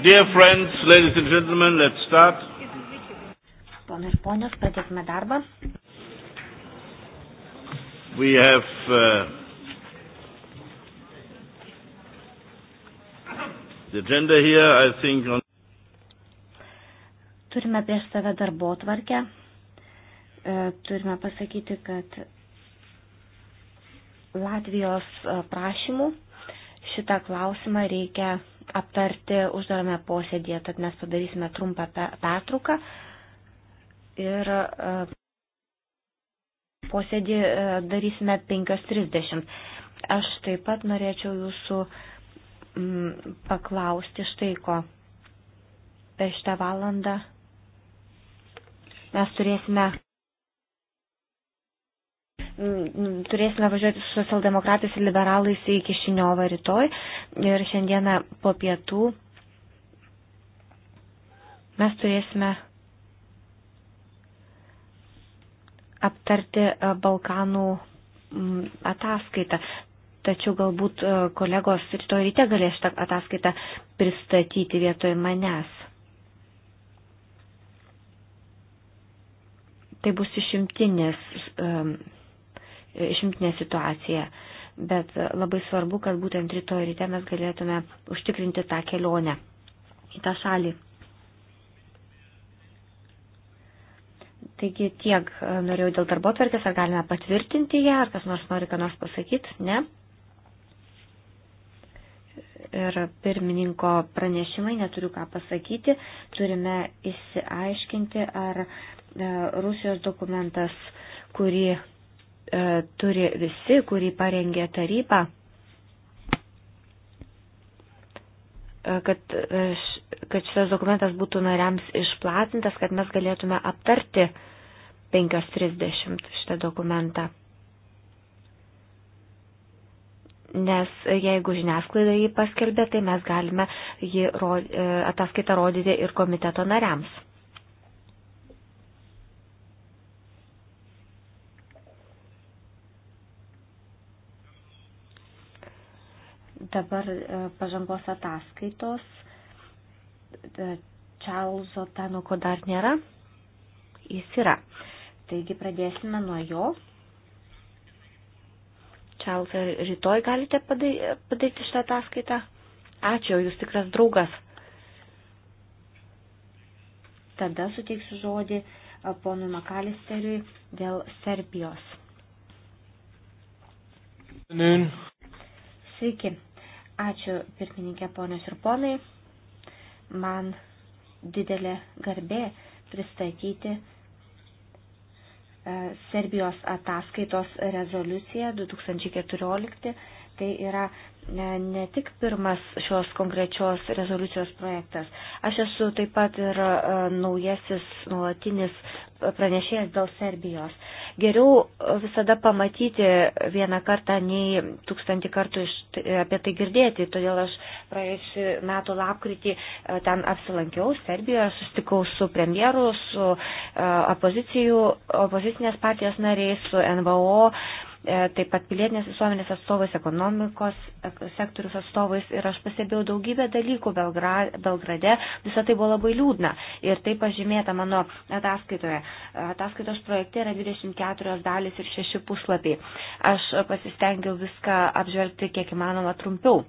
Dear friends, ladies and gentlemen, let's start. Ponas ir ponios, pradėkime darbą. We have uh, the agenda here, I think. On Turime prieš save darbo tvarkę. E, turime pasakyti, kad Latvijos e, prašymų šitą klausimą reikia aptarti uždarame posėdėje, tad mes padarysime trumpą pertrauką ir e, posėdį e, darysime 5.30. Aš taip pat norėčiau jūsų mm, paklausti štai ko. Per šitą valandą mes turėsime turėsime važiuoti su socialdemokratais ir liberalais į Kišiniovą rytoj ir šiandieną po pietų mes turėsime aptarti e, Balkanų ataskaitą. Tačiau galbūt e, kolegos rytoj ryte galės šitą ataskaitą pristatyti vietoj manęs. Tai bus išimtinės e, išimtinę situaciją. Bet labai svarbu, kad būtent rytoj ryte mes galėtume užtikrinti tą kelionę į tą šalį. Taigi tiek e, norėjau dėl darbo tvarkės, ar galime patvirtinti ją, ar kas nors nori ką nors pasakyti, ne? Ir pirmininko pranešimai neturiu ką pasakyti, turime įsiaiškinti, ar e, Rusijos dokumentas, kurį E, turi visi, kurį parengė taryba, e, kad, e, kad šitas dokumentas būtų nariams išplatintas, kad mes galėtume aptarti 5.30 šitą dokumentą. Nes jeigu žiniasklaida jį paskelbė, tai mes galime jį ataskaitą rodyti ir komiteto nariams. dabar e, pažangos ataskaitos. E, Čarlzo Tanuko dar nėra. Jis yra. Taigi pradėsime nuo jo. Čarlzai, rytoj galite padaryti šitą ataskaitą? Ačiū, jūs tikras draugas. Tada suteiksiu žodį e, ponui Makalisteriui dėl Serbijos. Sveiki. Ačiū pirmininkė ponios ir ponai. Man didelė garbė pristatyti e, Serbijos ataskaitos rezoliuciją 2014 tai yra ne, ne tik pirmas šios konkrečios rezoliucijos projektas. Aš esu taip pat ir e, naujasis nuolatinis pranešėjas dėl Serbijos. Geriau e, visada pamatyti vieną kartą, nei tūkstantį kartų iš, apie tai girdėti. Todėl aš praėjusiu metų lapkritį e, ten apsilankiau Serbijoje, sustikau su premjeru, su opozicijų, opozicinės partijos nariais, su NVO E, taip pat pilietinės visuomenės atstovais, ekonomikos e, sektorius atstovais ir aš pastebėjau daugybę dalykų Belgrade, visą tai buvo labai liūdna ir tai pažymėta mano ataskaitoje. Ataskaitos projekte yra 24 dalis ir 6 puslapiai. Aš pasistengiau viską apžvelgti kiek įmanoma trumpiau e,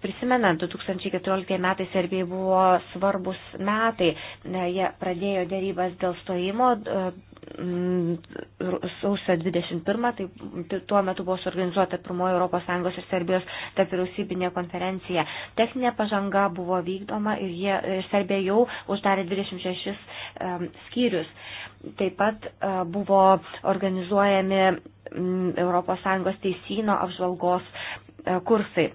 Prisimenant, 2014 metai Serbijai buvo svarbus metai. Jie pradėjo dėrybas dėl stojimo e, sausio 21, tai tuo metu buvo suorganizuota pirmoji ES ir Serbijos tarp vyriausybinė konferencija. Techninė pažanga buvo vykdoma ir, jie, ir Serbija jau uždarė 26 um, e, skyrius. Taip pat uh, buvo organizuojami um, ES teisino apžvalgos uh, kursai.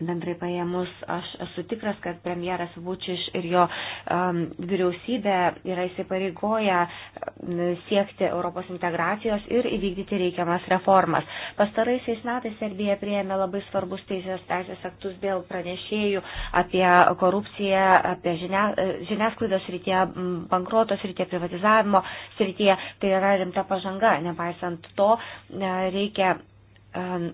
Bendrai paėmus, aš esu tikras, kad premjeras Vučiš ir jo um, vyriausybė yra įsipareigoję um, siekti Europos integracijos ir įvykdyti reikiamas reformas. Pastaraisiais metais Serbija prieėmė labai svarbus teisės teisės aktus dėl pranešėjų apie korupciją, apie žinia, žiniasklaidos rytyje, bankruotos rytyje, privatizavimo rytyje. Tai yra rimta pažanga. Nepaisant to, e, reikia. Um,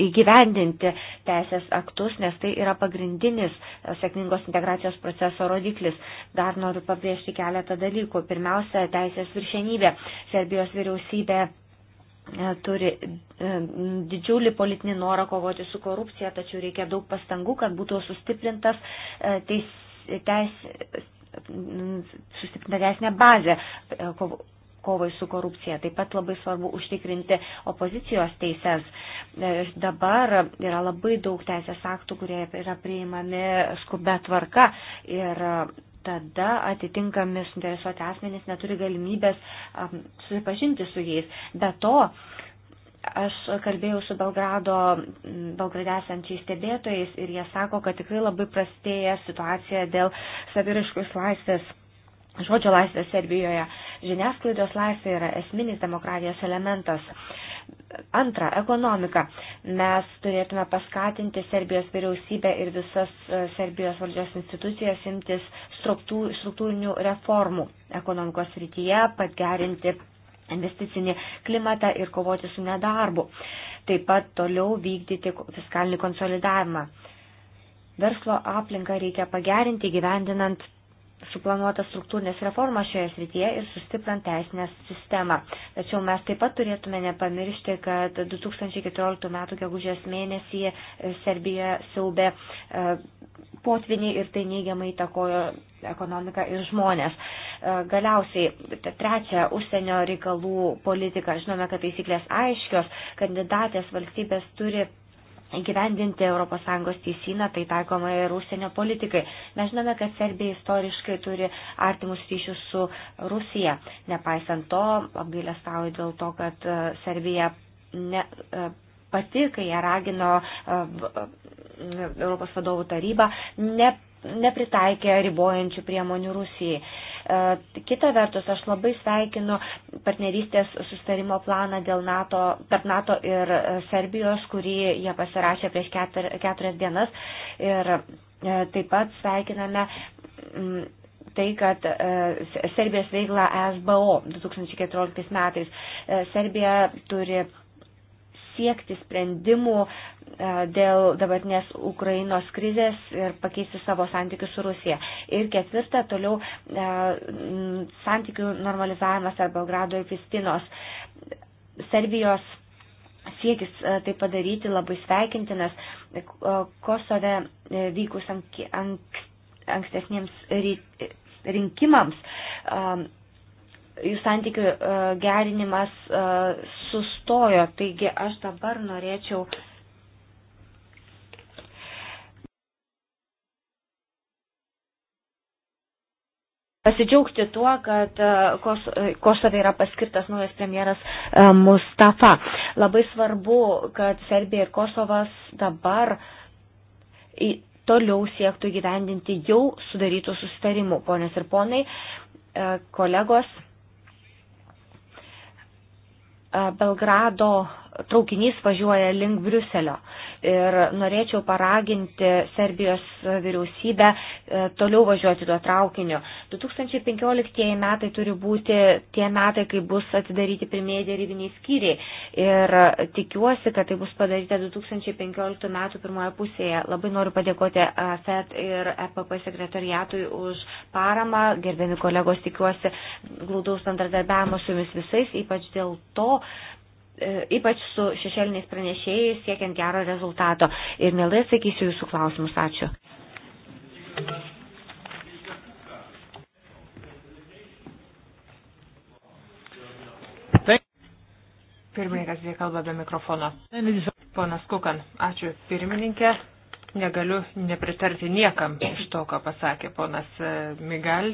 įgyvendinti teisės aktus, nes tai yra pagrindinis e, sėkmingos integracijos proceso rodiklis. Dar noriu pabrėžti keletą dalykų. Pirmiausia, teisės viršenybė. Serbijos vyriausybė e, turi e, didžiulį politinį norą kovoti su korupcija, tačiau reikia daug pastangų, kad būtų sustiprintas teis, teis, sustiprinta teisinė bazė kovai su korupcija. Taip pat labai svarbu užtikrinti opozicijos teises. E, dabar yra labai daug teisės aktų, kurie yra priimami skubė tvarka ir e, tada atitinkami suinteresuoti asmenys neturi galimybės e, susipažinti su jais. Be to, aš kalbėjau su Belgrado, Belgrade esančiais stebėtojais ir jie sako, kad tikrai labai prastėja situacija dėl saviriškos laisvės Žodžio laisvė Serbijoje, žiniasklaidos laisvė yra esminis demokratijos elementas. Antra, ekonomika. Mes turėtume paskatinti Serbijos vyriausybę ir visas e, Serbijos valdžios institucijas imtis struktūrinių reformų ekonomikos rytyje, pagerinti investicinį klimatą ir kovoti su nedarbu. Taip pat toliau vykdyti fiskalinį konsolidavimą. Verslo aplinką reikia pagerinti gyvendinant suplanuotas struktūrinės reformas šioje srityje ir sustiprant teisinę sistemą. Tačiau mes taip pat turėtume nepamiršti, kad 2014 m. gegužės mėnesį e, Serbija siaubė e, potvinį ir tai neigiamai įtakojo ekonomiką ir žmonės. E, galiausiai, trečia, užsienio reikalų politika. Žinome, kad taisyklės aiškios, kandidatės valstybės turi įgyvendinti ES teisiną, tai taikoma ir užsienio politikai. Mes žinome, kad Serbija istoriškai turi artimus ryšius su Rusija. Nepaisant to, apgailestauju dėl to, kad e, Serbija ne, e, pati, kai ją ragino e, Europos vadovų taryba, ne nepritaikė ribojančių priemonių Rusijai. E, kita vertus, aš labai sveikinu partnerystės sustarimo planą dėl NATO, tarp NATO ir e, Serbijos, kurį jie pasirašė prieš ketur, keturias dienas. Ir e, taip pat sveikiname mm, tai, kad Serbijos veikla SBO 2014 metais. Serbija turi siekti sprendimų e, dėl dabartinės Ukrainos krizės ir pakeisti savo santykius su Rusija. Ir ketvirta, toliau e, santykių normalizavimas tarp Belgrado ir Pristinos. Serbijos siekis e, tai padaryti labai sveikintinas. Kosove vykus ankstesniems rinkimams jų santykių e, gerinimas e, sustojo. Taigi aš dabar norėčiau. Pasidžiaugti tuo, kad e, Kosove yra paskirtas naujas premjeras Mustafa. Labai svarbu, kad Serbija ir Kosovas dabar toliau siektų gyvendinti jau sudarytų susitarimų. Ponės ir ponai, kolegos Belgrado traukinys važiuoja link Briuselio. Ir norėčiau paraginti Serbijos vyriausybę e, toliau važiuoti tuo traukiniu. 2015 metai turi būti tie metai, kai bus atidaryti pirmieji dėrybiniai skyriai. Ir tikiuosi, kad tai bus padaryta 2015 metų pirmoje pusėje. Labai noriu padėkoti FED ir EPP sekretariatui už paramą. Gerbiami kolegos, tikiuosi glaudaus bendradarbiavimo su jumis visais, ypač dėl to, E, ypač su šešėliniais pranešėjais, siekiant gero rezultato. Ir mielai atsakysiu jūsų klausimus. Ačiū. Pirmininkas jie kalba be mikrofono. Ponas Kukan, ačiū pirmininkė. Negaliu nepritarti niekam iš to, ką pasakė ponas e, Migal,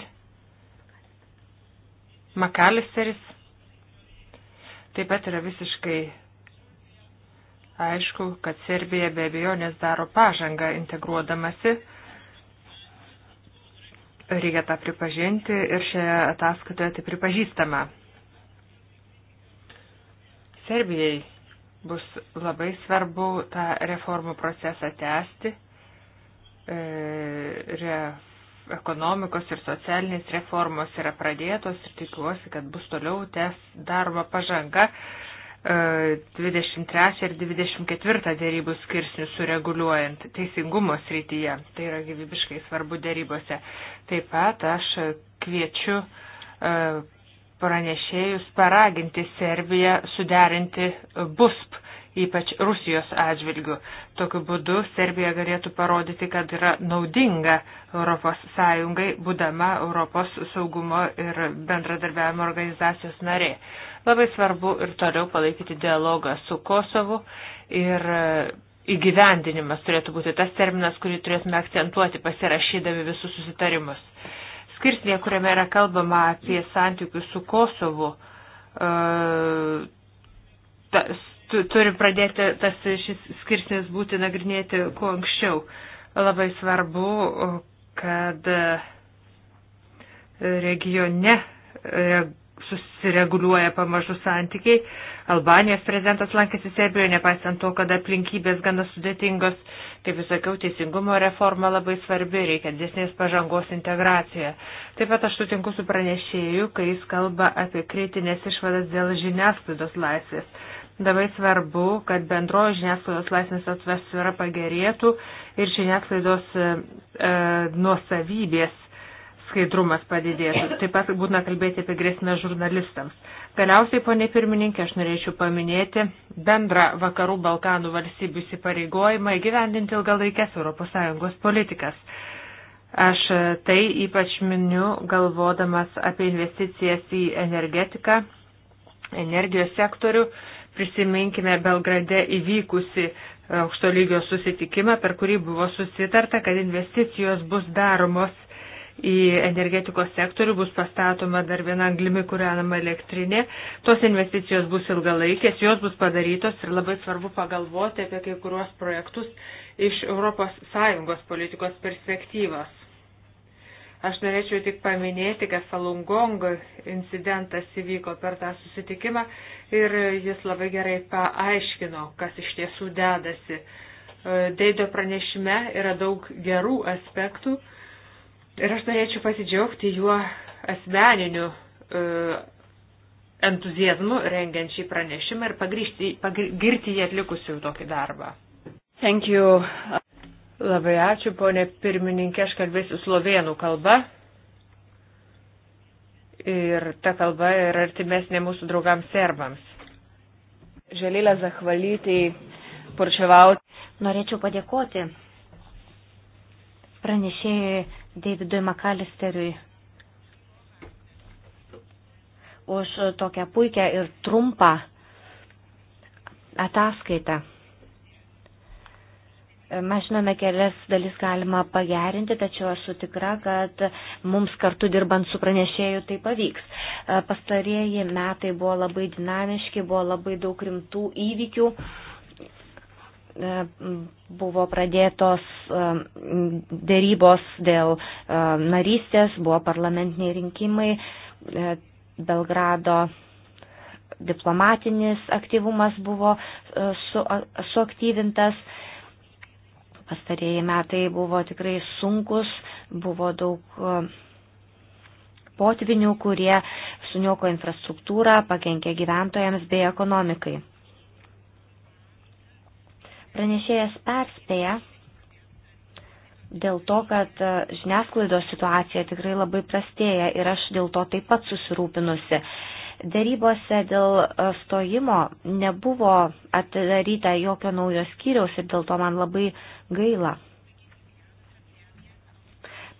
Makalisteris. Taip pat yra visiškai aišku, kad Serbija be abejonės daro pažangą integruodamasi. Reikia tą pripažinti ir šioje ataskaitoje tai pripažįstama. Serbijai bus labai svarbu tą reformų procesą tęsti. E, re ekonomikos ir socialinės reformos yra pradėtos ir tikiuosi, kad bus toliau tęs daroma pažanga 23 e, ir 24 dėrybų skirsnių sureguliuojant teisingumo srityje. Tai yra gyvybiškai svarbu dėrybose. Taip pat aš kviečiu e, pranešėjus paraginti Serbiją suderinti BUSP ypač Rusijos atžvilgių. Tokiu būdu Serbija galėtų parodyti, kad yra naudinga ES, būdama Europos saugumo ir bendradarbiavimo organizacijos narė. Labai svarbu ir toliau palaikyti dialogą su Kosovu ir e, įgyvendinimas turėtų būti tas terminas, kurį turėtume akcentuoti pasirašydami visus susitarimus. Skirsnė, kuriame yra kalbama apie santykius su Kosovu, e, tas turi pradėti tas šis skirsnis būti nagrinėti kuo anksčiau. Labai svarbu, kad e, regione e, susireguliuoja pamažu santykiai. Albanijos prezidentas lankėsi Serbijoje, nepaisant to, kad aplinkybės gana sudėtingos, kaip jūs sakiau, teisingumo reforma labai svarbi, reikia dėsnės pažangos integracijoje. Taip pat aš sutinku su pranešėju, kai jis kalba apie kritinės išvadas dėl žiniasklaidos laisvės. Dabar svarbu, kad bendroji žiniasklaidos laisvės atmosfera pagerėtų ir žiniasklaidos e, e, nuosavybės skaidrumas padidėtų. Taip pat būtina kalbėti apie grėsmę žurnalistams. Galiausiai, ponė pirmininkė, aš norėčiau paminėti bendrą vakarų Balkanų valstybių įsipareigojimą įgyvendinti ilgalaikės ES politikas. Aš tai ypač miniu galvodamas apie investicijas į energetiką, energijos sektorių Prisiminkime Belgrade įvykusi aukšto lygio susitikimą, per kurį buvo susitarta, kad investicijos bus daromos į energetikos sektorių, bus pastatoma dar viena anglimi kūrenama elektrinė. Tos investicijos bus ilgalaikės, jos bus padarytos ir labai svarbu pagalvoti apie kai kuriuos projektus iš ES politikos perspektyvos. Aš norėčiau tik paminėti, kad Falungong incidentas įvyko per tą susitikimą ir jis labai gerai paaiškino, kas iš tiesų dedasi. E, Deido pranešime yra daug gerų aspektų ir aš norėčiau pasidžiaugti juo asmeniniu e, entuzijazmu rengiant šį pranešimą ir pagirti pagri, jį atlikusių tokį darbą. Thank you. Labai ačiū, ponė pirmininkė, aš kalbėsiu slovėnų kalba ir ta kalba yra artimesnė mūsų draugams serbams. Žalėlę zahvalyti, porčiavauti. Norėčiau padėkoti pranešėjui Davidui Makalisteriui už tokią puikią ir trumpą ataskaitą. Mes žinome, kelias dalis galima pagerinti, tačiau aš sutikra, kad mums kartu dirbant su pranešėju tai pavyks. E, pastarieji metai buvo labai dinamiški, buvo labai daug rimtų įvykių. E, buvo pradėtos e, dėrybos dėl narystės, buvo parlamentiniai rinkimai, Belgrado diplomatinis aktyvumas buvo suaktyvintas. Su Pastarėjai metai buvo tikrai sunkus, buvo daug e, potvinių, kurie sunioko infrastruktūrą, pakenkė gyventojams bei ekonomikai. Pranešėjas perspėja dėl to, kad e, žiniasklaidos situacija tikrai labai prastėja ir aš dėl to taip pat susirūpinusi. Darybose dėl e, stojimo nebuvo atidaryta jokio naujo skyriaus ir dėl to man labai gaila.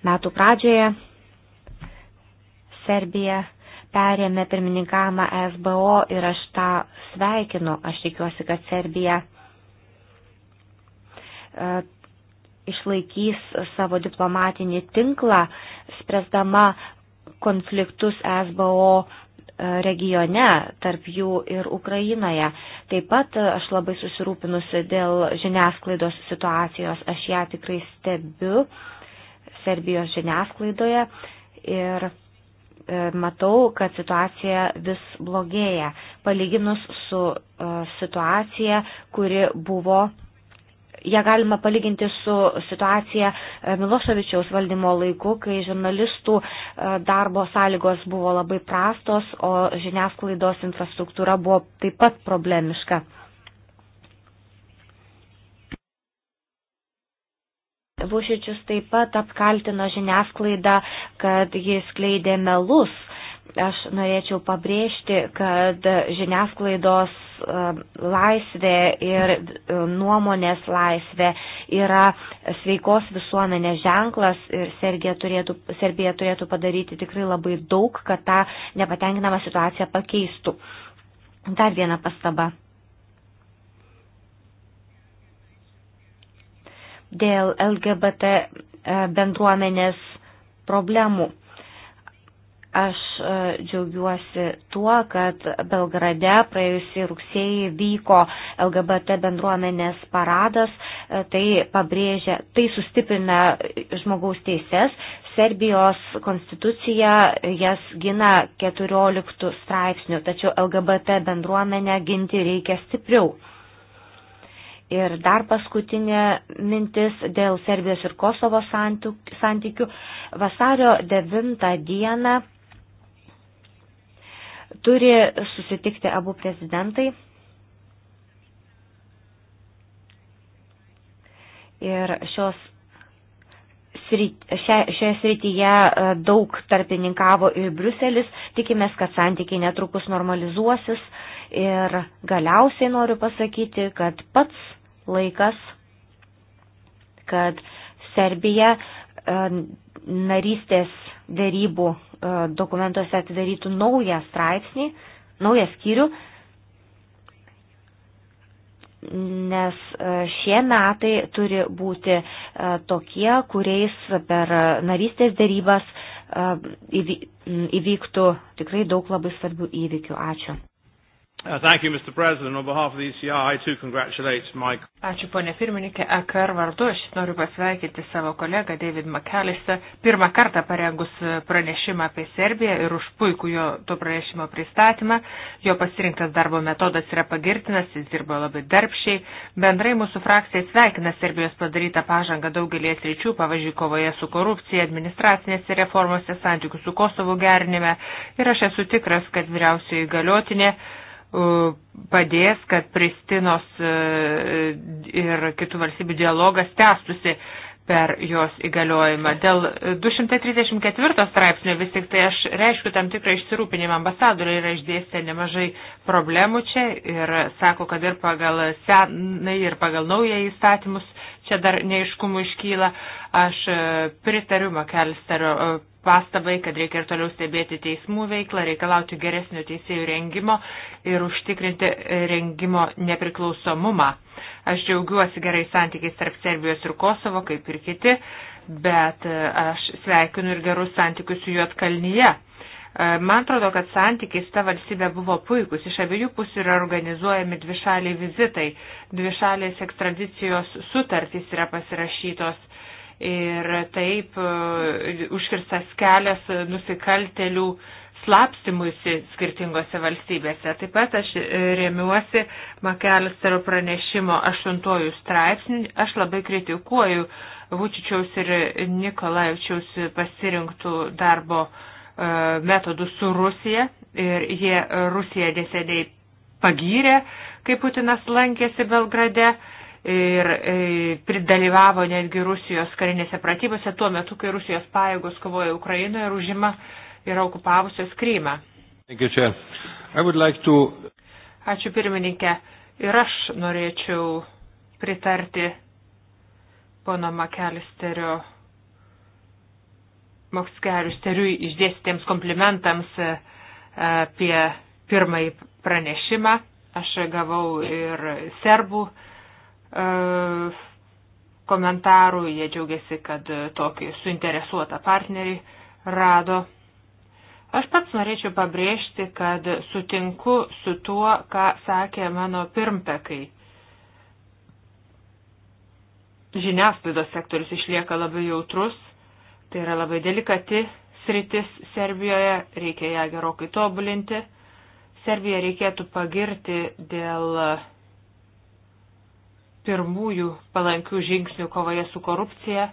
Metų pradžioje Serbija perėmė pirmininkavimą SBO ir aš tą sveikinu. Aš tikiuosi, kad Serbija e, išlaikys savo diplomatinį tinklą, spręsdama konfliktus SBO regione, tarp jų ir Ukrainoje. Taip pat aš labai susirūpinusi dėl žiniasklaidos situacijos, aš ją tikrai stebiu Serbijos žiniasklaidoje ir e, matau, kad situacija vis blogėja, palyginus su e, situacija, kuri buvo ją galima palyginti su situacija e, Miloševičiaus valdymo laiku, kai žurnalistų e, darbo sąlygos buvo labai prastos, o žiniasklaidos infrastruktūra buvo taip pat problemiška. Vušičius taip pat apkaltino žiniasklaidą, kad jis kleidė melus Aš norėčiau pabrėžti, kad žiniasklaidos e, laisvė ir e, nuomonės laisvė yra sveikos visuomenės ženklas ir Serbija turėtų, Serbija turėtų padaryti tikrai labai daug, kad tą nepatenkinamą situaciją pakeistų. Dar viena pastaba. Dėl LGBT e, bendruomenės problemų. Aš e, džiaugiuosi tuo, kad Belgrade praėjusį rugsėjį vyko LGBT bendruomenės paradas, e, tai pabrėžia, tai sustiprina žmogaus teises. Serbijos konstitucija jas gina 14 straipsnių, tačiau LGBT bendruomenę ginti reikia stipriau. Ir dar paskutinė mintis dėl Serbijos ir Kosovo santykių. Vasario 9 dieną Turi susitikti abu prezidentai. Ir šios šioje srityje e, daug tarpininkavo ir Bruselis, tikimės, kad santykiai netrukus normalizuosis ir galiausiai noriu pasakyti, kad pats laikas, kad Serbija e, narystės dėrybų E, dokumentuose atidarytų naują straipsnį, naują skyrių, nes e, šie metai turi būti e, tokie, kuriais per narystės dėrybas įvyktų tikrai daug labai svarbių įvykių. Ačiū. Uh, you, ECR, e my... Ačiū, ponė pirmininkė, EKR vardu. Aš noriu pasveikinti savo kolegą David Makelistą. Pirmą kartą parengus pranešimą apie Serbiją ir už puikų jo to pranešimo pristatymą. Jo pasirinktas darbo metodas yra pagirtinas, jis dirbo labai darbščiai. Bendrai mūsų frakcija sveikina Serbijos padarytą pažangą daugelį sričių, pavyzdžiui, kovoje su korupcija, administracinėse reformose, santykių su Kosovu gerinime. Ir aš esu tikras, kad vyriausioji galiotinė E, padės, kad Pristinos e, ir kitų valstybių dialogas tęstusi per jos įgaliojimą. Dėl 234 straipsnio vis tik tai aš reiškiu tam tikrą išsirūpinimą. Ambasadoriai yra išdėstę nemažai problemų čia ir sako, kad ir pagal senai, ir pagal naują įstatymus čia dar neiškumų iškyla. Aš e, pritariu Makelsterio pastabai, kad reikia ir toliau stebėti teismų veiklą, reikalauti geresnio teisėjų rengimo ir užtikrinti e, rengimo nepriklausomumą. Aš džiaugiuosi gerai santykiais tarp Serbijos ir Kosovo, kaip ir kiti, bet e, aš sveikinu ir gerus santykius su Juotkalnyje. E, man atrodo, kad santykiai su ta valstybė buvo puikus. Iš abiejų pusių yra organizuojami dvišaliai vizitai, dvišalės ekstradicijos sutartys yra pasirašytos ir taip e, užkirstas kelias nusikaltelių slapstimuisi skirtingose valstybėse. Taip pat aš e, remiuosi Makelstero pranešimo aštuntojų straipsnį. Aš labai kritikuoju Vučičiaus ir Nikolajevčiaus pasirinktų darbo e, metodų su Rusija ir jie Rusiją neseniai pagyrė, kai Putinas lankėsi Belgrade ir e, pridalyvavo netgi Rusijos karinėse pratybose tuo metu, kai Rusijos pajėgos kovoja Ukrainoje ir užima yra okupavusios Krymą. Like to... Ačiū pirmininkė. Ir aš norėčiau pritarti pono Makelisterio Mokskeriusteriui išdėstytiems komplimentams e, apie pirmąjį pranešimą. Aš gavau ir serbų E, komentarų, jie džiaugiasi, kad tokį suinteresuotą partnerį rado. Aš pats norėčiau pabrėžti, kad sutinku su tuo, ką sakė mano pirmtakai. Žiniasklaidos sektorius išlieka labai jautrus, tai yra labai delikati sritis Serbijoje, reikia ją gerokai tobulinti. Serbiją reikėtų pagirti dėl pirmųjų palankių žingsnių kovoje su korupcija,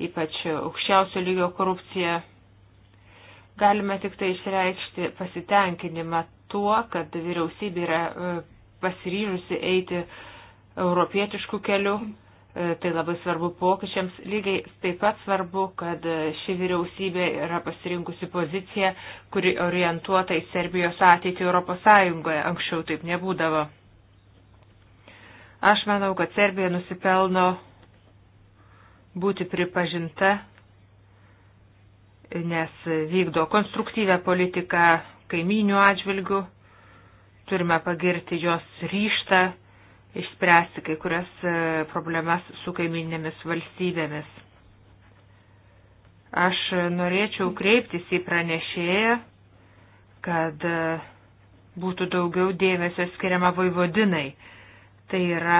ypač aukščiausio lygio korupcija. Galime tik tai išreikšti pasitenkinimą tuo, kad vyriausybė yra e, pasiryžusi eiti europietiškų kelių. E, tai labai svarbu pokyčiams. Lygiai taip pat svarbu, kad ši vyriausybė yra pasirinkusi poziciją, kuri orientuota į Serbijos ateitį Europos Sąjungoje. Anksčiau taip nebūdavo. Aš manau, kad Serbija nusipelno būti pripažinta, nes vykdo konstruktyvę politiką kaiminių atžvilgių. Turime pagirti jos ryštą išspręsti kai kurias e, problemas su kaiminėmis valstybėmis. Aš norėčiau kreiptis į pranešėją, kad e, būtų daugiau dėmesio skiriama vaivodinai Tai yra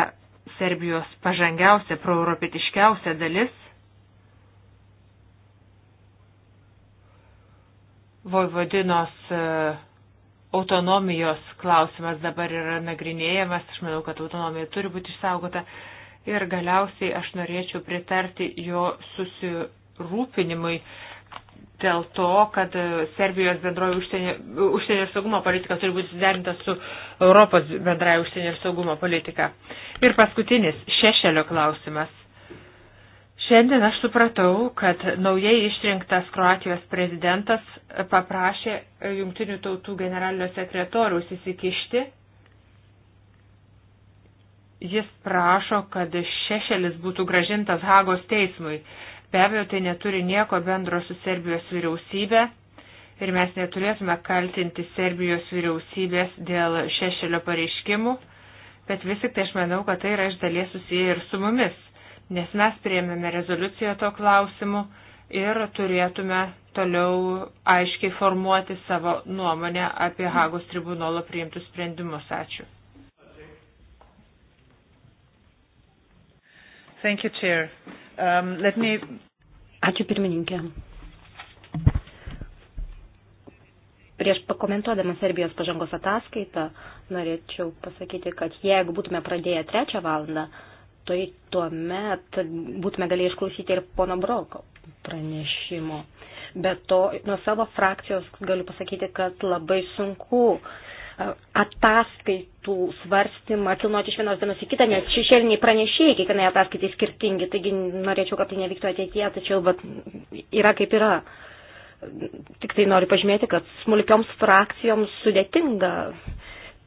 Serbijos pažangiausia, proeuropietiškiausia dalis. Vojvodinos e, autonomijos klausimas dabar yra nagrinėjamas, aš manau, kad autonomija turi būti išsaugota. Ir galiausiai aš norėčiau pritarti jo susirūpinimui dėl to, kad Serbijos bendroji užsienio, užsienio saugumo politika turi būti suderinta su Europos bendroji užsienio saugumo politika. Ir paskutinis šešelio klausimas. Šiandien aš supratau, kad naujai išrinktas Kroatijos prezidentas paprašė Jungtinių tautų generalinio sekretoriaus įsikišti. Jis prašo, kad šešelis būtų gražintas Hagos teismui. Be abejo, tai neturi nieko bendro su Serbijos vyriausybė ir mes neturėtume kaltinti Serbijos vyriausybės dėl šešelio pareiškimų, bet vis tik tai aš manau, kad tai yra iš dalies susiję ir su mumis, nes mes prieimėme rezoliuciją to klausimu ir turėtume toliau aiškiai formuoti savo nuomonę apie Hagos tribunolo priimtus sprendimus. Ačiū. Thank you, Chair. Um, me... Ačiū pirmininkė. Prieš pakomentuodama Serbijos pažangos ataskaitą, norėčiau pasakyti, kad jeigu būtume pradėję trečią valandą, tai tuomet būtume galėję išklausyti ir pono Broko pranešimo. Bet to nuo savo frakcijos galiu pasakyti, kad labai sunku uh, ataskaitų svarstymą kilnoti iš vienos dienos į kitą, nes šešėliniai pranešėjai kiekvienai ataskaitai skirtingi, taigi norėčiau, kad tai nevyktų ateityje, tačiau bet yra kaip yra. Tik tai noriu pažymėti, kad smulkioms frakcijoms sudėtinga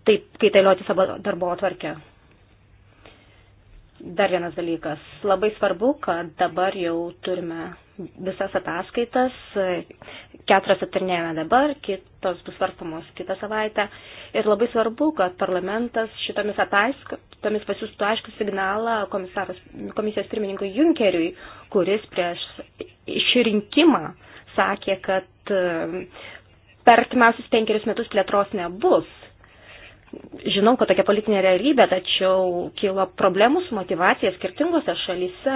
taip kaitalioti savo darbo atvarkę. Dar vienas dalykas. Labai svarbu, kad dabar jau turime visas ataskaitas. Keturias aptarnėjame dabar, kitos bus svarstamos kitą savaitę. Ir labai svarbu, kad parlamentas šitomis ataskaitomis pasiūstų aišku signalą komisijos pirmininkui Junkeriui, kuris prieš išrinkimą sakė, kad e, per artimiausius penkerius metus plėtros nebus Žinau, kad tokia politinė realybė, tačiau kilo problemų su motivacija skirtingose šalyse.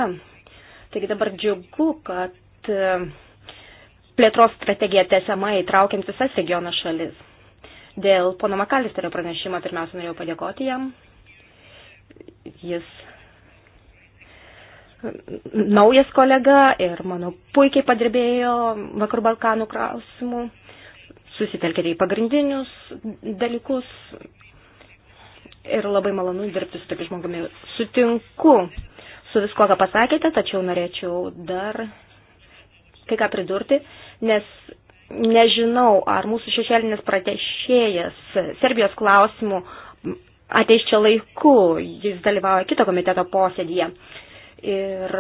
Taigi dabar džiugu, kad e, plėtros strategija tęsiama įtraukiant visas regiono šalis. Dėl pono Makalisterio pranešimo pirmiausia norėjau padėkoti jam. Jis e, naujas kolega ir, manau, puikiai padirbėjo Vakarų Balkanų klausimų, susitelkė į pagrindinius dalykus, ir labai malonu dirbti su tokiu žmogumi. Sutinku su viskuo, ką pasakėte, tačiau norėčiau dar kai ką pridurti, nes nežinau, ar mūsų šešėlinis pratešėjas Serbijos klausimų ateis čia laiku, jis dalyvauja kito komiteto posėdėje. Ir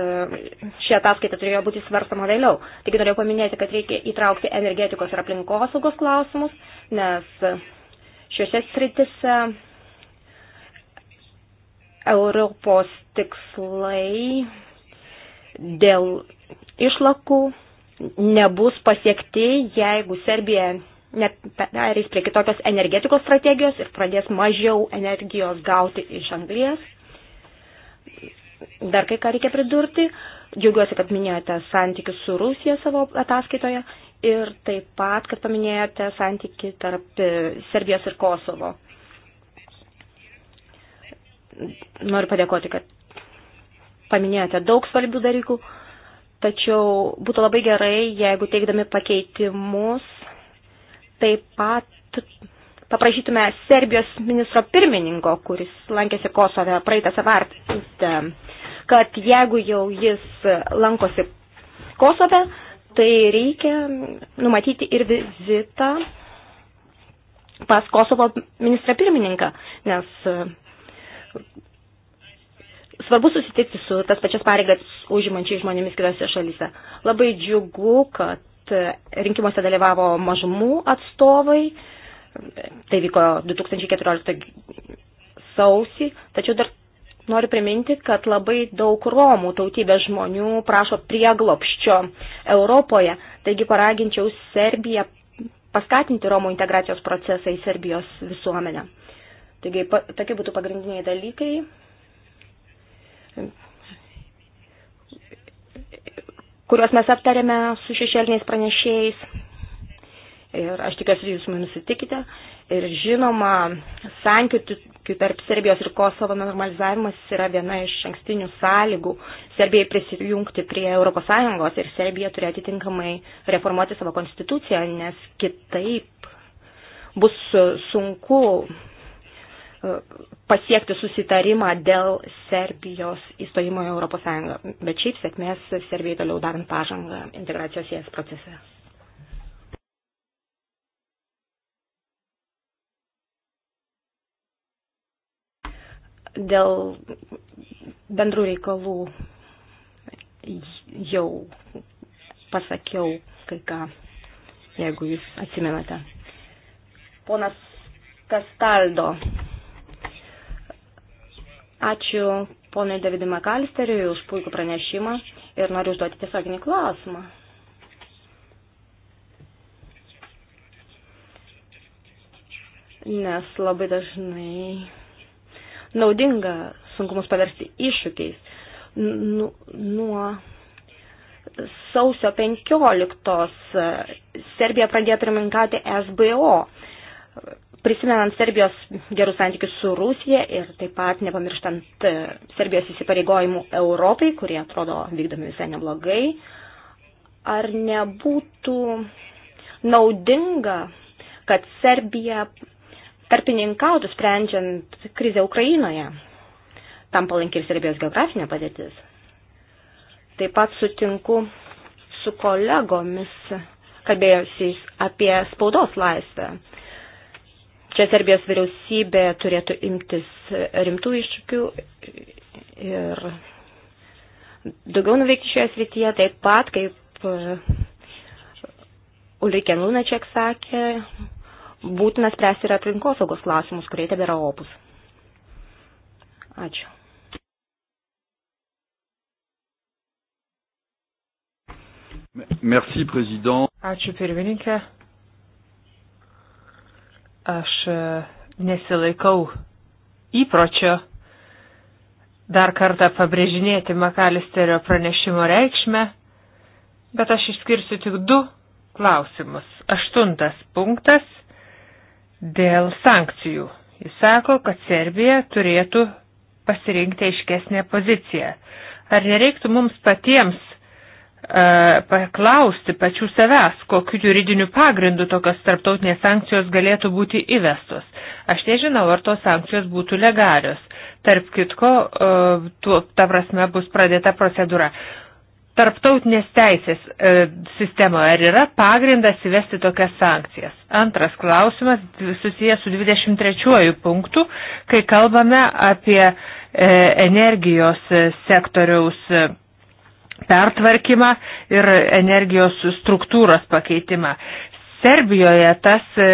ši ataskaita turėjo būti svarstama vėliau. Taigi norėjau paminėti, kad reikia įtraukti energetikos ir aplinkosaugos klausimus, nes šiuose sritise Europos tikslai dėl išlakų nebus pasiekti, jeigu Serbija neperės prie kitokios energetikos strategijos ir pradės mažiau energijos gauti iš anglijas. Dar kai ką reikia pridurti. Džiaugiuosi, kad minėjote santykius su Rusija savo ataskaitoje ir taip pat, kad paminėjote santyki tarp Serbijos ir Kosovo noriu padėkoti, kad paminėjote daug svarbių dalykų, tačiau būtų labai gerai, jeigu teikdami pakeitimus taip pat paprašytume Serbijos ministro pirmininko, kuris lankėsi Kosove praeitą savaitę, kad jeigu jau jis lankosi Kosove, tai reikia numatyti ir vizitą pas Kosovo ministrą pirmininką, nes svarbu susitikti su tas pačias pareigas užimančiai žmonėmis kitose šalyse. Labai džiugu, kad rinkimuose dalyvavo mažumų atstovai, tai vyko 2014 sausį, tačiau dar noriu priminti, kad labai daug Romų tautybės žmonių prašo prieglopščio Europoje, taigi paraginčiau Serbiją paskatinti Romų integracijos procesą į Serbijos visuomenę. Taigi, pa, tokie būtų pagrindiniai dalykai. kuriuos mes aptarėme su šešėliniais pranešėjais. Ir aš tikiuosi, jūs man nusitikite. Ir žinoma, santykių tarp Serbijos ir Kosovo normalizavimas yra viena iš ankstinių sąlygų Serbijai prisijungti prie ES ir Serbija turi atitinkamai reformuoti savo konstituciją, nes kitaip bus sunku pasiekti susitarimą dėl Serbijos įstojimo į Europos Sąjungą. Bet šiaip sėkmės Serbijai toliau darant pažangą integracijos jas procese. Dėl bendrų reikalų jau pasakiau kai ką, jeigu jūs atsimenate. Ponas Kastaldo Ačiū ponai Davidui Makalisteriui už puikų pranešimą ir noriu užduoti tiesioginį klausimą. Nes labai dažnai naudinga sunkumus paversti iššūkiais. Nu, nuo sausio 15 Serbija pradėjo pirmininkauti SBO prisimenant Serbijos gerus santykius su Rusija ir taip pat nepamirštant e, Serbijos įsipareigojimų Europai, kurie atrodo vykdomi visai neblogai, ar nebūtų naudinga, kad Serbija tarpininkautų sprendžiant krizę Ukrainoje, tam palankiai ir Serbijos geografinė padėtis. Taip pat sutinku su kolegomis, kalbėjusiais apie spaudos laisvę Čia Serbijos vyriausybė turėtų imtis rimtų iššūkių ir daugiau nuveikti šioje srityje, taip pat kaip e, Ulrike Lunačiak sakė, būtina spręsti ir aplinkosaugos klausimus, kurie tebėra opus. Ačiū. Merci, prezident. Ačiū pirmininkė. Aš e, nesilaikau įpročio dar kartą pabrėžinėti Makalisterio pranešimo reikšmę, bet aš išskirsiu tik du klausimus. Aštuntas punktas dėl sankcijų. Jis sako, kad Serbija turėtų pasirinkti aiškesnę poziciją. Ar nereiktų mums patiems E, paklausti pačių savęs, kokiu juridiniu pagrindu tokios tarptautinės sankcijos galėtų būti įvestos. Aš nežinau, ar tos sankcijos būtų legalios. Tarp kitko, e, tuo, ta prasme bus pradėta procedūra. Tarptautinės teisės e, sistemoje ar yra pagrindas įvesti tokias sankcijas? Antras klausimas susijęs su 23 punktu, kai kalbame apie e, energijos e, sektoriaus e, pertvarkymą ir energijos struktūros pakeitimą. Serbijoje tas, e,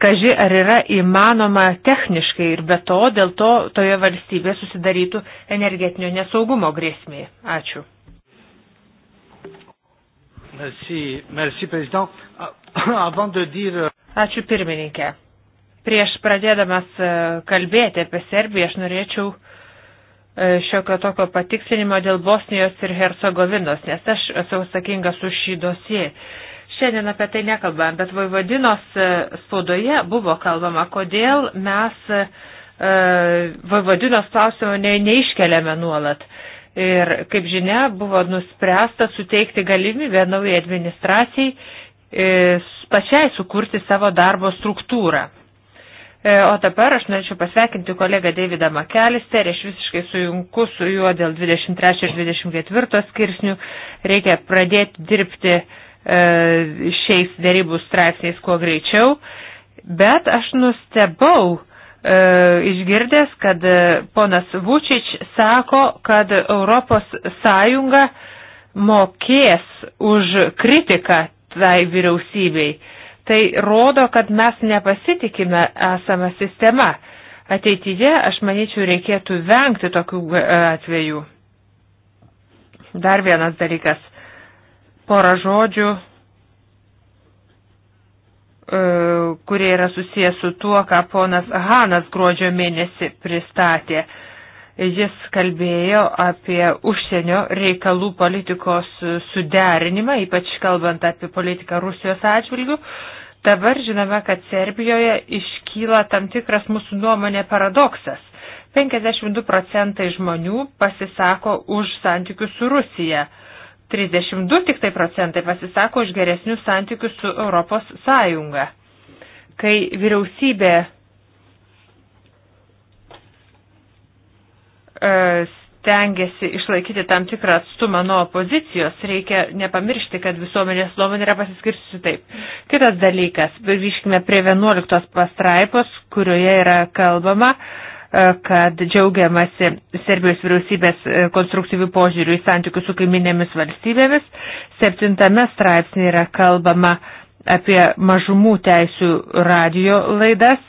kaži, ar yra įmanoma techniškai ir be to, dėl to toje valstybėje susidarytų energetinio nesaugumo grėsmė. Ačiū. Merci, merci, président. Ah, avant de dire... Ačiū pirmininkė. Prieš pradėdamas e, kalbėti apie Serbiją, aš norėčiau uh, šiokio tokio patikslinimo dėl Bosnijos ir Hercegovinos, nes aš esu atsakingas už šį dosiją. Šiandien apie tai nekalbam, bet Vojvodinos e, spaudoje buvo kalbama, kodėl mes e, Vojvodinos klausimą ne, neiškeliame nuolat. Ir, kaip žinia, buvo nuspręsta suteikti galimybę naujai administracijai e, pačiai sukurti savo darbo struktūrą. E, o dabar aš norėčiau pasveikinti kolegą Davidą Makelisterį, aš visiškai sujunku su juo dėl 23 ir 24 skirsnių. Reikia pradėti dirbti e, šiais dėrybų straipsniais kuo greičiau, bet aš nustebau, e, išgirdęs, kad ponas Vučič sako, kad Europos Sąjunga mokės už kritiką tai vyriausybei. Tai rodo, kad mes nepasitikime esamą sistemą. Ateityje, aš manyčiau, reikėtų vengti tokių e, atvejų. Dar vienas dalykas. Pora žodžių, e, kurie yra susijęs su tuo, ką ponas Hanas gruodžio mėnesį pristatė jis kalbėjo apie užsienio reikalų politikos suderinimą, ypač kalbant apie politiką Rusijos atžvilgių, Dabar žinome, kad Serbijoje iškyla tam tikras mūsų nuomonė paradoksas. 52 procentai žmonių pasisako už santykius su Rusija. 32 tik tai procentai pasisako už geresnius santykius su Europos Sąjunga. Kai vyriausybė e, tengiasi išlaikyti tam tikrą atstumą nuo opozicijos, reikia nepamiršti, kad visuomenės nuomonė yra pasiskirsiusi taip. Kitas dalykas, grįžkime prie 11 pastraipos, kurioje yra kalbama, e, kad džiaugiamasi Serbijos vyriausybės e, konstruktyvių požiūrių į santykius su kaiminėmis valstybėmis. Septintame straipsnė yra kalbama apie mažumų teisų radio laidas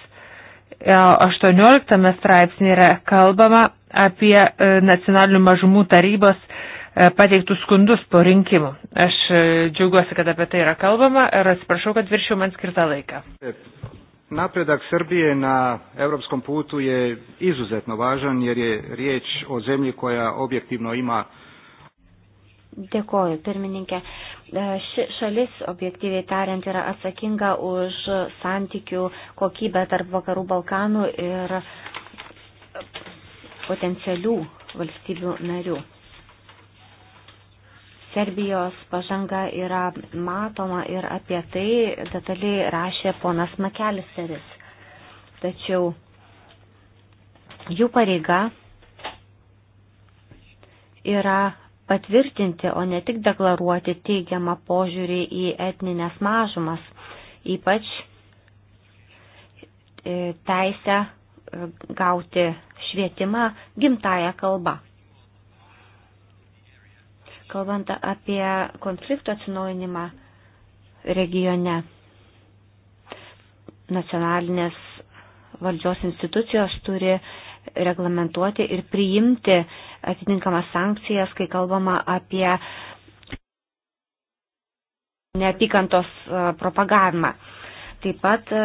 18 straipsnė yra kalbama apie e, nacionalinių mažumų tarybos e, pateiktų skundus po rinkimų. Aš e, džiaugiuosi, kad apie tai yra kalbama ir atsiprašau, kad viršiau man skirtą laiką. Napredak Srbije na europskom putu je izuzetno važan jer je riječ o zemlji koja objektivno ima Dėkoju, pirmininkė. E, ši šalis, objektyviai tariant, yra atsakinga už santykių kokybę tarp vakarų Balkanų ir potencialių valstybių narių. Serbijos pažanga yra matoma ir apie tai detaliai rašė ponas Makeliseris. Tačiau jų pareiga yra patvirtinti, o ne tik deklaruoti teigiamą požiūrį į etninės mažumas, ypač e, teisę e, gauti švietimą gimtają kalbą. Kalbant apie konflikto atsinaujinimą regione, nacionalinės valdžios institucijos turi reglamentuoti ir priimti atitinkamas sankcijas, kai kalbama apie neapykantos e, propagavimą. Taip pat e,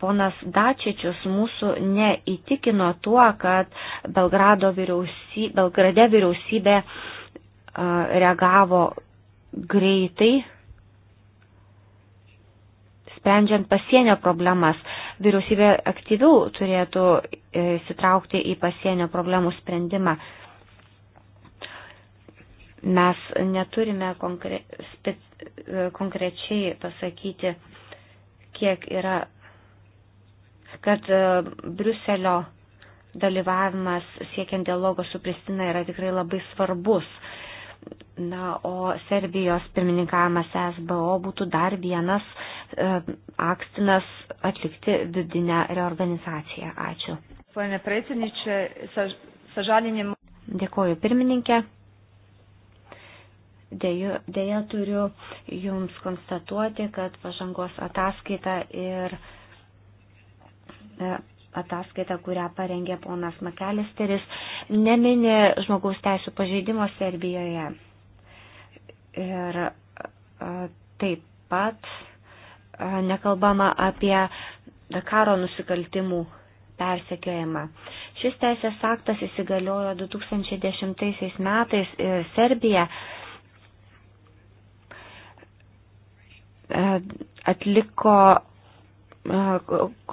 ponas Dačičius mūsų neįtikino tuo, kad Belgrado vyriausybė, Belgrade vyriausybė e, reagavo greitai sprendžiant pasienio problemas. Vyriausybė aktyviau turėtų e, įsitraukti į pasienio problemų sprendimą. Mes neturime konkre... spe... E, konkrečiai pasakyti, kiek yra, kad e, Briuselio dalyvavimas siekiant dialogo su Pristina yra tikrai labai svarbus Na, o Serbijos pirmininkavimas SBO būtų dar vienas e, akstinas atlikti vidinę reorganizaciją. Ačiū. Pane predsjedniče, sa, sa žaljenjem. Dėkoju pirmininkė. Dėju, dėja turiu Jums konstatuoti, kad pažangos ataskaita ir e, ataskaita, kurią parengė ponas Makelisteris, nemini žmogaus teisų pažeidimo Serbijoje. Ir taip pat nekalbama apie karo nusikaltimų persekiojimą. Šis teisės aktas įsigaliojo 2010 metais ir Serbija atliko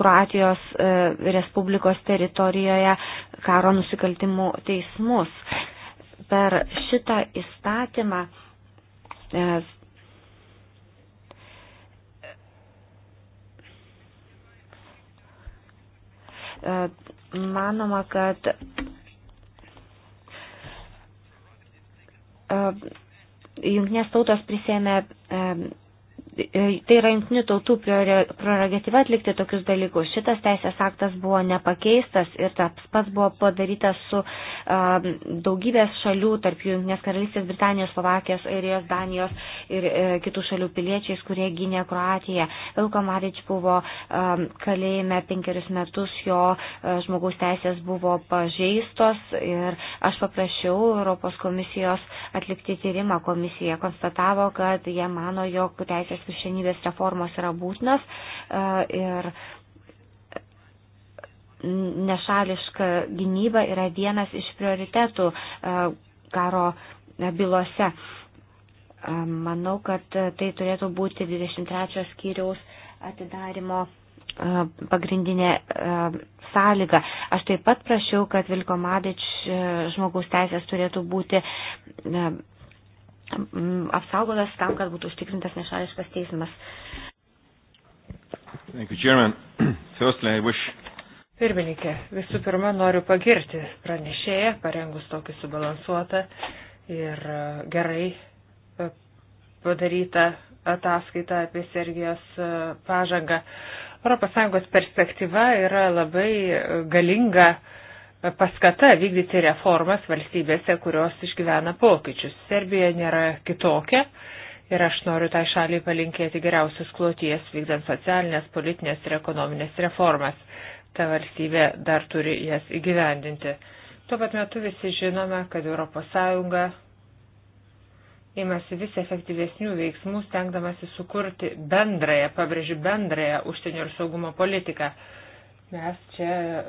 Kroatijos Respublikos teritorijoje karo nusikaltimų teismus. Per šitą įstatymą Nes e, manoma, kad e, jungtinės tautos prisėmė e, E, tai yra jungtinių tautų prerogatyva atlikti tokius dalykus. Šitas teisės aktas buvo nepakeistas ir tas pats buvo padarytas su um, daugybės šalių, tarp jų Junktinės karalystės, Britanijos, Slovakijos, Airijos, Danijos ir e, kitų šalių piliečiais, kurie gynė Kroatiją. Vilko Marič buvo um, kalėjime penkerius metus, jo e, žmogaus teisės buvo pažeistos ir aš paprašiau Europos komisijos atlikti tyrimą. Komisija konstatavo, kad jie mano, jog teisės viršenybės reformos yra būtinas e, ir nešališka gynyba yra vienas iš prioritetų e, karo e, bylose. Manau, kad tai turėtų būti 23 skyriaus atidarimo pagrindinė sąlyga. Aš taip pat prašiau, kad Vilko Madič žmogaus teisės turėtų būti Mm, apsaugotas tam, kad būtų užtikrintas nešališkas teismas. Pirmininkė, visų pirma, noriu pagirti pranešėją, parengus tokį subalansuotą ir e, gerai e, padarytą ataskaitą apie Sergijos e, pažangą. ES perspektyva yra labai galinga uh, paskata vykdyti reformas valstybėse, kurios išgyvena pokyčius. Serbija nėra kitokia ir aš noriu tai šaliai palinkėti geriausius kloties vykdant socialinės, politinės ir ekonominės reformas. Ta valstybė dar turi jas įgyvendinti. Tuo pat metu visi žinome, kad ES imasi vis efektyvesnių veiksmų, stengdamasi sukurti bendrąją, pabrėžiu bendrąją užsienio ir saugumo politiką Mes čia e,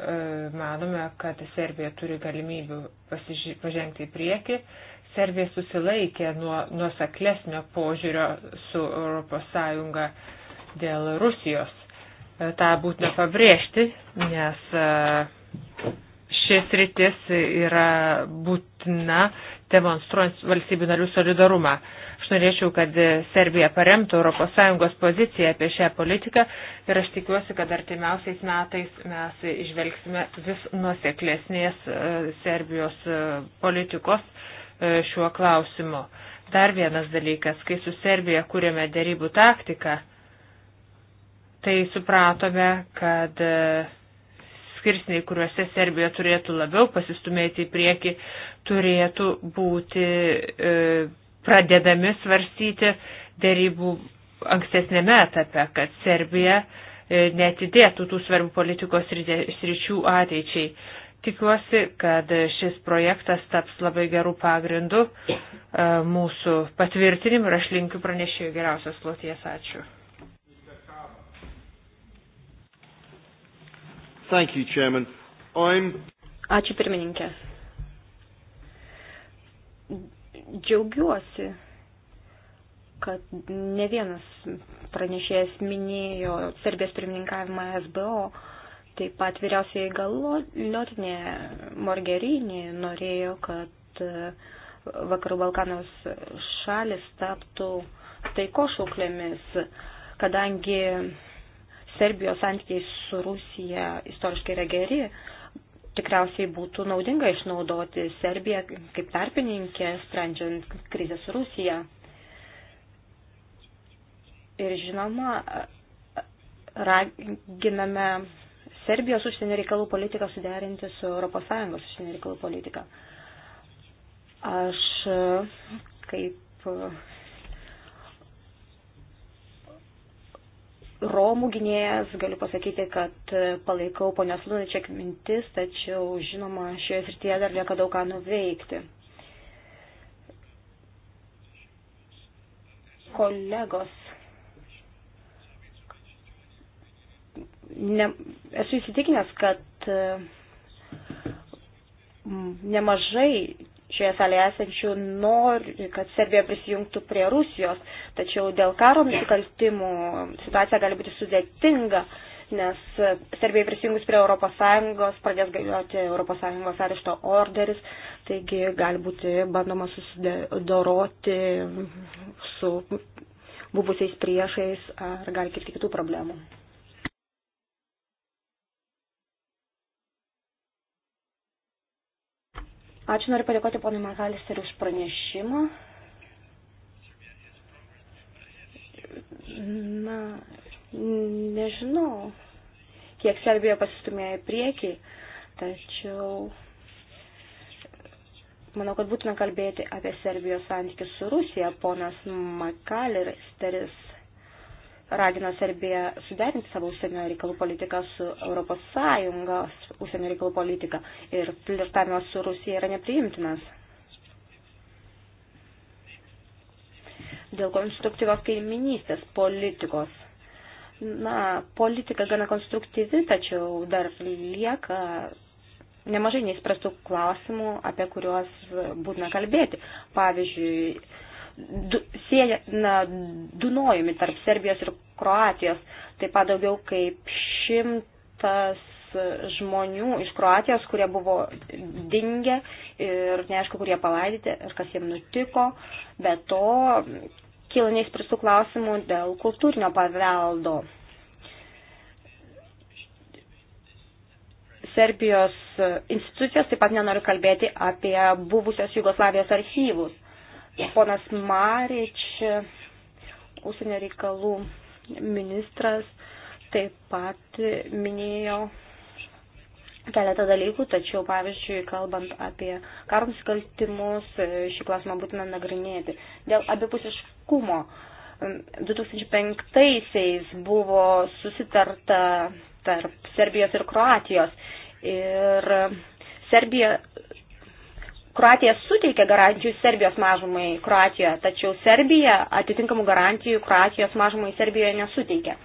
manome, kad Serbija turi galimybių pasiži, pažengti į priekį. Serbija susilaikė nuo nuosaklesnio požiūrio su ES dėl Rusijos. E, tą būtina pabrėžti, nes e, šis rytis yra būtina demonstruojant valstybių narių solidarumą. E, Aš norėčiau, kad Serbija paremtų ES poziciją apie šią politiką ir aš tikiuosi, kad artimiausiais metais mes išvelgsime vis nuoseklesnės e, Serbijos e, politikos e, šiuo klausimu. Dar vienas dalykas, kai su Serbija kūrėme dėrybų taktiką, tai supratome, kad skirsniai, kuriuose Serbija turėtų labiau pasistumėti į priekį, turėtų būti. E, pradedami svarstyti dėrybų ankstesnėme etape, kad Serbija e, netidėtų tų svarbių politikos sričių ateičiai. Tikiuosi, kad šis projektas taps labai gerų pagrindų e, mūsų patvirtinim ir aš linkiu pranešėjų geriausios loties. Ačiū. Thank you, Chairman. I'm... Ačiū pirmininkė džiaugiuosi, kad ne vienas pranešėjas minėjo Serbijos pirmininkavimą SBO, taip pat vyriausiai galiotinė Morgerinė norėjo, kad e, Vakarų Balkanos šalis taptų taiko šauklėmis, kadangi Serbijos santykiai su Rusija istoriškai yra geri, tikriausiai būtų naudinga išnaudoti Serbiją kaip tarpininkę, sprendžiant krizę su Rusija. Ir žinoma, raginame Serbijos užsienio reikalų politiką suderinti su ES užsienio reikalų politika. Aš kaip Romų gynėjas, galiu pasakyti, kad e, palaikau ponios Lunačiak mintis, tačiau, žinoma, šioje srityje dar lieka daug ką nuveikti. Kolegos, ne, esu įsitikinęs, kad e, nemažai šioje salėje esančių nori, kad Serbija prisijungtų prie Rusijos, tačiau dėl karo nusikaltimų situacija gali būti sudėtinga, nes Serbijai prisijungus prie ES pradės galioti ES arešto orderis, taigi gali būti bandoma susidoroti su buvusiais priešais ar gali kilti kitų problemų. Ačiū, noriu padėkoti ponui Makalisteriu už pranešimą. Na, nežinau, kiek Serbija pasistumėjo į priekį, tačiau manau, kad būtina kalbėti apie Serbijos santykius su Rusija. Ponas Makalisteris ragina Serbiją suderinti savo užsienio reikalų politiką su Europos Sąjungos užsienio reikalų politika ir flirtavimas su Rusija yra nepriimtinas. Dėl konstruktyvios kaiminystės politikos. Na, politika gana konstruktyvi, tačiau dar lieka nemažai neįspręstų klausimų, apie kuriuos būtina kalbėti. Pavyzdžiui, du, sieja na, Dunojumi tarp Serbijos ir Kroatijos. Taip pat daugiau kaip šimtas žmonių iš Kroatijos, kurie buvo dingę ir neaišku, kurie palaidyti ir kas jiems nutiko. Be to, kyla neįspręstų klausimų dėl kultūrinio paveldo. Serbijos institucijos taip pat nenori kalbėti apie buvusios Jugoslavijos archyvus ponas Marič, užsienio reikalų ministras, taip pat minėjo keletą dalykų, tačiau, pavyzdžiui, kalbant apie karo nusikaltimus, šį klausimą būtina nagrinėti. Dėl abipusiškumo 2005-aisiais buvo susitarta tarp Serbijos ir Kroatijos ir Serbija Kroatija suteikė garantijų Serbijos mažumai Kroatijoje, tačiau Serbija atitinkamų garantijų Kroatijos mažumai Serbijoje nesuteikė.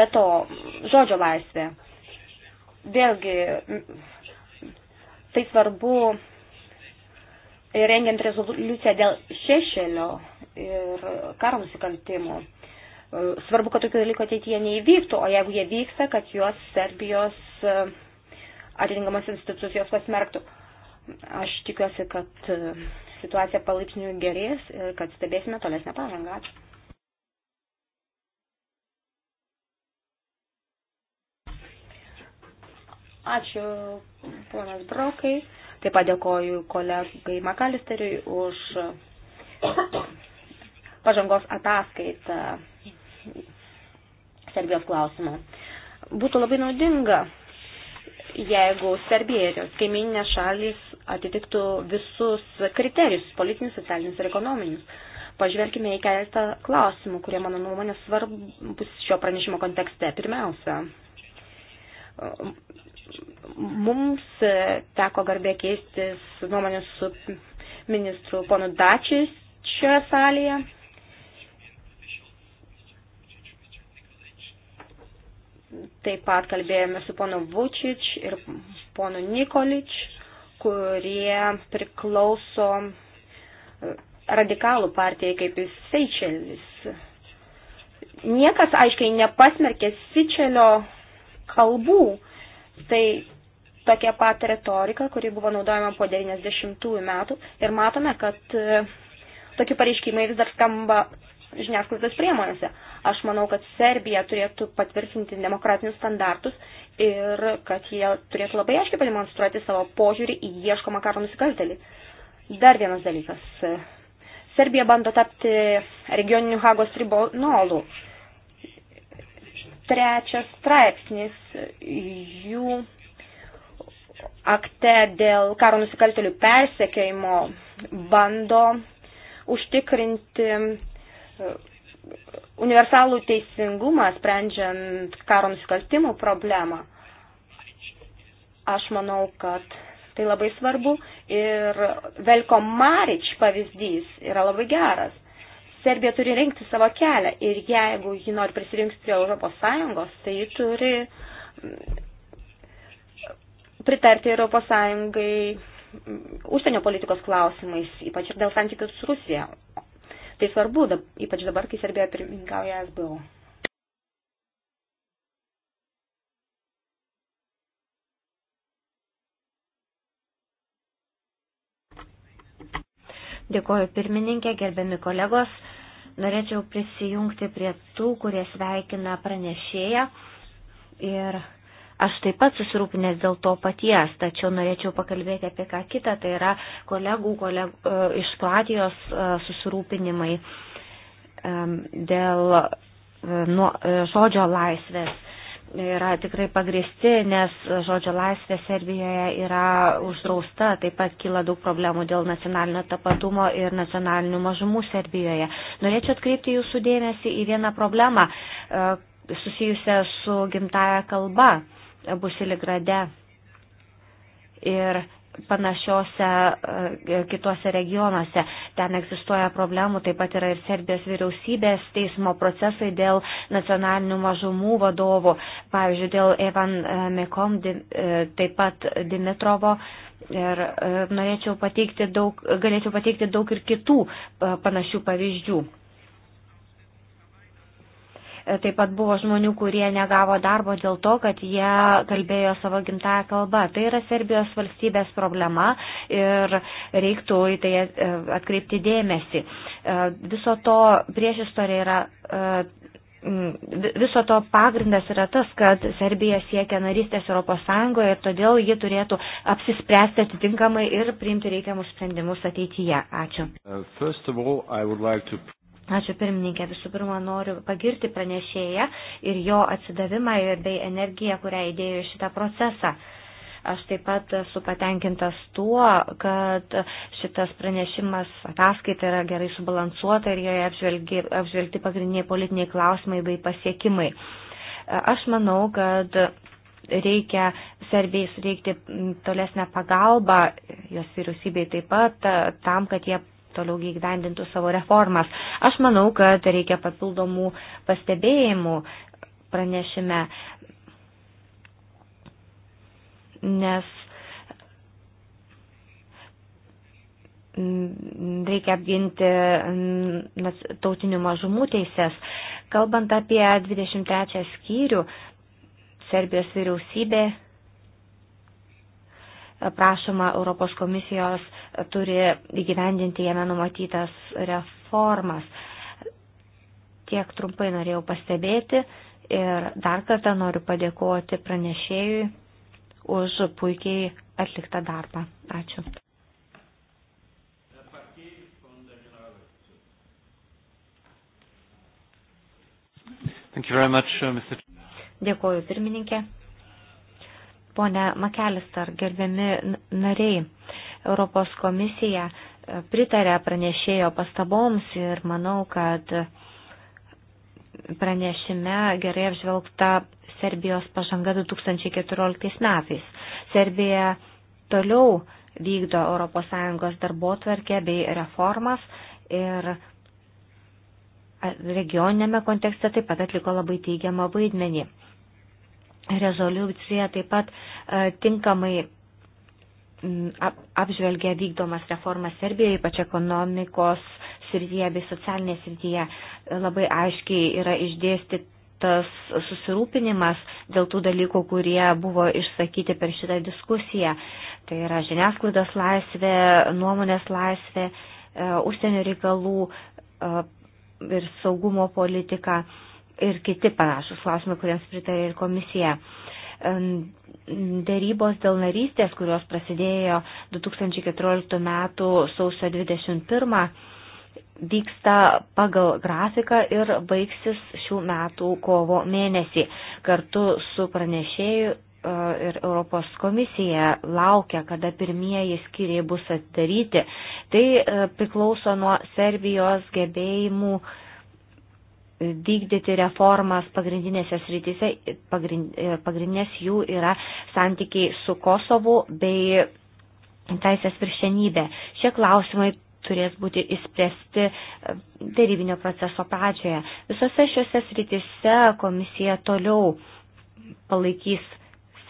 Be to, žodžio laisvė. Vėlgi, tai svarbu rengiant rezoliuciją dėl šešėlio ir karo nusikaltimų. Svarbu, kad tokių dalykų ateityje neįvyktų, o jeigu jie vyksta, kad juos Serbijos e, atitinkamas institucijos pasmerktų. Aš tikiuosi, kad e, situacija palaipsniui gerės ir kad stebėsime tolesnę pažangą. Ačiū. Ačiū ponas Brokai. Taip pat dėkoju kolegai Makalisteriui už pažangos ataskaitą Serbijos klausimą. Būtų labai naudinga jeigu Serbija ir jos kaiminės šalis atitiktų visus kriterijus - politinius, socialinius ir ekonominius. Pažvelkime į keletą klausimų, kurie, mano nuomonė, svarbus šio pranešimo kontekste. Pirmiausia, mums teko garbė keistis nuomonės su ministru ponu Dačiais šioje salėje Taip pat kalbėjome su ponu Vučič ir ponu Nikolič, kurie priklauso e, radikalų partijai kaip jis Seičelis. Niekas aiškiai nepasmerkė Sičelio kalbų. Tai tokia pat retorika, kuri buvo naudojama po 90-ųjų metų. Ir matome, kad e, tokie pareiškimai vis dar skamba žiniasklaidos priemonėse. Aš manau, kad Serbija turėtų patvirtinti demokratinius standartus ir kad jie turėtų labai aiškiai pademonstruoti savo požiūrį į ieškomą karo nusikaltelį. Dar vienas dalykas. Serbija bando tapti regioniniu Hagos tribunolu. Trečias straipsnis jų akte dėl karo nusikaltelių persekėjimo bando užtikrinti universalų teisingumą sprendžiant karo nusikaltimų problemą, aš manau, kad tai labai svarbu ir Velko Marič pavyzdys yra labai geras. Serbija turi rinkti savo kelią ir jeigu ji nori prisirinkti prie Europos Sąjungos, tai ji turi mm, pritarti Europos Sąjungai užsienio politikos klausimais, ypač ir dėl santykių su Rusija. Tai svarbu, ypač dabar, kai Serbija pirmininkauja SBO. Dėkoju pirmininkė, gerbiami kolegos. Norėčiau prisijungti prie tų, kurie sveikina pranešėją ir Aš taip pat susirūpinęs dėl to paties, tačiau norėčiau pakalbėti apie ką kitą, tai yra kolegų, kolegų e, iš Kroatijos e, susirūpinimai dėl e, nuo, žodžio laisvės. Yra tikrai pagristi, nes žodžio laisvė Serbijoje yra uždrausta, taip pat kyla daug problemų dėl nacionalinio tapatumo ir nacionalinių mažumų Serbijoje. Norėčiau atkreipti jūsų dėmesį į vieną problemą susijusią su gimtaja kalba Busiligrade ir panašiose e, kitose regionuose. Ten egzistuoja problemų, taip pat yra ir Serbijos vyriausybės teismo procesai dėl nacionalinių mažumų vadovų, pavyzdžiui, dėl Evan e, Mekom, e, taip pat Dimitrovo. Ir norėčiau pateikti daug, galėčiau pateikti daug ir kitų panašių pavyzdžių. E, taip pat buvo žmonių, kurie negavo darbo dėl to, kad jie kalbėjo savo gimtają kalbą. Tai yra Serbijos valstybės problema ir reiktų į tai e, atkreipti dėmesį. E, viso to priešistorė yra viso to pagrindas yra tas, kad Serbija siekia narystės Europos Sąjungoje ir todėl ji turėtų apsispręsti atitinkamai ir priimti reikiamus sprendimus ateityje. Ačiū. Uh, all, like to... Ačiū pirmininkė. Visų pirma, noriu pagirti pranešėją ir jo atsidavimą bei energiją, kurią įdėjo į šitą procesą. Aš taip pat esu patenkintas tuo, kad šitas pranešimas ataskaita yra gerai subalansuota ir joje apžvelgi, apžvelgti pagrindiniai politiniai klausimai bei pasiekimai. Aš manau, kad reikia Serbijai suteikti tolesnę pagalbą, jos vyriausybei taip pat, tam, kad jie toliau gyvendintų savo reformas. Aš manau, kad reikia papildomų pastebėjimų pranešime, nes reikia apginti tautinių mažumų teises. Kalbant apie 23 skyrių, Serbijos vyriausybė prašoma Europos komisijos turi įgyvendinti jame numatytas reformas. Tiek trumpai norėjau pastebėti ir dar kartą noriu padėkoti pranešėjui už puikiai atliktą darbą. Ačiū. Thank you very much, uh, Mr. Dėkuoju pirmininkė. Pone Makelistar, gerbiami nariai, Europos komisija e, pritarė pranešėjo pastaboms ir manau, kad pranešime gerai apžvelgta Serbijos pažanga 2014 metais. Serbija toliau vykdo ES darbotvarkę bei reformas ir regioninėme kontekste taip pat atliko labai teigiamą vaidmenį. Rezoliucija taip pat e, tinkamai apžvelgia vykdomas reformas Serbijoje, ypač ekonomikos srityje bei socialinėje srityje. E, labai aiškiai yra išdėstytas susirūpinimas dėl tų dalykų, kurie buvo išsakyti per šitą diskusiją. Tai yra žiniasklaidos laisvė, nuomonės laisvė, e, užsienio reikalų ir saugumo politika ir kiti panašus klausimai, kuriems pritarė ir komisija. Dėrybos dėl narystės, kurios prasidėjo 2014 m. sausio 21 vyksta pagal grafiką ir baigsis šių metų kovo mėnesį. Kartu su pranešėju e, ir Europos komisija laukia, kada pirmieji skiriai bus atdaryti. Tai e, priklauso nuo Serbijos gebėjimų vykdyti reformas pagrindinėse srityse, e, pagrindinės jų yra santykiai su Kosovu bei teisės viršenybė. Šie klausimai turės būti įspręsti e, darybinio proceso pradžioje. Visose šiuose srityse komisija toliau palaikys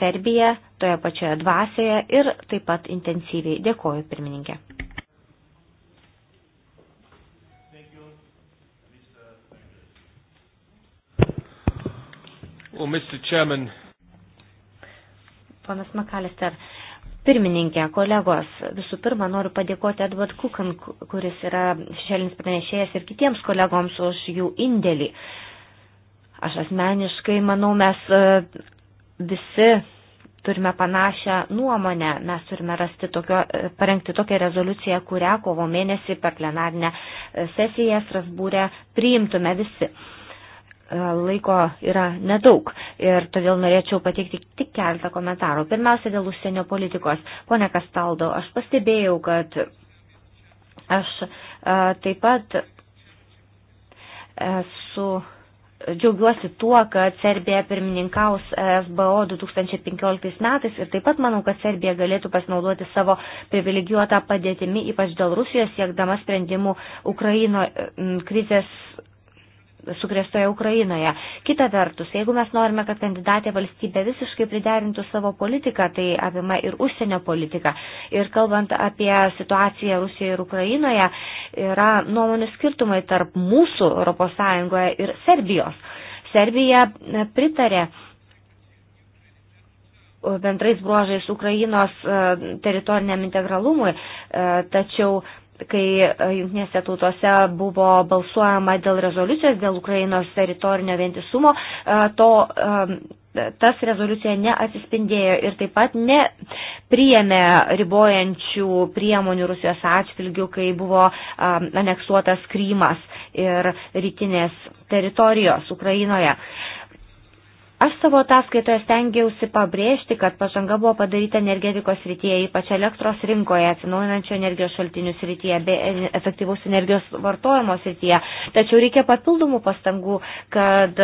Serbiją toje pačioje dvasioje ir taip pat intensyviai. Dėkoju, pirmininkė. Well, Mr. Chairman. Ponas Makalister, pirmininkė, kolegos, visų pirma noriu padėkoti Edward Kukan, kuris yra šešėlinis pranešėjas ir kitiems kolegoms už jų indėlį. Aš asmeniškai manau, mes e, visi turime panašią nuomonę, mes turime rasti tokio, e, parengti tokią rezoliuciją, kurią kovo mėnesį per plenarinę e, sesiją Strasbūrę priimtume visi laiko yra nedaug ir todėl norėčiau pateikti tik keletą komentarų. Pirmiausia, dėl užsienio politikos. Pone Kastaldo, aš pastebėjau, kad aš taip pat esu. Džiaugiuosi tuo, kad Serbija pirmininkaus SBO 2015 metais ir taip pat manau, kad Serbija galėtų pasinaudoti savo privilegijuotą padėtimi, ypač dėl Rusijos siekdama sprendimų Ukraino krizės sukrėstoje Ukrainoje. Kita vertus, jeigu mes norime, kad kandidatė valstybė visiškai priderintų savo politiką, tai apima ir užsienio politiką. Ir kalbant apie situaciją Rusijoje ir Ukrainoje, yra nuomonių skirtumai tarp mūsų ES ir Serbijos. Serbija e, pritarė e, bendrais bruožais Ukrainos e, teritoriniam integralumui, tačiau kai e, jungtinėse tautose buvo balsuojama dėl rezoliucijos, dėl Ukrainos teritorinio vientisumo, e, to e, tas rezoliucija neatsispindėjo ir taip pat nepriėmė ribojančių priemonių Rusijos atžvilgių, kai buvo aneksuotas Krymas ir rytinės teritorijos Ukrainoje. Aš savo ataskaitoje stengiausi pabrėžti, kad pažanga buvo padaryta energetikos srityje, ypač elektros rinkoje, atsinaujinančio energijos šaltinių srityje bei efektyvaus energijos vartojimo srityje. Tačiau reikia papildomų pastangų, kad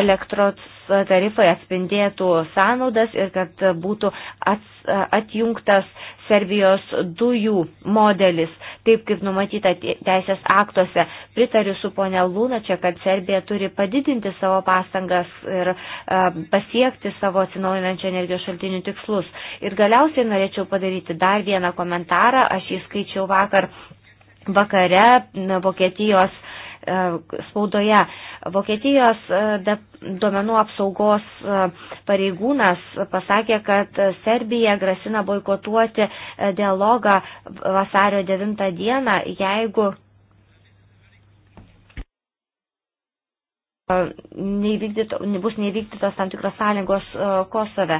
elektros tarifai atspindėtų sąnaudas ir kad būtų ats E, atjungtas Serbijos dujų modelis, taip kaip numatyta teisės aktuose. Pritariu su ponia Lūnačia, kad Serbija turi padidinti savo pastangas ir e, pasiekti savo atsinaujinančio energijos šaltinių tikslus. Ir galiausiai norėčiau padaryti dar vieną komentarą, aš jį skaičiau vakar vakare Vokietijos E, spaudoje. Vokietijos e, duomenų apsaugos e, pareigūnas pasakė, kad Serbija grasina boikotuoti dialogą vasario 9 dieną, jeigu neįvykdyto, bus neįvykdytos tam tikros sąlygos Kosove.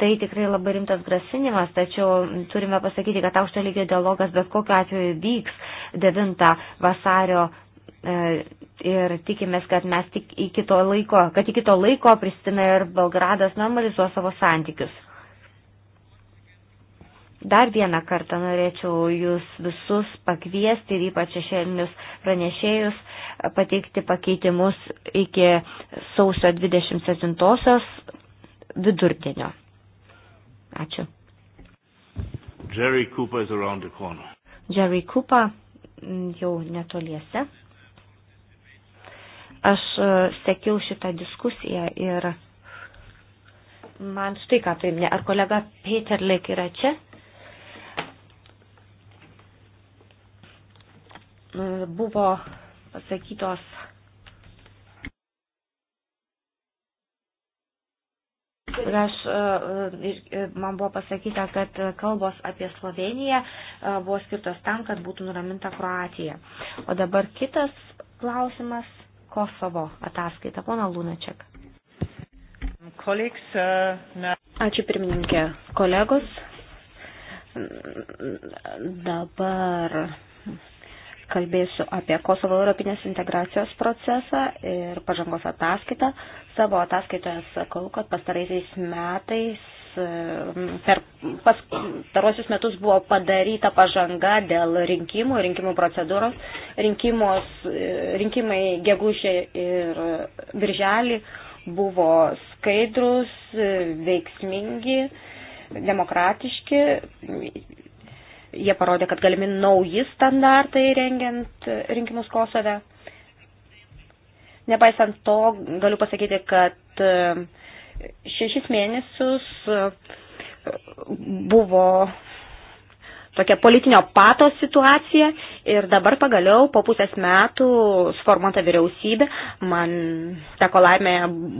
Tai tikrai labai rimtas grasinimas, tačiau turime pasakyti, kad aukšto lygio dialogas bet kokiu atveju vyks 9 vasario E, ir tikimės, kad mes tik iki to laiko, kad iki to laiko Pristina ir Belgradas normalizuos savo santykius. Dar vieną kartą norėčiau jūs visus pakviesti ir ypač šešėlinius pranešėjus pateikti pakeitimus iki sausio 27-osios vidurdienio. Ačiū. Jerry Cooper, Jerry Cooper jau netoliese. Aš e, sekiau šitą diskusiją ir man štai ką priminė. Ar kolega Peterlik yra čia? E, buvo pasakytos Ir aš, e, man buvo pasakyta, kad kalbos apie Sloveniją buvo skirtos tam, kad būtų nuraminta Kroatija. O dabar kitas klausimas Kosovo ataskaitą. Pona Lunačiak. Uh, Ačiū pirmininkė. Kolegos, dabar kalbėsiu apie Kosovo Europinės integracijos procesą ir pažangos ataskaitą. Savo ataskaitoje sakau, kad pastaraisiais metais per pastarosius metus buvo padaryta pažanga dėl rinkimų, rinkimų procedūros. Rinkimos, rinkimai gegužė ir birželį buvo skaidrus, veiksmingi, demokratiški. Jie parodė, kad galimi nauji standartai rengiant rinkimus Kosove. Nepaisant to, galiu pasakyti, kad šešis mėnesius buvo tokia politinio pato situacija ir dabar pagaliau po pusės metų sformuota vyriausybė. Man teko laimė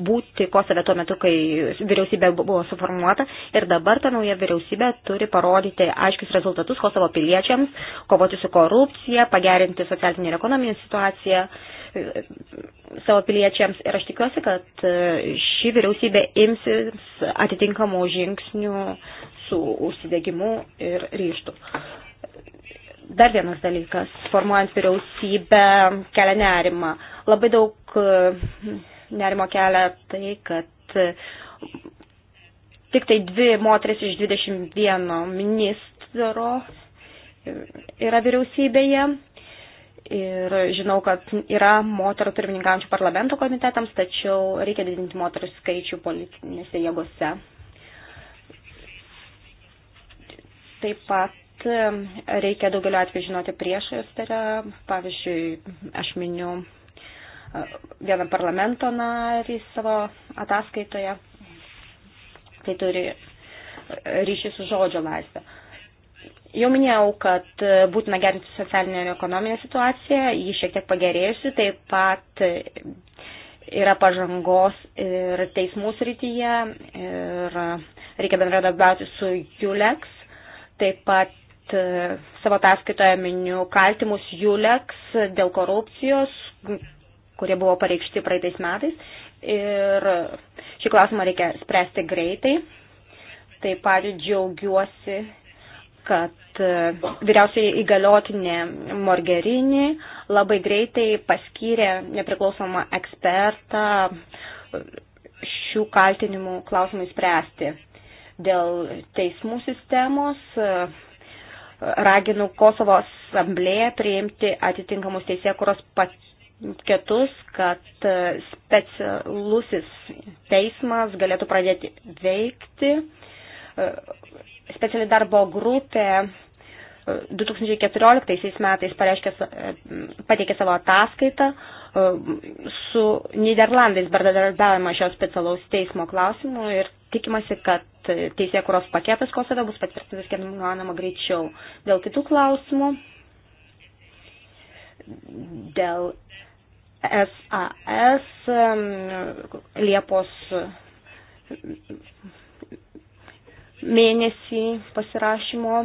būti Kosove tuo metu, kai vyriausybė buvo suformuota ir dabar ta nauja vyriausybė turi parodyti aiškius rezultatus Kosovo piliečiams, kovoti su korupcija, pagerinti socialinį ir ekonominį situaciją. Uh, savo piliečiams ir aš tikiuosi, kad e, ši vyriausybė imsis atitinkamų žingsnių su užsidegimu ir ryštu. Dar vienas dalykas, formuojant vyriausybę, kelia nerimą. Labai daug e, nerimo kelia tai, kad e, tik tai dvi moteris iš 21 ministro yra vyriausybėje Ir žinau, kad yra moterų pirmininkaujančių parlamento komitetams, tačiau reikia didinti moterų skaičių politinėse jėgose. Taip pat e, reikia daugeliu atveju žinoti prieš esterę. Tai pavyzdžiui, aš miniu e, vieną parlamento narį savo ataskaitoje. Tai turi e, ryšį su žodžio laisvė. Jau minėjau, kad e, būtina gerinti socialinę ir ekonominę situaciją, ji šiek tiek pagerėjusi, taip pat e, yra pažangos ir teismų srityje ir reikia bendradarbiauti su Juleks, taip pat e, savo ataskaitoje miniu kaltimus Juleks dėl korupcijos, kurie buvo pareikšti praeitais metais ir šį klausimą reikia spręsti greitai. Taip pat džiaugiuosi kad e, vyriausiai įgaliotinė Morgerini labai greitai paskyrė nepriklausomą ekspertą e, šių kaltinimų klausimai spręsti. Dėl teismų sistemos e, raginu Kosovo asamblėje priimti atitinkamus teisėkuros paketus, kad specialusis teismas galėtų pradėti veikti speciali darbo grupė 2014 e, metais pareiškė, e, pateikė savo ataskaitą e, su Niderlandais bendradarbiavimą šios specialaus teismo klausimų ir tikimasi, kad teisė kuros paketas Kosove bus patvirtintas kiek manoma greičiau. Dėl kitų klausimų, dėl SAS Liepos mėnesį pasirašymo.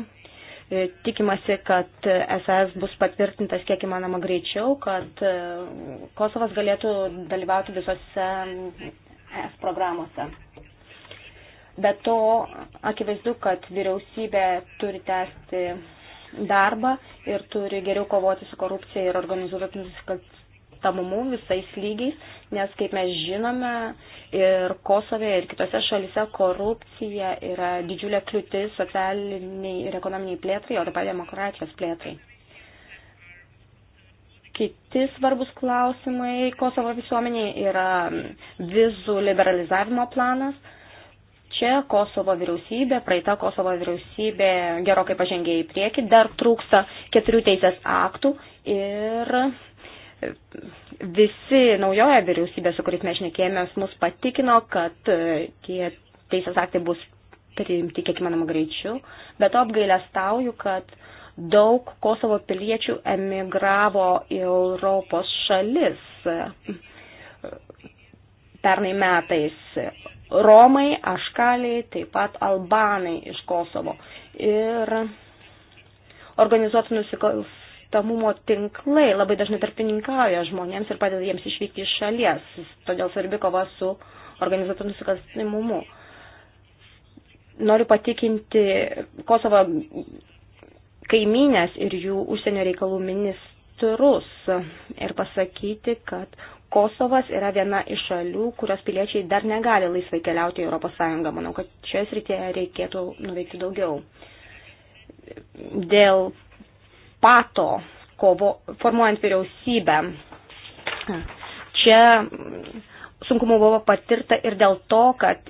E, tikimasi, kad SS bus patvirtintas kiek įmanoma greičiau, kad e, Kosovas galėtų dalyvauti visose ES mm, programuose. Be to, akivaizdu, kad vyriausybė turi tęsti darbą ir turi geriau kovoti su korupcija ir organizuotų nusikaltimų gimstamumu visais lygiais, nes kaip mes žinome, ir Kosovėje, ir kitose šalise korupcija yra didžiulė kliūtis socialiniai ir ekonominiai plėtrai, o taip pat demokratijos plėtrai. Kiti svarbus klausimai Kosovo visuomeniai yra vizų liberalizavimo planas. Čia Kosovo vyriausybė, praeita Kosovo vyriausybė gerokai pažengė į priekį, dar trūksta keturių teisės aktų ir visi naujoje vyriausybė, su kuriais mes šnekėjomės, mus patikino, kad e, tie teisės aktai bus priimti kiek įmanoma greičiau, bet apgailę stauju, kad daug Kosovo piliečių emigravo į Europos šalis e, pernai metais. Romai, aškaliai, taip pat albanai iš Kosovo. Ir organizuotų nusikals gimstamumo tinklai labai dažnai tarpininkauja žmonėms ir padeda jiems išvykti iš šalies. Todėl svarbi kova su organizuotu nusikalstamumu. Noriu patikinti Kosovo kaimynės ir jų užsienio reikalų ministrus ir pasakyti, kad Kosovas yra viena iš šalių, kurios piliečiai dar negali laisvai keliauti į ES. Manau, kad šioje srityje reikėtų nuveikti daugiau. Dėl pato, kovo, formuojant vyriausybę. Čia sunkumų buvo patirta ir dėl to, kad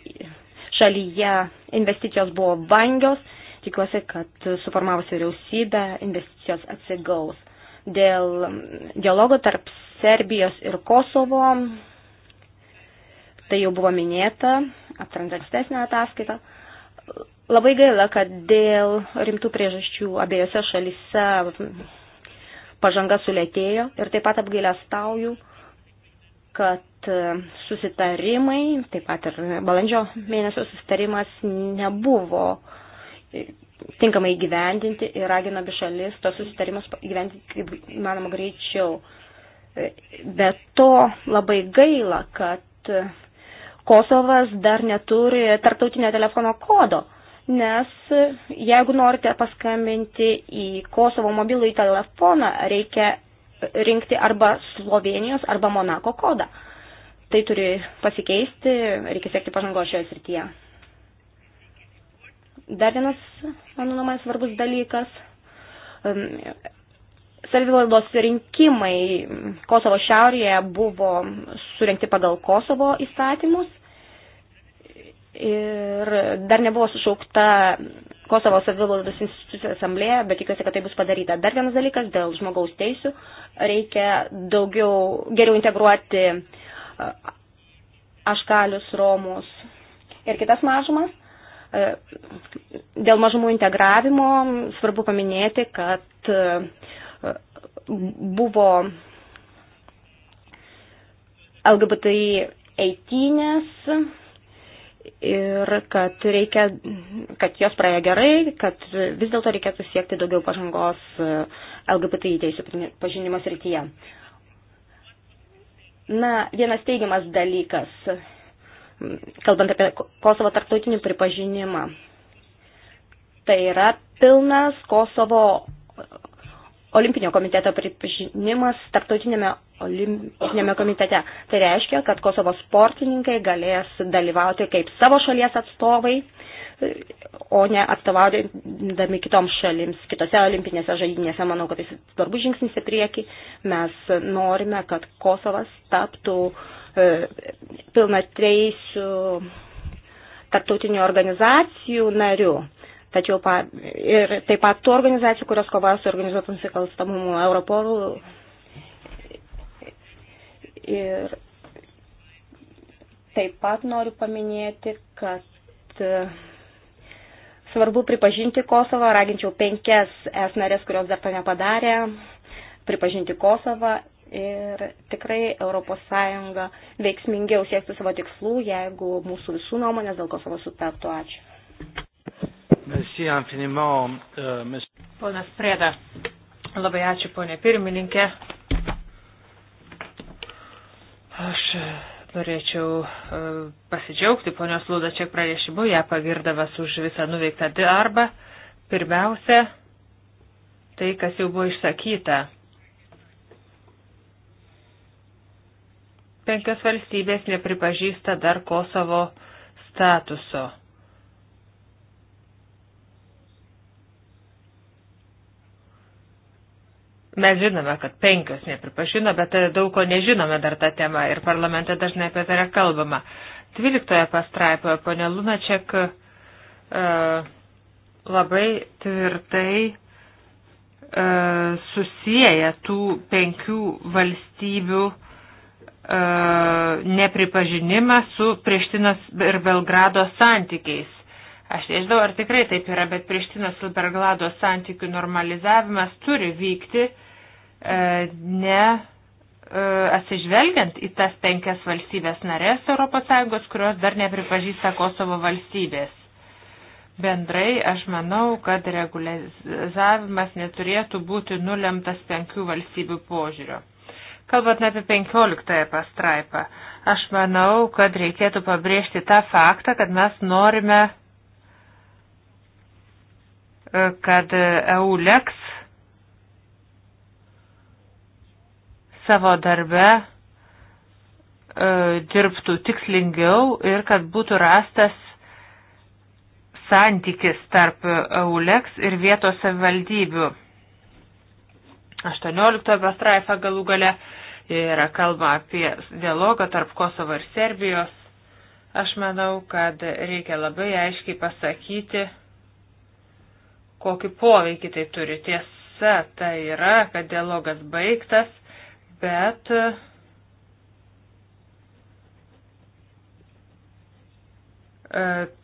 šalyje investicijos buvo vangios. Tikiuosi, kad suformavus vyriausybę investicijos atsigaus. Dėl dialogo tarp Serbijos ir Kosovo, tai jau buvo minėta, aptrandant ankstesnę ataskaitą. Labai gaila, kad dėl rimtų priežasčių abiejose šalise pažanga sulėtėjo ir taip pat apgailestauju, kad susitarimai, taip pat ir balandžio mėnesio susitarimas nebuvo tinkamai gyvendinti ir ragina abi šalis tos susitarimus gyventi kaip įmanoma greičiau. Bet to labai gaila, kad Kosovas dar neturi tarptautinio telefono kodo, nes jeigu norite paskambinti į Kosovo mobilųjį telefoną, reikia rinkti arba Slovenijos, arba Monako kodą. Tai turi pasikeisti, reikia siekti pažangos šioje srityje. Dar vienas, mano nuomonė, svarbus dalykas Savivaldos rinkimai Kosovo šiaurėje buvo surinkti pagal Kosovo įstatymus ir dar nebuvo sušaukta Kosovo savivaldos institucijų asamblėje, bet tikiuosi, kad tai bus padaryta. Dar vienas dalykas dėl žmogaus teisų reikia daugiau, geriau integruoti aškalius, romus ir kitas mažumas. Dėl mažumų integravimo svarbu paminėti, kad buvo LGBTI eitynės ir kad, reikia, kad jos praėjo gerai, kad vis dėlto reikėtų siekti daugiau pažangos LGBTI teisų pažinimo srityje. Na, vienas teigiamas dalykas, kalbant apie Kosovo tarptautinį pripažinimą, tai yra pilnas Kosovo olimpinio komiteto pripažinimas tarptautinėme olimpinėme komitete. Tai reiškia, kad Kosovo sportininkai galės dalyvauti kaip savo šalies atstovai, o ne atstovaudami kitoms šalims. Kitose olimpinėse žaidynėse manau, kad jis tai svarbus žingsnis į priekį. Mes norime, kad Kosovas taptų e, pilnatreisių tarptautinių organizacijų narių. E, Tačiau pa, ir taip pat tų organizacijų, kurios kovoja su organizuotų nusikalstamumu Europolu. Ir taip pat noriu paminėti, kad e, svarbu pripažinti Kosovą, raginčiau penkias es narės, kurios dar to nepadarė, pripažinti Kosovą ir tikrai ES veiksmingiau siektų savo tikslų, jeigu mūsų visų nuomonės dėl Kosovo sutaptų. Ačiū. Merci infiniment, uh, mes... Ponas Preda, labai ačiū ponė pirmininkė. Aš e, norėčiau e, pasidžiaugti ponios Ludačiak pranešimu, ją pagirdavas už visą nuveiktą darbą. Pirmiausia, tai, kas jau buvo išsakyta. Penkios valstybės nepripažįsta dar Kosovo statuso. Mes žinome, kad penkios nepripažino, bet daug ko nežinome dar tą temą ir parlamente dažnai apie tai yra kalbama. 12 pastraipoje ponė Lunačiak uh, e, labai tvirtai uh, e, susiję tų penkių valstybių uh, nepripažinimą su Prištinos ir Belgrado santykiais. Aš nežinau, ar tikrai taip yra, bet Prištinos ir Belgrado santykių normalizavimas turi vykti uh, E, ne e, atsižvelgiant į tas penkias valstybės narės ES, kurios dar nepripažįsta Kosovo valstybės. Bendrai aš manau, kad reguliavimas neturėtų būti nulemtas penkių valstybių požiūrio. Kalbant apie 15 pastraipą, aš manau, kad reikėtų pabrėžti tą faktą, kad mes norime, e, kad EULEX savo darbe e, dirbtų tikslingiau ir kad būtų rastas santykis tarp EULEX ir vietos savivaldybių. 18 pastraifa galų gale yra kalba apie dialogą tarp Kosovo ir Serbijos. Aš manau, kad reikia labai aiškiai pasakyti, kokį poveikį tai turi. Tiesa, tai yra, kad dialogas baigtas bet e,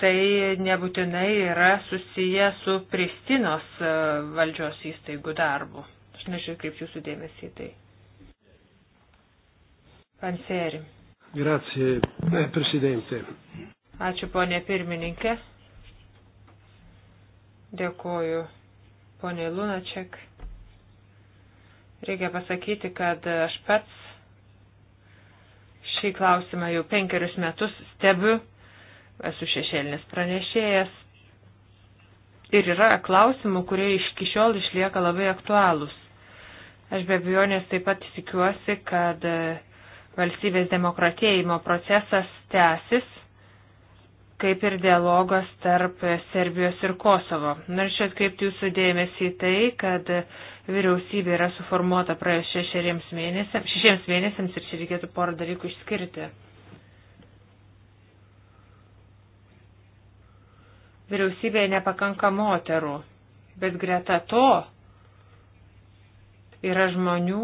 tai nebūtinai yra susiję su Pristinos e, valdžios įstaigų darbu. Aš nežinau, kaip jūsų dėmesį į tai. Panseri. Grazie, eh, prezidente. Ačiū, ponė pirmininkė. Dėkuoju, ponė Lunaček. Reikia pasakyti, kad aš pats šį klausimą jau penkerius metus stebiu, esu šešėlinis pranešėjas. Ir yra klausimų, kurie iki šiol išlieka labai aktualūs. Aš be abejonės taip pat tikiuosi, kad e, valstybės demokratėjimo procesas tęsis, kaip ir dialogas tarp Serbijos ir Kosovo. Norėčiau atkreipti jūsų dėmesį į tai, kad vyriausybė yra suformuota praėjus šešeriems mėnesiams, šešiems mėnesiams ir čia reikėtų porą dalykų išskirti. Vyriausybėje nepakanka moterų, bet greta to yra žmonių,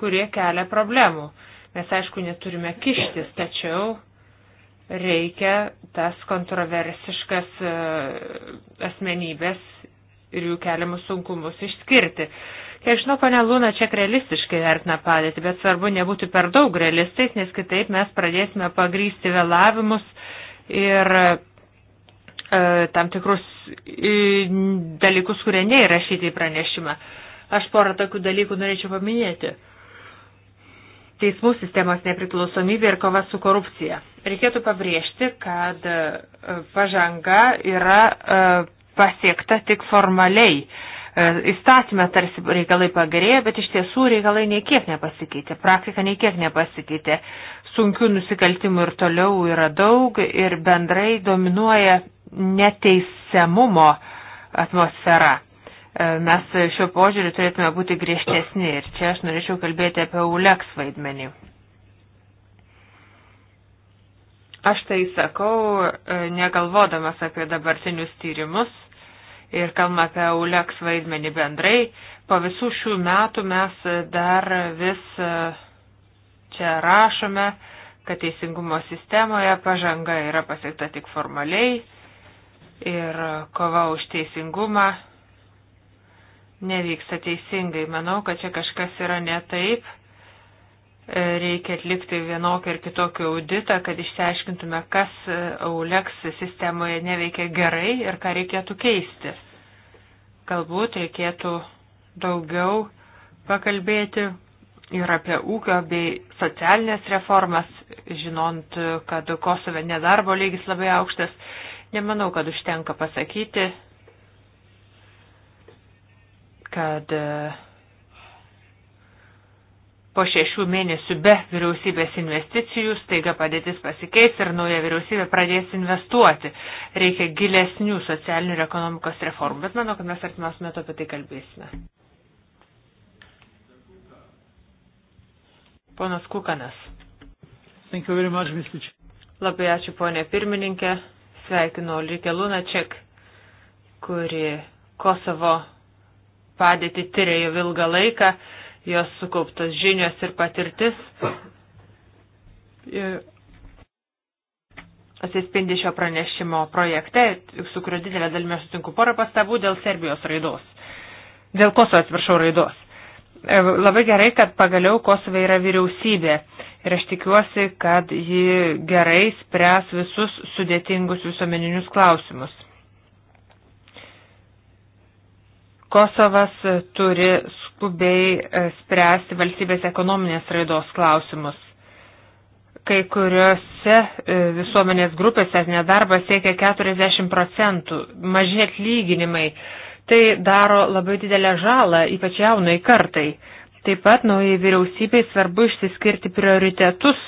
kurie kelia problemų. Mes aišku neturime kištis, tačiau reikia tas kontroversiškas e, asmenybės ir jų keliamus sunkumus išskirti. Kiek žinau, pane Lūna, čia realistiškai vertina padėtį, bet svarbu nebūti per daug realistais, nes kitaip mes pradėsime pagrysti vėlavimus ir e, tam tikrus e, dalykus, kurie neįrašyti į pranešimą. Aš porą tokių dalykų norėčiau paminėti teismų sistemos nepriklausomybė ir kova su korupcija. Reikėtų pabrėžti, kad e, pažanga yra e, pasiekta tik formaliai. E, Įstatymė tarsi reikalai pagerėjo, bet iš tiesų reikalai niekiek nepasikeitė, praktika niekiek nepasikeitė. Sunkių nusikaltimų ir toliau yra daug ir bendrai dominuoja neteisiamumo atmosfera e, mes šio požiūriu turėtume būti griežtesni ir čia aš norėčiau kalbėti apie ULEX vaidmenį. Aš tai sakau, e, negalvodamas apie dabartinius tyrimus, ir kalbame apie ULEX vaidmenį bendrai. Po visų šių metų mes dar vis e, čia rašome, kad teisingumo sistemoje pažanga yra pasiekta tik formaliai ir kova už teisingumą nevyksta teisingai. Manau, kad čia kažkas yra ne taip E, reikia atlikti vienokį ir kitokį auditą, kad išsiaiškintume, kas e, Aulex sistemoje neveikia gerai ir ką reikėtų keisti. Galbūt reikėtų daugiau pakalbėti ir apie ūkio bei socialinės reformas, žinant, kad Kosove nedarbo lygis labai aukštas. Nemanau, kad užtenka pasakyti, kad uh, po šešių mėnesių be vyriausybės investicijų staiga padėtis pasikeis ir nauja vyriausybė pradės investuoti. Reikia gilesnių socialinių ir ekonomikos reformų, bet manau, kad mes artimiausiu metu apie tai kalbėsime. Ponas Kukanas. Labai ačiū, ponė pirmininkė. Sveikinu Ulrike Lunaček, kuri Kosovo padėtį tyrė jau ilgą laiką jos sukauptos žinios ir patirtis atsispindi šio pranešimo projekte, su kuriuo didelė dalimi aš sutinku porą pastabų dėl Serbijos raidos. Dėl Kosovo atsiprašau raidos. E, labai gerai, kad pagaliau Kosovai yra vyriausybė ir aš tikiuosi, kad ji gerai spręs visus sudėtingus visuomeninius klausimus. Kosovas turi skubiai e, spręsti valstybės ekonominės raidos klausimus. Kai kuriuose e, visuomenės grupėse nedarbas siekia 40 procentų, maži atlyginimai. Tai daro labai didelę žalą, ypač jaunai kartai. Taip pat naujai vyriausybei svarbu išsiskirti prioritetus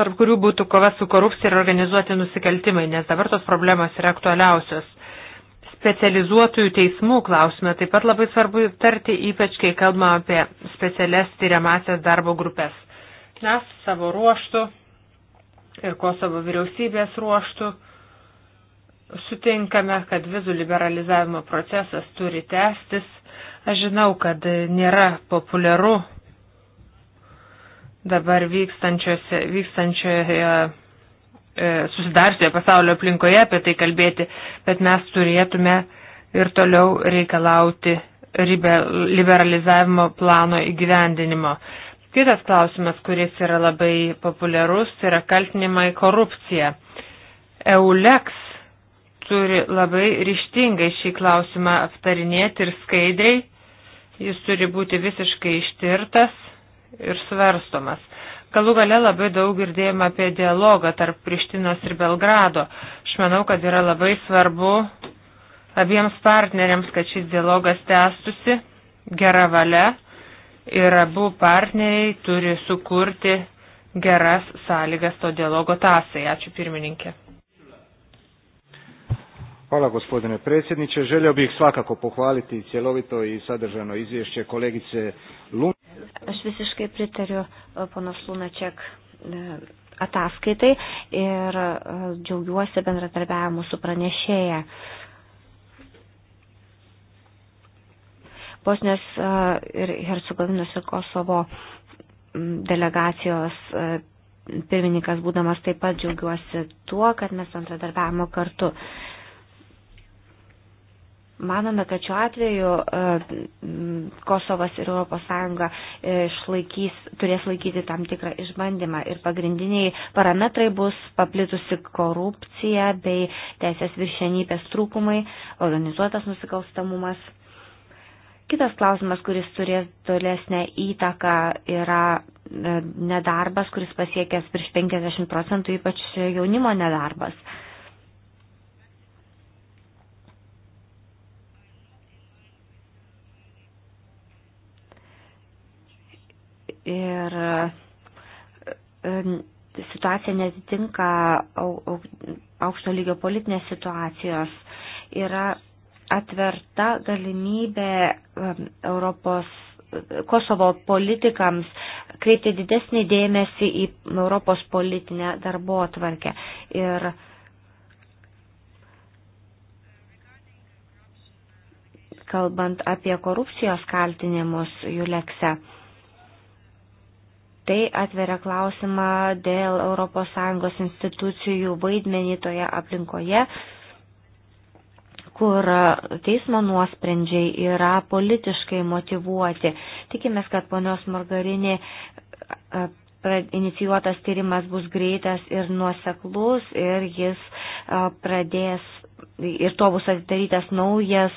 tarp kurių būtų kova su korupcija ir organizuoti nusikaltimai, nes dabar tos problemos yra aktualiausios. Specializuotųjų teismų klausime taip pat labai svarbu tarti, ypač kai kalbame apie specialias tyriamasias darbo grupės. Mes savo ruoštų ir Kosovo vyriausybės ruoštų sutinkame, kad vizų liberalizavimo procesas turi tęstis. Aš žinau, kad nėra populiaru dabar vykstančioje e, susidarsioje pasaulio aplinkoje apie tai kalbėti, bet mes turėtume ir toliau reikalauti liberalizavimo plano įgyvendinimo. Kitas klausimas, kuris yra labai populiarus, yra kaltinimai korupcija. EULEX turi labai ryštingai šį klausimą aptarinėti ir skaidriai. Jis turi būti visiškai ištirtas ir svarstomas. Galų gale labai daug girdėjome apie dialogą tarp Prištinos ir Belgrado. Aš manau, kad yra labai svarbu abiems partneriams, kad šis dialogas tęstusi gera valia ir abu partneriai turi sukurti geras sąlygas to dialogo tasai. Ačiū pirmininkė. Hvala gospodine predsjedniče. Želio bih svakako pohvaliti cjelovito i sadržano izvješće kolegice Lund. Aš visiškai pritariu e, pono Slunačiak e, ataskaitai ir e, džiaugiuosi bendradarbiavimu su pranešėja. Bosnės ir Hercegovinos ir Kosovo delegacijos pirmininkas būdamas taip pat džiaugiuosi tuo, kad mes bendradarbiavimo kartu. Manome, kad šiuo atveju e, Kosovas ir ES e, laikys, turės laikyti tam tikrą išbandymą ir pagrindiniai parametrai bus paplitusi korupcija bei teisės viršenybės trūkumai, organizuotas nusikalstamumas. Kitas klausimas, kuris turės tolesnę įtaką, yra e, nedarbas, kuris pasiekęs virš 50 procentų, ypač jaunimo nedarbas. ir e, situacija netitinka aukšto lygio politinės situacijos, yra atverta galimybė e, Europos e, Kosovo politikams kreipti didesnį dėmesį į Europos politinę darbo atvarkę. Ir kalbant apie korupcijos kaltinimus Julekse, Tai atveria klausimą dėl ES institucijų vaidmenį toje aplinkoje, kur teismo nuosprendžiai yra politiškai motivuoti. Tikimės, kad ponios Margarinė inicijuotas tyrimas bus greitas ir nuoseklus ir jis pradės ir to bus atidarytas naujas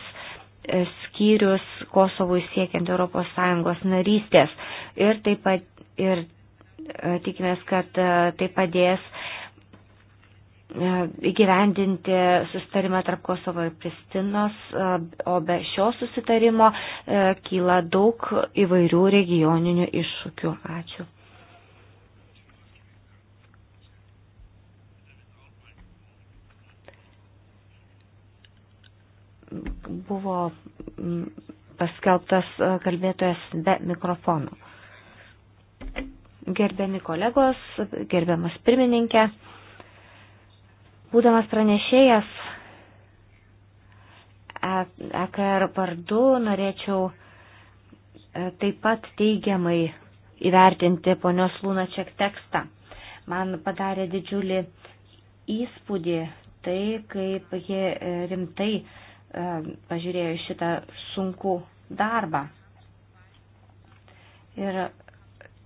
e, skyrius Kosovui siekiant ES narystės. Ir taip pat ir e, tikimės, kad e, tai padės e, įgyvendinti sustarimą tarp Kosovo ir Pristinos, o be šio susitarimo kyla daug įvairių regioninių iššūkių. Ačiū. Buvo paskelbtas kalbėtojas be mikrofonų. Gerbiami kolegos, gerbiamas pirmininkė, būdamas pranešėjas EKR vardu norėčiau e, taip pat teigiamai įvertinti ponios Lūnačiak tekstą. Man padarė didžiulį įspūdį tai, kaip ji e, rimtai e, pažiūrėjo šitą sunkų darbą. Ir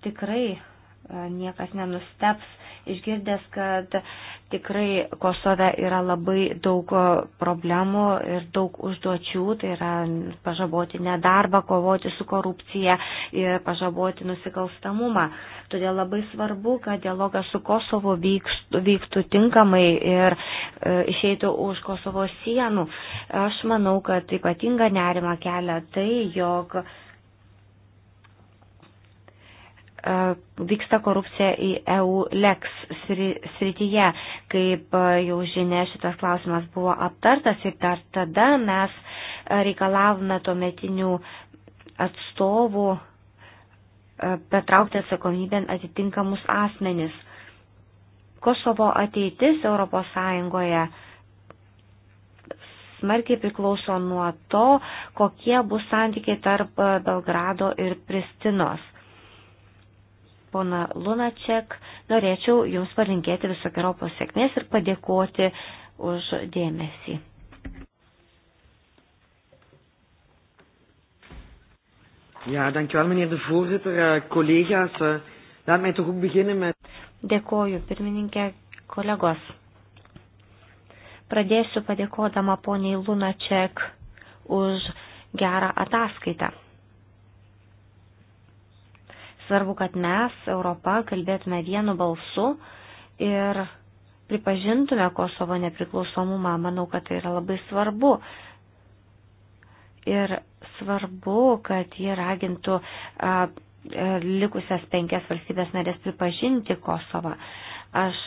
tikrai e, niekas nenusteps išgirdęs, kad tikrai Kosove yra labai daug e, problemų ir daug užduočių, tai yra pažaboti nedarbą, kovoti su korupcija ir pažaboti nusikalstamumą. Todėl labai svarbu, kad dialogas su Kosovo vyktų, vyktų tinkamai ir e, išeitų už Kosovo sienų. Aš manau, kad ypatinga nerima kelia tai, jog E, vyksta korupcija į EU leks srityje. Kaip e, jau žinia, šitas klausimas buvo aptartas ir dar tada mes e, reikalavome tuometinių atstovų patraukti atsakomybę atitinkamus asmenis. Kosovo ateitis ES smarkiai priklauso nuo to, kokie bus santykiai tarp Belgrado ir Pristinos pona Lunaček, norėčiau Jums palinkėti visokiojo sėkmės ir padėkoti už dėmesį. Ja, dankjewel meneer de voorzitter, uh, collega's. Uh, laat mij toch ook beginnen met. Dėkoju, pirmininkė, kolegos. Pradėsiu padėkodama poniai Lunaček už gerą ataskaitą. Svarbu, kad mes, Europa, kalbėtume vienu balsu ir pripažintume Kosovo nepriklausomumą. Manau, kad tai yra labai svarbu. Ir svarbu, kad jie ragintų a, a, likusias penkias valstybės narės pripažinti Kosovą. Aš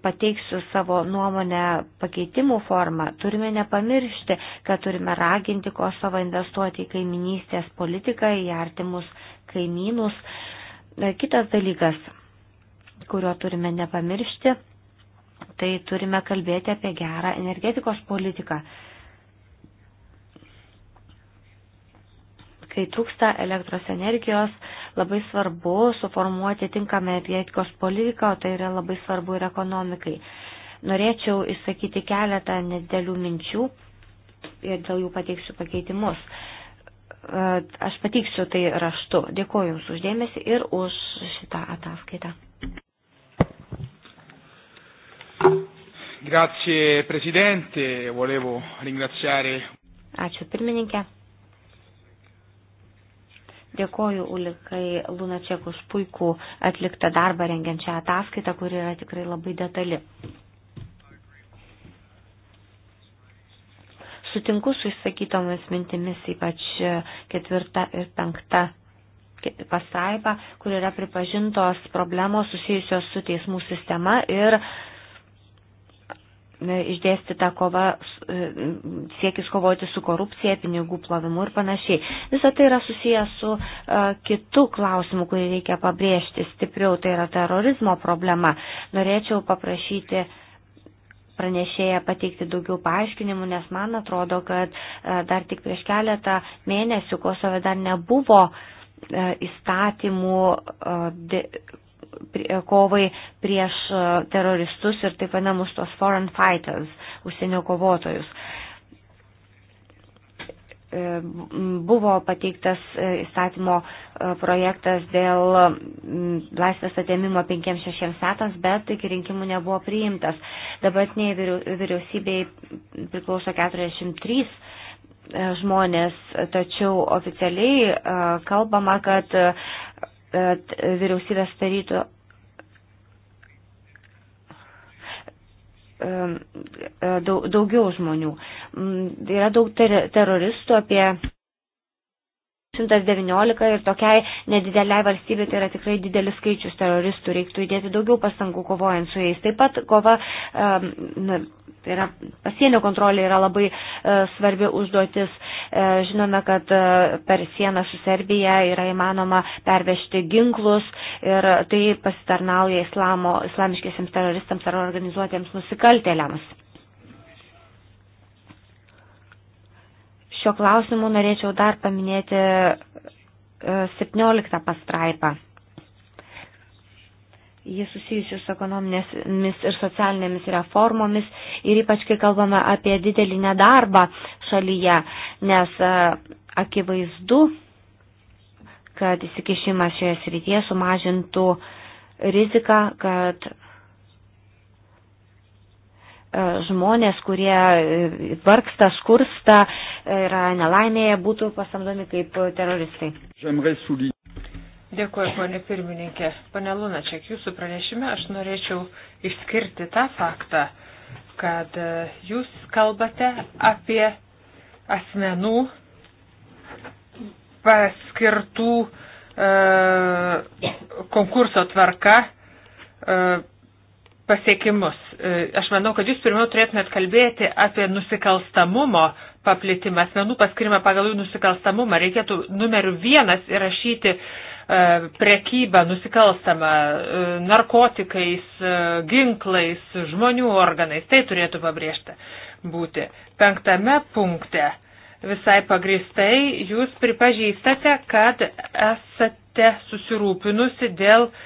pateiksiu savo nuomonę pakeitimų formą, turime nepamiršti, kad turime raginti Kosovą investuoti į kaiminystės politiką, į artimus kaimynus. E, kitas dalykas, kurio turime nepamiršti, tai turime kalbėti apie gerą energetikos politiką. Kai trūksta elektros energijos, labai svarbu suformuoti tinkamą energetikos politiką, o tai yra labai svarbu ir ekonomikai. Norėčiau išsakyti keletą nedėlių minčių ir dėl jų pateiksiu pakeitimus aš pateiksiu tai raštu. Dėkuoju Jums uždėmesi ir už šitą ataskaitą. Grazie Presidente, volevo ringraziare. Ačiū pirmininkė. Dėkoju Ulikai Lunačiek už puikų atliktą darbą rengiančią ataskaitą, kuri yra tikrai labai detali. Sutinku su išsakytomis mintimis, ypač e, ketvirta ir penkta pasaipa, kur yra pripažintos problemos susijusios su teismų sistema ir e, išdėstyta kova, e, siekis kovoti su korupcija, pinigų plovimu ir panašiai. Visą tai yra susijęs su kitu klausimu, kurį reikia pabrėžti stipriau, tai yra terorizmo problema. Norėčiau paprašyti pranešėją pateikti daugiau paaiškinimų, nes man atrodo, kad e, dar tik prieš keletą mėnesių Kosove dar nebuvo e, įstatymų e, kovai prieš teroristus ir taip vadinamus tos foreign fighters, užsienio kovotojus. E, buvo pateiktas e, įstatymo e, projektas dėl laisvės atėmimo 5-6 metams, bet iki rinkimų nebuvo priimtas. Dabartiniai vyriausybei priklauso 43 žmonės, tačiau oficialiai kalbama, kad vyriausybės tarytų Um, e, daugiau žmonių. Mm, yra daug ter teroristų apie 119 ir tokiai nedideliai valstybė tai yra tikrai didelis skaičius teroristų, reiktų įdėti daugiau pastangų kovojant su jais. Taip pat kova, na, tai yra pasienio kontrolė yra labai e, svarbi užduotis. E, žinome, kad e, per sieną su Serbija yra įmanoma pervežti ginklus ir tai pasitarnauja islamo, islamiškiesiams teroristams ar organizuotiems nusikaltėliams. šio klausimu norėčiau dar paminėti 17 e, pastraipą. Jis susijusi su ekonominėmis ir socialinėmis reformomis ir ypač kai kalbame apie didelį nedarbą šalyje, nes e, akivaizdu, kad įsikišimas šioje srityje sumažintų riziką, kad E, žmonės, kurie e, vargsta, skursta, e, yra nelaimėje, būtų pasamdomi kaip teroristai. Dėkuoju, ponė pirmininkė. Pane Lunačiak, jūsų pranešime aš norėčiau išskirti tą faktą, kad jūs kalbate apie asmenų paskirtų e, konkurso tvarka e, pasiekimus. E, aš manau, kad jūs pirmiau turėtumėt kalbėti apie nusikalstamumo paplitimą, asmenų paskirimą pagal jų nusikalstamumą. Reikėtų numeriu vienas įrašyti e, prekybą nusikalstamą e, narkotikais, ginklais, žmonių organais. Tai turėtų pabrėžta būti. Penktame punkte visai pagristai jūs pripažįstate, kad esate susirūpinusi dėl uh,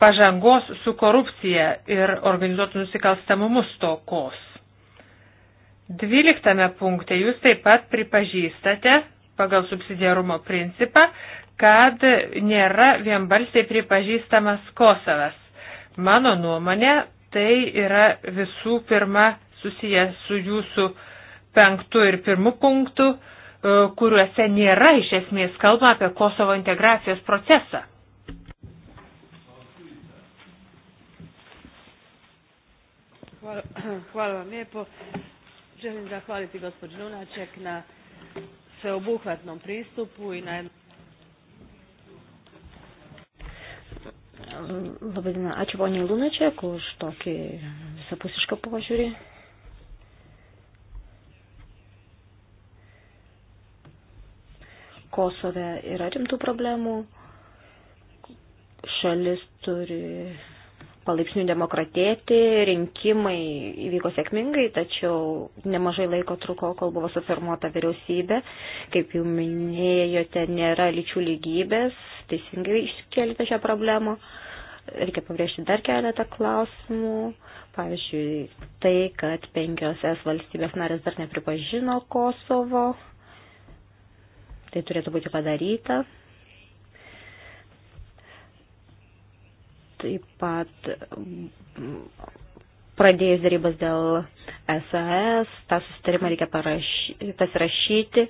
pažangos su korupcija ir organizuotų nusikalstamumu stokos. Dvyliktame punkte jūs taip pat pripažįstate pagal subsidiarumo principą, kad nėra vienbalsiai pripažįstamas Kosovas. Mano nuomonė, tai yra visų pirma susijęs su jūsų penktu ir pirmu punktu, e, kuriuose nėra iš esmės kalba apie Kosovo integracijos procesą. Hvala, hvala vam lijepo. Želim zahvaliti gospođi Lunaček na sveobuhvatnom pristupu i na jednom Labadiena, ačiū poniai Lunačiak už tokį visapusišką požiūrį. Kosove yra rimtų problemų. Šalis turi palaipsniui demokratėti, rinkimai įvyko sėkmingai, tačiau nemažai laiko truko, kol buvo suformuota vyriausybė. Kaip jau minėjote, nėra lyčių lygybės, teisingai iškelite šią problemą. Reikia pabrėžti dar keletą klausimų. Pavyzdžiui, tai, kad penkios es valstybės narės dar nepripažino Kosovo. Tai turėtų būti padaryta. taip pat mm, pradėjus darybas dėl SAS, tą susitarimą reikia parašy, pasirašyti.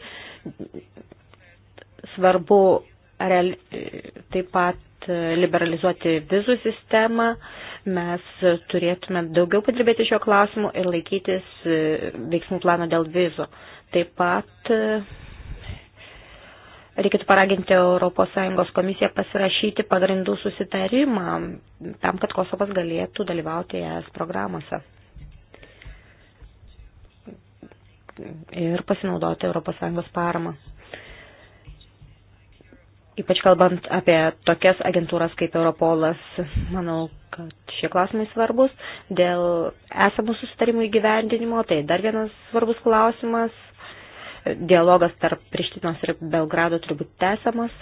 Svarbu real, taip pat liberalizuoti vizų sistemą. Mes turėtume daugiau padirbėti šio klausimu ir laikytis veiksmų plano dėl vizų. Taip pat reikėtų paraginti ES komisiją pasirašyti pagrindų susitarimą tam, kad Kosovas galėtų dalyvauti ES programuose ir pasinaudoti ES paramą. Ypač kalbant apie tokias agentūras kaip Europolas, manau, kad šie klausimai svarbus. Dėl esamų susitarimų įgyvendinimo, tai dar vienas svarbus klausimas – Dialogas tarp Prištinos ir Belgrado turbūt tęsiamas.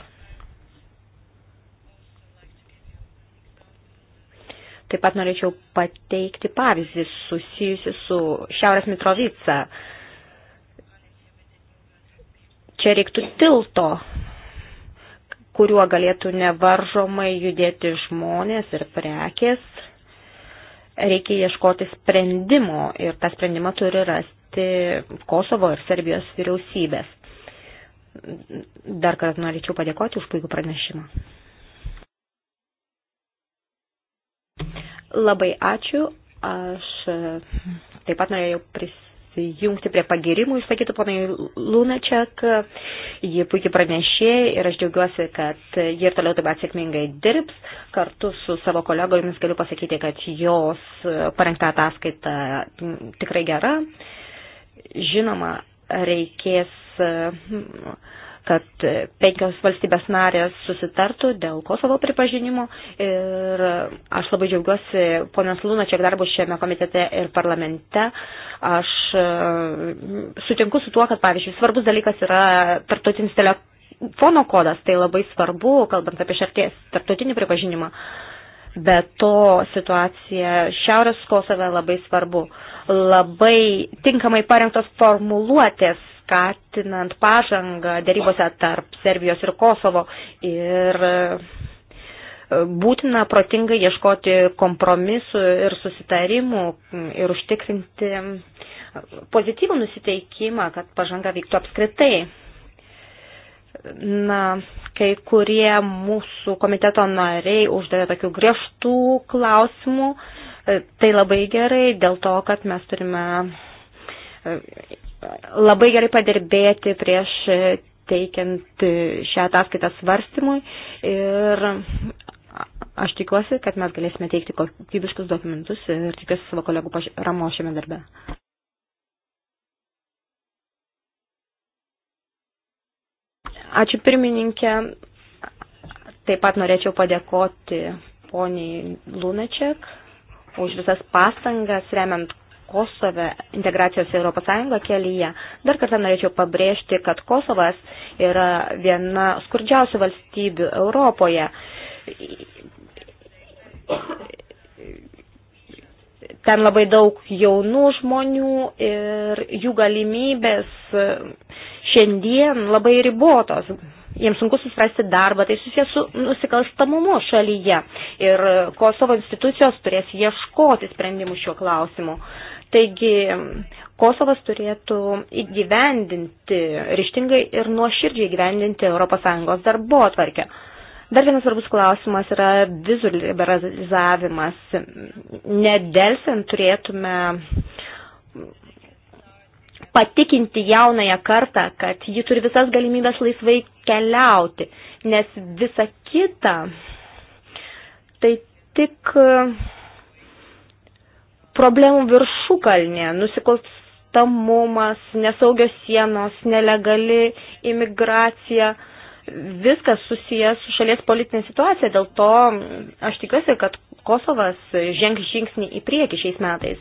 Taip pat norėčiau pateikti pavyzdį susijusi su Šiaurės Mitrovica. Čia reiktų tilto, kuriuo galėtų nevaržomai judėti žmonės ir prekės. Reikia ieškoti sprendimo ir tą sprendimą turi rasti paveikti Kosovo ir Serbijos vyriausybės. Dar kartą norėčiau padėkoti už puikų pranešimą. Labai ačiū. Aš e, taip pat norėjau prisijungti prie pagirimų išsakytų ponai Lunačiak. Ji puikiai pranešė ir aš džiaugiuosi, kad ji ir toliau taip pat sėkmingai dirbs. Kartu su savo kolegomis galiu pasakyti, kad jos parengta ataskaita tikrai gera. Uh, Žinoma, reikės, e, kad penkios valstybės narės susitartų dėl Kosovo pripažinimo ir aš labai džiaugiuosi ponios Lunačiak darbu šiame komitete ir parlamente. Aš e, sutinku su tuo, kad, pavyzdžiui, svarbus dalykas yra tarptautinis telefonas fono kodas, tai labai svarbu, kalbant apie šarties tarptautinį pripažinimą. Uh, Be to situacija Šiaurės Kosove labai svarbu. Labai tinkamai parengtos formuluotės skatinant pažangą dėrybose tarp Serbijos ir Kosovo ir e, būtina protingai ieškoti kompromisų ir susitarimų ir užtikrinti pozityvų nusiteikimą, kad pažanga vyktų apskritai na, kai kurie mūsų komiteto nariai uždavė tokių griežtų klausimų. E, tai labai gerai dėl to, kad mes turime e, labai gerai padirbėti prieš teikiant šią ataskaitą svarstymui ir aš tikiuosi, kad mes galėsime teikti kokybiškus dokumentus ir tikiuosi savo kolegų paramos šiame darbe. Ačiū pirmininkė. Taip pat norėčiau padėkoti poniai Lunačiak už visas pastangas remiant Kosove integracijos į ES kelyje. Dar kartą norėčiau pabrėžti, kad Kosovas yra viena skurdžiausių valstybių Europoje ten labai daug jaunų žmonių ir jų galimybės e, šiandien labai ribotos. Jiems sunku susirasti darbą, tai susijęs su nusikalstamumu šalyje. Ir Kosovo institucijos turės ieškoti sprendimų šiuo klausimu. Taigi Kosovas turėtų įgyvendinti, ryštingai ir nuoširdžiai įgyvendinti ES darbo atvarkę. Dar vienas svarbus klausimas yra vizų liberalizavimas. Nedelsiant turėtume patikinti jaunąją kartą, kad ji turi visas galimybės laisvai keliauti, nes visa kita tai tik e, problemų viršukalnė, nusikalstamumas, nesaugios sienos, nelegali imigracija – viskas susijęs su šalies politinė situacija, dėl to aš tikiuosi, kad Kosovas žengs žingsnį į priekį šiais metais.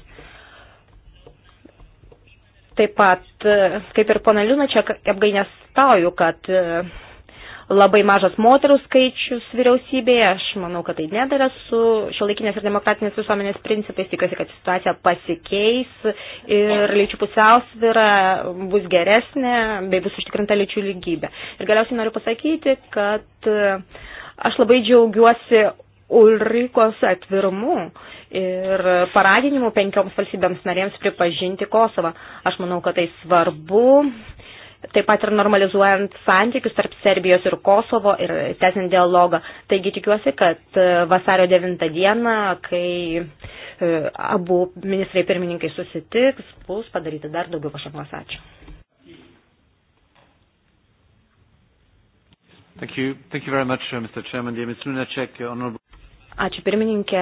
Taip pat, e, kaip ir pana Liūna, čia apgainės tauju, kad e, labai mažas moterų skaičius vyriausybėje. Aš manau, kad tai nedara su šiuolaikinės ir demokratinės visuomenės principais. Tikiuosi, kad situacija pasikeis ir lyčių pusiausvyra bus geresnė, bei bus užtikrinta lyčių lygybė. Ir galiausiai noriu pasakyti, kad e, aš labai džiaugiuosi Ulrikos atvirumu ir paraginimu penkioms valstybėms narėms pripažinti Kosovą. Aš manau, kad tai svarbu taip pat ir normalizuojant santykius tarp Serbijos ir Kosovo ir tęsiant dialogą. Taigi tikiuosi, kad e, vasario 9 dieną, kai e, abu ministrai pirmininkai susitiks, bus padaryti dar daugiau pažangos. Ačiū. Thank you. Thank you very much, uh, Mr. Chairman. Dear Ms. Lunacek, honorable... Ačiū pirmininkė,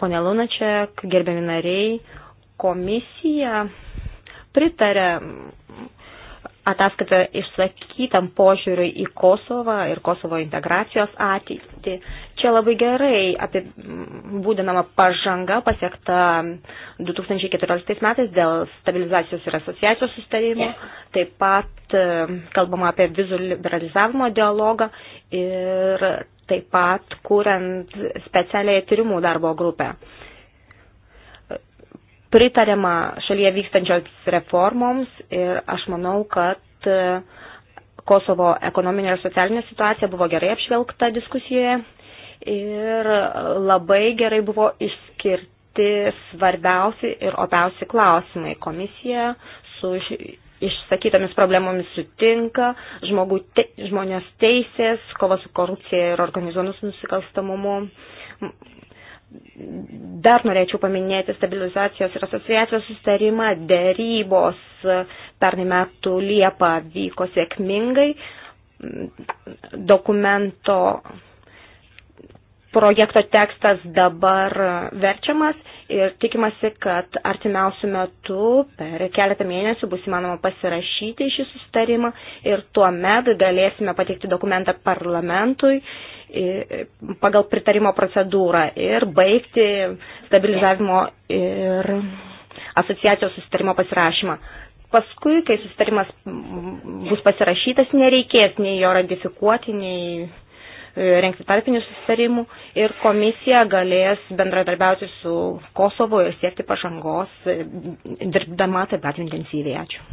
ponė Lunačiak, gerbiami nariai, komisija pritarė ataskaitą išsakytam požiūriui į Kosovą ir Kosovo integracijos ateitį. Čia labai gerai apibūdinama pažanga pasiekta 2014 metais dėl stabilizacijos ir asociacijos sustarimo, taip pat e, kalbama apie vizų liberalizavimo dialogą ir taip pat kuriant specialiai tyrimų darbo grupę pritarėma šalyje vykstančioms reformoms ir aš manau, kad e, Kosovo ekonominė ir socialinė situacija buvo gerai apžvelgta diskusijoje ir labai gerai buvo išskirti svarbiausi ir opiausi klausimai. Komisija su išsakytomis problemomis sutinka, žmogų, te, žmonės teisės, kova su korupcija ir organizuomis nusikalstamumu, dar norėčiau paminėti stabilizacijos ir asociacijos sustarimą, dėrybos pernai metų Liepą vyko sėkmingai, dokumento projekto tekstas dabar verčiamas ir tikimasi, kad artimiausių metų per keletą mėnesių bus įmanoma pasirašyti šį susitarimą ir tuo metu galėsime pateikti dokumentą parlamentui pagal pritarimo procedūrą ir baigti stabilizavimo ir asociacijos susitarimo pasirašymą. Paskui, kai susitarimas bus pasirašytas, nereikės nei jo ratifikuoti, nei E, renkti tarpinių susitarimų ir komisija galės bendradarbiauti su Kosovo ir siekti pažangos, e, dirbdama taip pat intensyviai. Ačiū.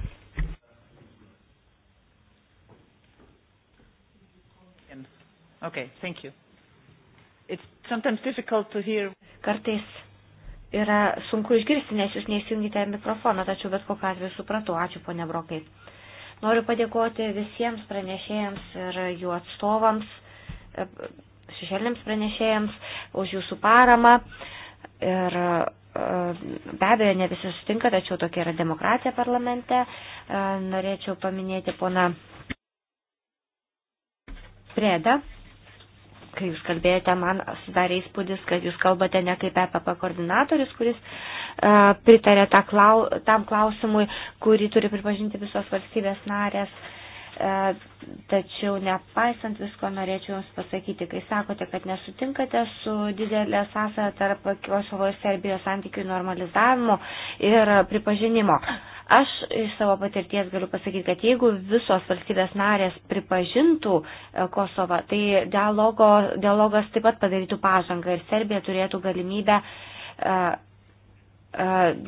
Okay, thank you. It's sometimes difficult to hear. Kartais yra sunku išgirsti, nes jūs neįsijungite mikrofoną, tačiau bet kokiu atveju supratau. Ačiū, ponia Brokai. Noriu padėkoti visiems pranešėjams ir jų atstovams šešėlėms pranešėjams už jūsų paramą. Ir e, be abejo, ne visi sutinka, tačiau tokia yra demokratija parlamente. E, norėčiau paminėti pona Prėdą. Kai jūs kalbėjote, man sudarė įspūdis, kad jūs kalbate ne kaip EPP koordinatorius, kuris e, pritarė tą klau, tam klausimui, kurį turi pripažinti visos valstybės narės. Uh, E, tačiau nepaisant visko norėčiau Jums pasakyti, kai sakote, kad nesutinkate su didelė sąsaja tarp Kosovo ir Serbijos santykių normalizavimo ir pripažinimo. Aš iš savo patirties galiu pasakyti, kad jeigu visos valstybės narės pripažintų e, Kosovą, tai dialogo, dialogas taip pat padarytų pažangą ir Serbija turėtų galimybę uh, E,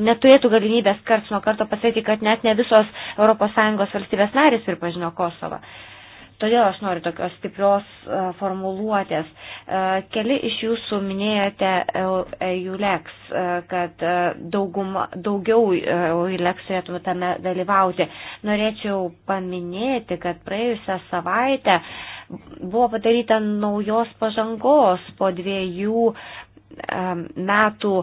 neturėtų galimybės karts nuo karto pasakyti, kad net ne visos ES valstybės narės pripažino Kosovą. Todėl aš noriu tokios stiprios e, formuluotės. E, keli iš jūsų minėjote EULEX, kad dauguma, daugiau EULEX turėtų tame dalyvauti. Norėčiau paminėti, kad praėjusią savaitę buvo padaryta naujos pažangos po dviejų metų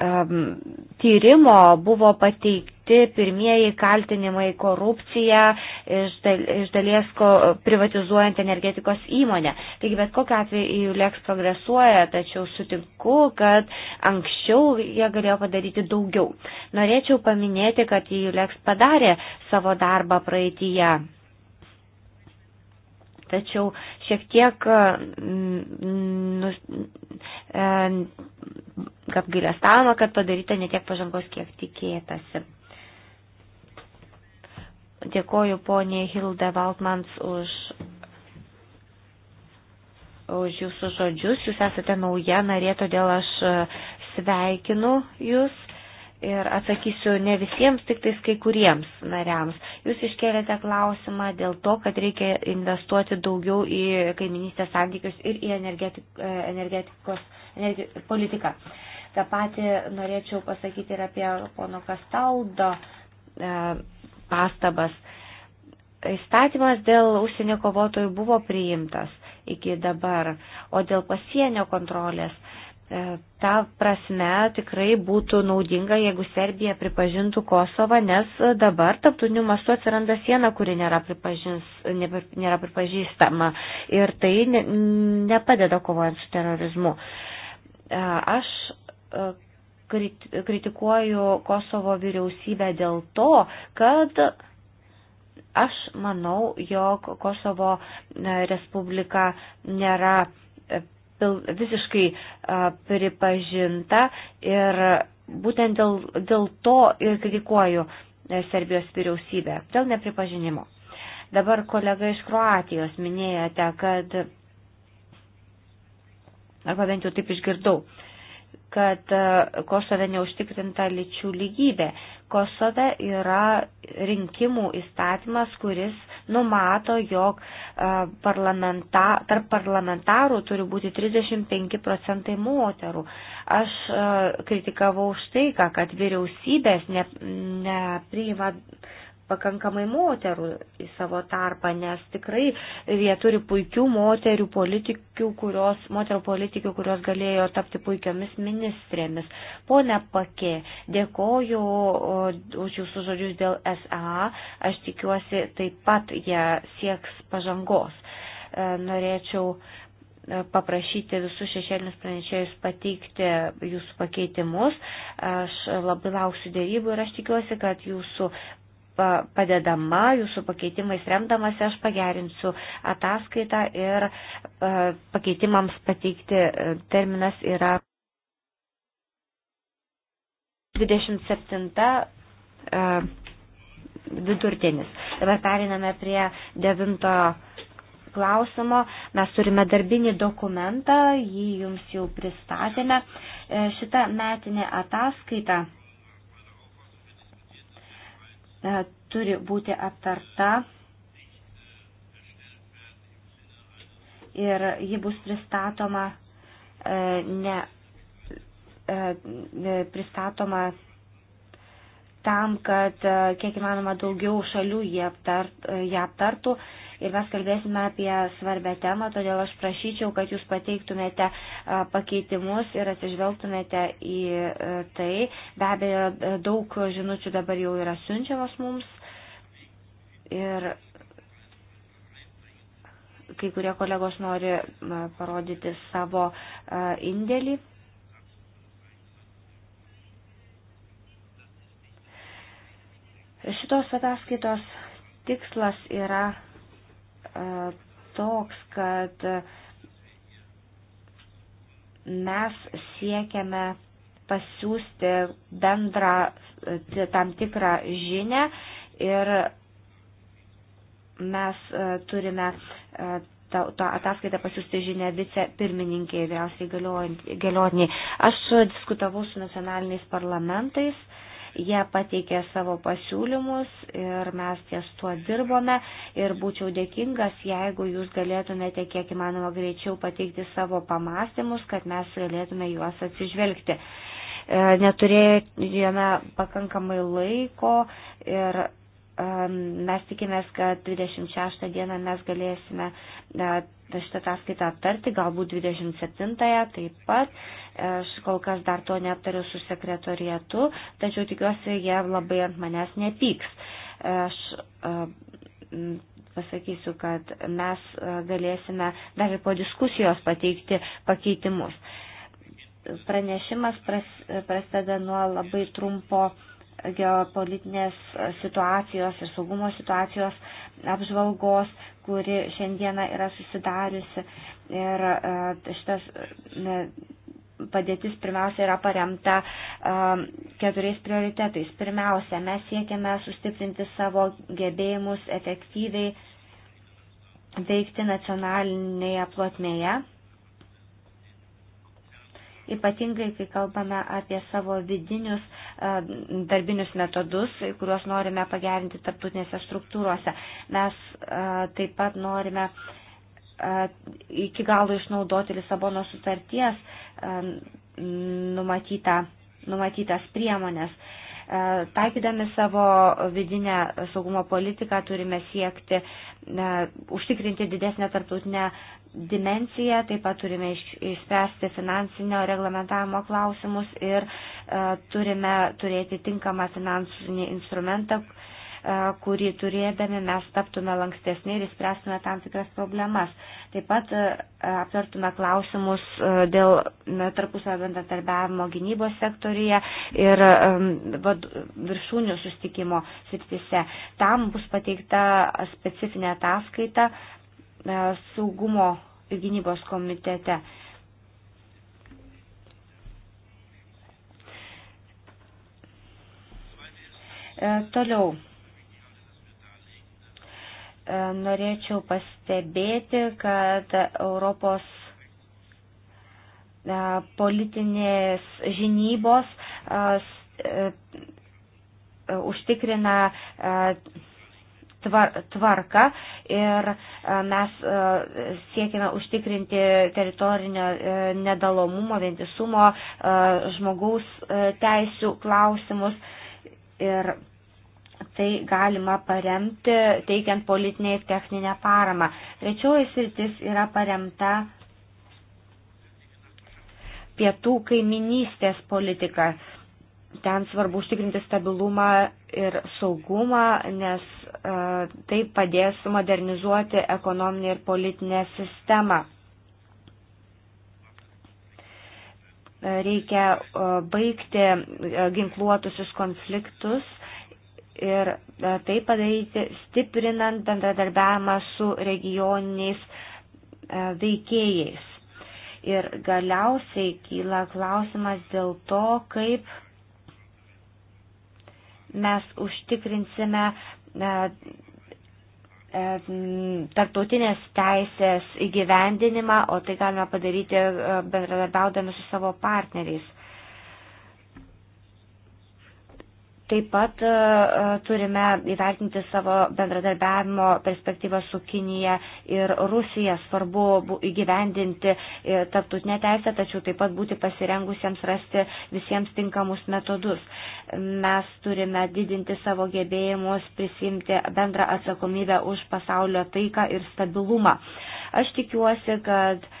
um, tyrimo buvo pateikti pirmieji kaltinimai korupcija iš, dal, iš dalies ko, privatizuojant energetikos įmonę. Taigi bet kokiu atveju Juleks progresuoja, tačiau sutinku, kad anksčiau jie galėjo padaryti daugiau. Norėčiau paminėti, kad Juleks padarė savo darbą praeitįje tačiau šiek tiek e, nu, e, apgailestavimo, kad padaryta netiek pažangos, kiek tikėtasi. Dėkoju poniai Hilde Valtmans už, už jūsų žodžius. Jūs esate nauja narė, todėl aš sveikinu jūs ir atsakysiu ne visiems, tik tais kai kuriems nariams. Jūs iškėlėte klausimą dėl to, kad reikia investuoti daugiau į kaiminystės santykius ir į e, energetikos energi, politiką. Ta pati norėčiau pasakyti ir apie pono Kastaldo e, pastabas. Įstatymas dėl užsienio kovotojų buvo priimtas iki dabar, o dėl pasienio kontrolės E, ta prasme tikrai būtų naudinga, jeigu Serbija pripažintų Kosovą, nes dabar taptuniu mastu atsiranda siena, kuri nėra, nėra pripažįstama ir tai ne, nepadeda kovojant su terorizmu. E, aš e, kritikuoju Kosovo vyriausybę dėl to, kad aš manau, jog Kosovo Respublika nėra visiškai pripažinta ir būtent dėl, dėl to ir kritikuoju e, Serbijos vyriausybę, dėl nepripažinimo. Dabar kolega iš Kroatijos minėjote, kad, arba bent jau taip išgirdau, kad e, Kosove neužtikrinta lyčių lygybė. Kosove yra rinkimų įstatymas, kuris numato, jog e, parlamenta, tarp parlamentarų turi būti 35 procentai moterų. Aš e, kritikavau štai ką, kad vyriausybės nepriima ne pakankamai moterų į savo tarpą, nes tikrai jie turi puikių moterių politikių, kurios, moterų politikių, kurios galėjo tapti puikiomis ministrėmis. Pone Pakė, dėkoju už jūsų žodžius dėl SA, aš tikiuosi taip pat jie sieks pažangos. E, norėčiau e, paprašyti visus šešėlinius pranešėjus pateikti jūsų pakeitimus. Aš labai lauksiu dėrybų ir aš tikiuosi, kad jūsų padedama, jūsų pakeitimais remdamas, aš pagerinsiu ataskaitą ir e, pakeitimams pateikti e, terminas yra 27 e, vidurtienis. Dabar periname prie devinto klausimo. Mes turime darbinį dokumentą, jį jums jau pristatėme. Šita metinė ataskaita E, turi būti aptarta ir ji bus pristatoma e, ne e, pristatoma tam, kad kiek įmanoma daugiau šalių jie aptart, ją aptartų ir mes kalbėsime apie svarbę temą, todėl aš prašyčiau, kad jūs pateiktumėte pakeitimus ir atsižvelgtumėte į e, tai. Be abejo, e, daug žinučių dabar jau yra siunčiamas mums ir kai kurie kolegos nori parodyti savo indėlį. Šitos ataskaitos tikslas yra toks, kad mes siekiame pasiūsti bendrą tam tikrą žinę ir mes e, turime e, tą ataskaitą pasiūsti žinę vicepirmininkiai, vyriausiai galiotiniai. Aš diskutavau su nacionaliniais parlamentais Jie pateikė savo pasiūlymus ir mes ties tuo dirbome ir būčiau dėkingas, jeigu jūs galėtumėte kiek įmanoma greičiau pateikti savo pamastymus, kad mes galėtume juos atsižvelgti. E, neturėjome pakankamai laiko ir e, mes tikimės, kad 26 dieną mes galėsime e, šitą ataskaitą aptarti, galbūt 27-ąją taip pat. Aš kol kas dar to neaptariu su sekretorietu, tačiau tikiuosi, jie labai ant manęs nepyks. Aš pasakysiu, kad mes galėsime dar ir po diskusijos pateikti pakeitimus. Pranešimas pras, prasideda nuo labai trumpo geopolitinės situacijos ir saugumo situacijos apžvalgos, kuri šiandieną yra susidariusi. Ir e, šitas e, padėtis pirmiausia yra paremta um, keturiais prioritetais. Pirmiausia, mes siekiame sustiprinti savo gebėjimus efektyviai veikti nacionalinėje plotmėje ypatingai kai kalbame apie savo vidinius e, darbinius metodus, kuriuos norime pagerinti tarptautinėse struktūrose. Mes e, taip pat norime e, iki galo išnaudoti Lisabono sutarties numatytą, numatytas priemonės. E, taikydami savo vidinę saugumo politiką turime siekti e, užtikrinti didesnę tarptautinę dimenciją, taip pat turime išspręsti finansinio reglamentavimo klausimus ir e, turime turėti tinkamą finansinį instrumentą, E, kurį turėdami mes taptume lankstesni ir įspręstume tam tikras problemas. Taip pat e, aptartume klausimus e, dėl tarpusavio bendradarbiavimo gynybos sektorija ir viršūnių sustikimo srityse. Tam bus pateikta specifinė ataskaita saugumo ir gynybos komitete. Toliau E, norėčiau pastebėti, kad Europos e, politinės žinybos e, užtikrina tvarką ir mes siekime užtikrinti teritorinio nedalomumo, vientisumo, žmogaus teisų klausimus ir tai galima paremti teikiant politinę ir techninę paramą. Trečioji sritis yra paremta pietų kaiminystės politika. Ten svarbu užtikrinti stabilumą ir saugumą, nes e, tai padės modernizuoti ekonominę ir politinę sistemą. Reikia e, baigti e, ginkluotusius konfliktus ir e, tai padaryti stiprinant bendradarbiavimą su regioniniais e, veikėjais. Ir galiausiai kyla klausimas dėl to, kaip mes užtikrinsime e, tarptautinės teisės įgyvendinimą, o tai galime padaryti bendradarbiaudami su savo partneriais. Taip pat e, e, turime įvertinti savo bendradarbiavimo perspektyvą su Kinija ir Rusija. Svarbu įgyvendinti e, tarptautinę teisę, tačiau taip pat būti pasirengusiems rasti visiems tinkamus metodus. Mes turime didinti savo gebėjimus prisimti bendrą atsakomybę už pasaulio taiką ir stabilumą. Aš tikiuosi, kad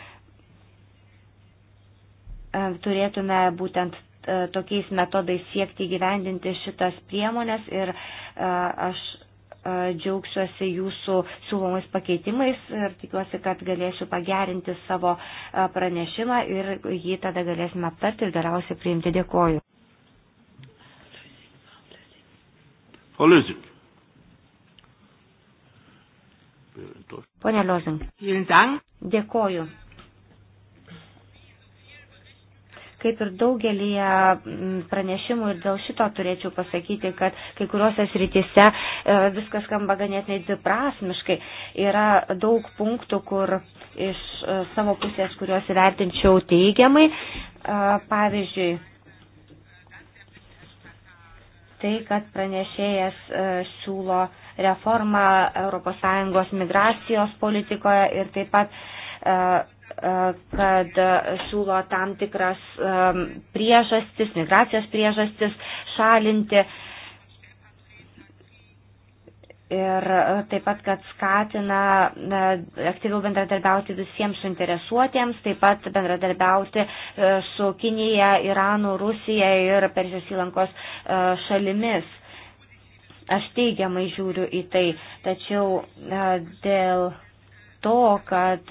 turėtume būtent E, tokiais metodais siekti gyvendinti šitas priemonės ir e, aš e, džiaugsiuosi jūsų siūlomais pakeitimais ir tikiuosi, kad galėsiu pagerinti savo pranešimą ir jį tada galėsime aptarti ir galiausiai priimti. Dėkoju. Pone Lozing. Dėkoju. Kaip ir daugelį mm, pranešimų ir dėl šito turėčiau pasakyti, kad kai kuriuose srityse e, viskas skamba ganėtinai dviprasmiškai. Yra daug punktų, kur iš e, savo pusės, kuriuos įvertinčiau teigiamai. E, pavyzdžiui, tai, kad pranešėjas siūlo reformą ES migracijos politikoje ir taip pat kad e, siūlo tam tikras e, priežastis, migracijos priežastis šalinti. Ir e, taip pat, kad skatina aktyviau bendradarbiauti visiems suinteresuotiems, taip pat bendradarbiauti su Kinija, Iranu, Rusija ir Persijos įlankos šalimis. Aš teigiamai žiūriu į tai, tačiau dėl to, kad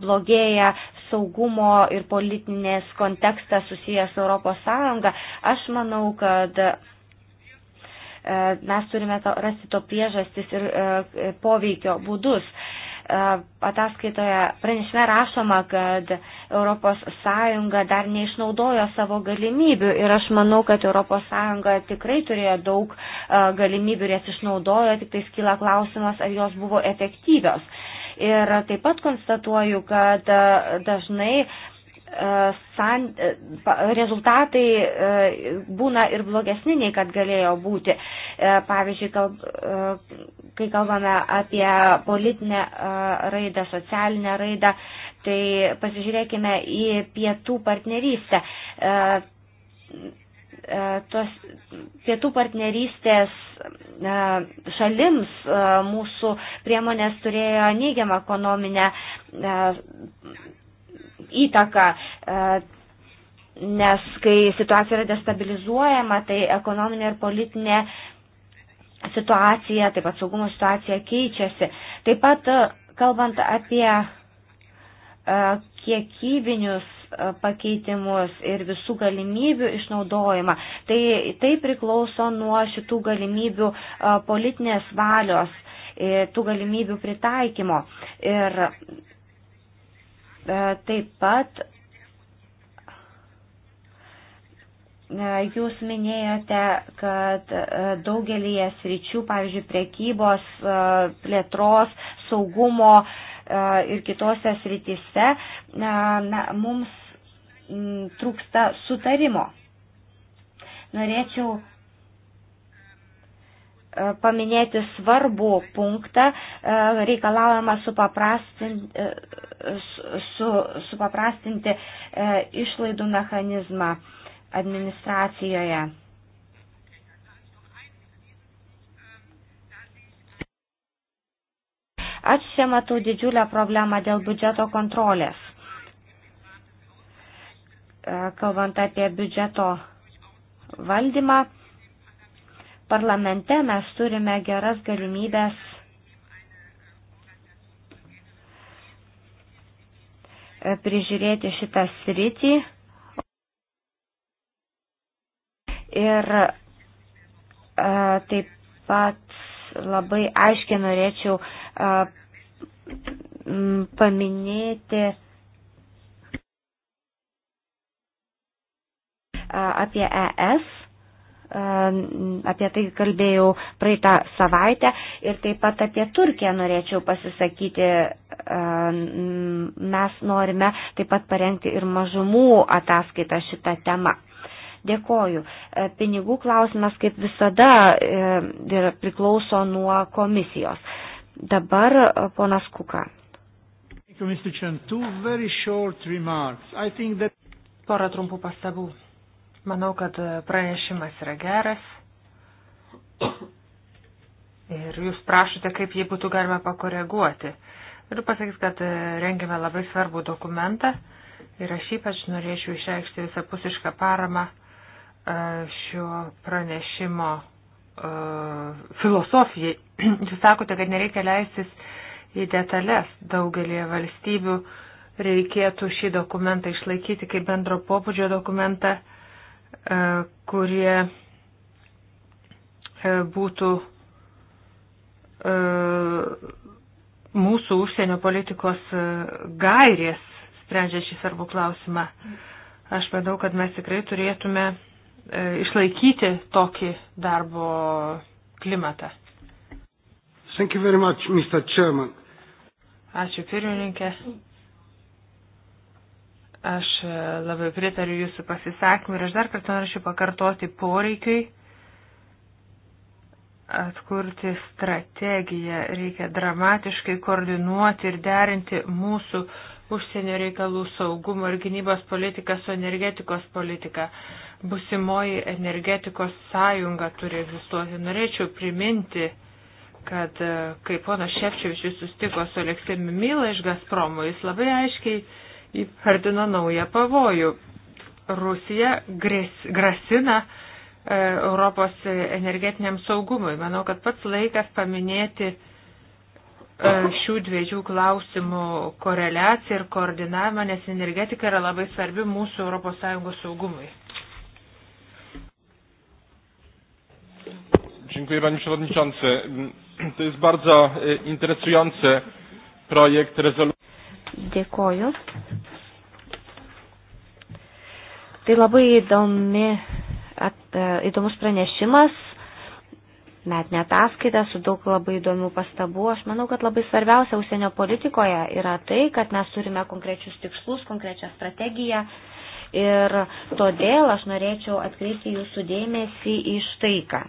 blogėja saugumo ir politinės kontekstas susijęs su ES, aš manau, kad mes turime to, rasti to priežastis ir poveikio būdus. Ataskaitoje pranešime rašoma, kad ES dar neišnaudojo savo galimybių ir aš manau, kad ES tikrai turėjo daug galimybių ir jas išnaudojo, tik tai skyla klausimas, ar jos buvo efektyvios. Ir taip pat konstatuoju, kad e, dažnai e, san, e, rezultatai būna ir blogesni, nei kad galėjo būti. Pavyzdžiui, kalb, kai kalbame apie politinę raidą, socialinę raidą, tai pasižiūrėkime į pietų partnerystę E, tos pietų partnerystės e, šalims e, mūsų priemonės turėjo neigiamą ekonominę įtaką, nes kai situacija yra destabilizuojama, tai ekonominė ir politinė situacija, taip pat saugumo situacija keičiasi. Taip pat, kalbant apie kiekybinius pakeitimus ir visų galimybių išnaudojimą. Tai, tai priklauso nuo šitų galimybių politinės valios, tų galimybių pritaikymo. Ir taip pat Jūs minėjote, kad daugelį sričių, pavyzdžiui, prekybos, plėtros, saugumo ir kitose srityse, na, mums trūksta sutarimo. Norėčiau e, paminėti svarbų punktą, e, reikalaujama supaprastinti, e, su, supaprastinti išlaidų mechanizmą administracijoje. Aš čia matau didžiulę problemą dėl biudžeto kontrolės. E, kalbant apie biudžeto valdymą, parlamente mes turime geras galimybės e, prižiūrėti šitą sritį ir e, taip pat labai aiškiai norėčiau paminėti apie ES apie tai kalbėjau praeitą savaitę ir taip pat apie Turkiją norėčiau pasisakyti. Mes norime taip pat parengti ir mažumų ataskaitą šitą temą. Dėkoju. E, pinigų klausimas kaip visada e, priklauso nuo komisijos. Dabar e, ponas Kuka. Porą trumpų pastabų. Manau, kad pranešimas yra geras. Ir jūs prašote, kaip jį būtų galima pakoreguoti. Galiu pasakyti, kad e, rengiame labai svarbų dokumentą ir aš ypač norėčiau išreikšti visapusišką paramą e, šio pranešimo e, filosofijai. Jūs sakote, kad nereikia leistis į detalės daugelį valstybių reikėtų šį dokumentą išlaikyti kaip bendro pobūdžio dokumentą E, kurie e, būtų e, mūsų užsienio politikos gairės, sprendžia šį svarbų klausimą. Aš manau, kad mes tikrai turėtume išlaikyti tokį darbo klimatą. Thank you very much, Mr. Chairman. Ačiū pirmininkė. Aš e, labai pritariu jūsų pasisakymui ir aš dar kartą norėčiau pakartoti poreikiai atkurti strategiją. Reikia dramatiškai koordinuoti ir derinti mūsų užsienio reikalų saugumo ir gynybos politiką su energetikos politika. Busimoji energetikos sąjunga turi egzistuoti. Norėčiau priminti, kad e, kai ponas Šefčiovičius sustiko su Aleksėmi Myla iš Gazpromo, jis labai aiškiai įvardino naują pavojų. Rusija grės, grasina e, Europos energetiniam saugumui. Manau, kad pats laikas paminėti e, šių dviejų klausimų koreliaciją ir koordinavimą, nes energetika yra labai svarbi mūsų ES saugumui. Dziękuję Panie Przewodniczący. To jest bardzo e, interesujący projekt rezolucji. Dėkoju. Tai labai įdomi, at, įdomus pranešimas, net netaskaita su daug labai įdomių pastabų. Aš manau, kad labai svarbiausia užsienio politikoje yra tai, kad mes turime konkrečius tikslus, konkrečią strategiją. Ir todėl aš norėčiau atkreipti jūsų dėmesį į štai ką.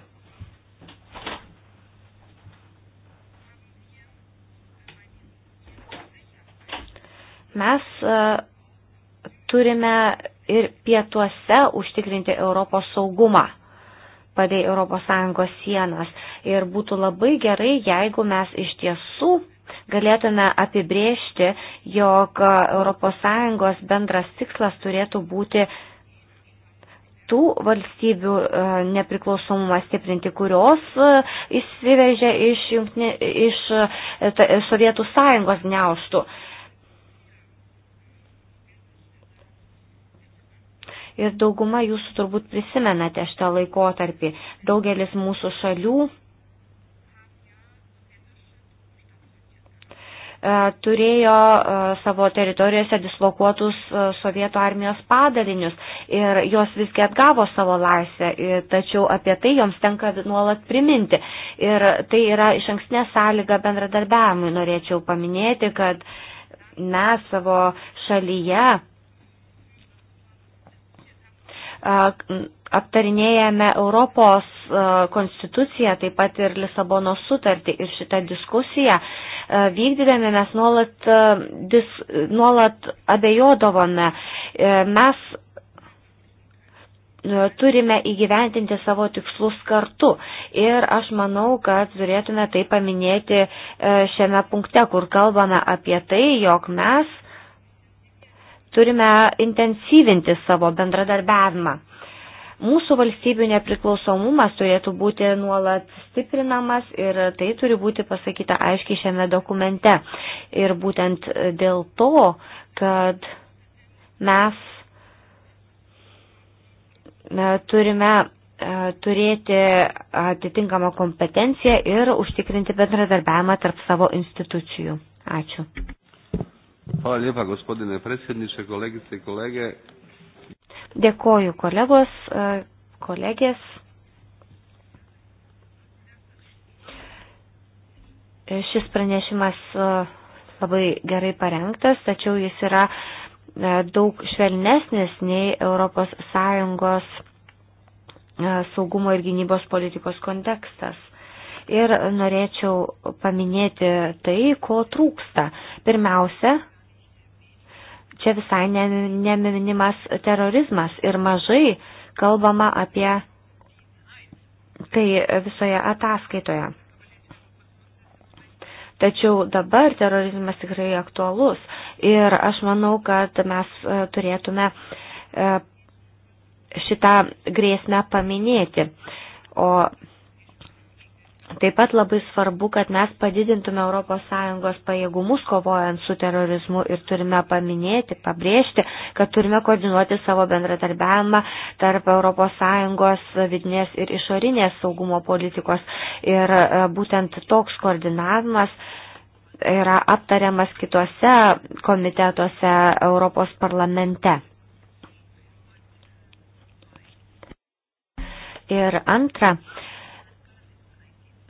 Mes e, turime ir pietuose užtikrinti Europos saugumą padėj ES sienas. Ir būtų labai gerai, jeigu mes iš tiesų galėtume apibrėžti, jog ES bendras tikslas turėtų būti tų valstybių e, nepriklausomumą stiprinti, kurios įsivežė e, iš, jungtinė, iš Sovietų sąjungos neaustų. ir dauguma jūsų turbūt prisimenate šitą laikotarpį. Daugelis mūsų šalių e, turėjo e, savo teritorijose dislokuotus e, sovietų armijos padalinius ir jos visgi atgavo savo laisvę, tačiau apie tai joms tenka nuolat priminti. Ir tai yra iš anksnė sąlyga bendradarbiavimui. Norėčiau paminėti, kad mes savo šalyje aptarinėjame Europos konstituciją, taip pat ir Lisabono sutartį ir šitą diskusiją, vykdydami mes nuolat, dis, nuolat abejodavome. Mes turime įgyventinti savo tikslus kartu. Ir aš manau, kad turėtume tai paminėti šiame punkte, kur kalbame apie tai, jog mes turime intensyvinti savo bendradarbiavimą. Mūsų valstybių nepriklausomumas turėtų būti nuolat stiprinamas ir tai turi būti pasakyta aiškiai šiame dokumente. Ir būtent dėl to, kad mes e, turime e, turėti atitinkamą kompetenciją ir užtikrinti bendradarbiavimą tarp savo institucijų. Ačiū. Hvala lijepa gospodine predsjedniče, kolegice i kolege. Dėkoju kolegos, e, kolegės. E, šis pranešimas e, labai gerai parengtas, tačiau jis yra daug švelnesnis nei ES saugumo ir gynybos politikos kontekstas. Ir norėčiau paminėti tai, ko trūksta. Pirmiausia, Čia visai neminimas terorizmas ir mažai kalbama apie tai visoje ataskaitoje. Tačiau dabar terorizmas tikrai aktualus ir aš manau, kad mes e, turėtume e, šitą grėsmę paminėti. O Taip pat labai svarbu, kad mes padidintume ES pajėgumus kovojant su terorizmu ir turime paminėti, pabrėžti, kad turime koordinuoti savo bendradarbiavimą tarp ES vidinės ir išorinės saugumo politikos. Ir e, būtent toks koordinavimas yra aptariamas kitose komitetuose Europos parlamente. Ir antra,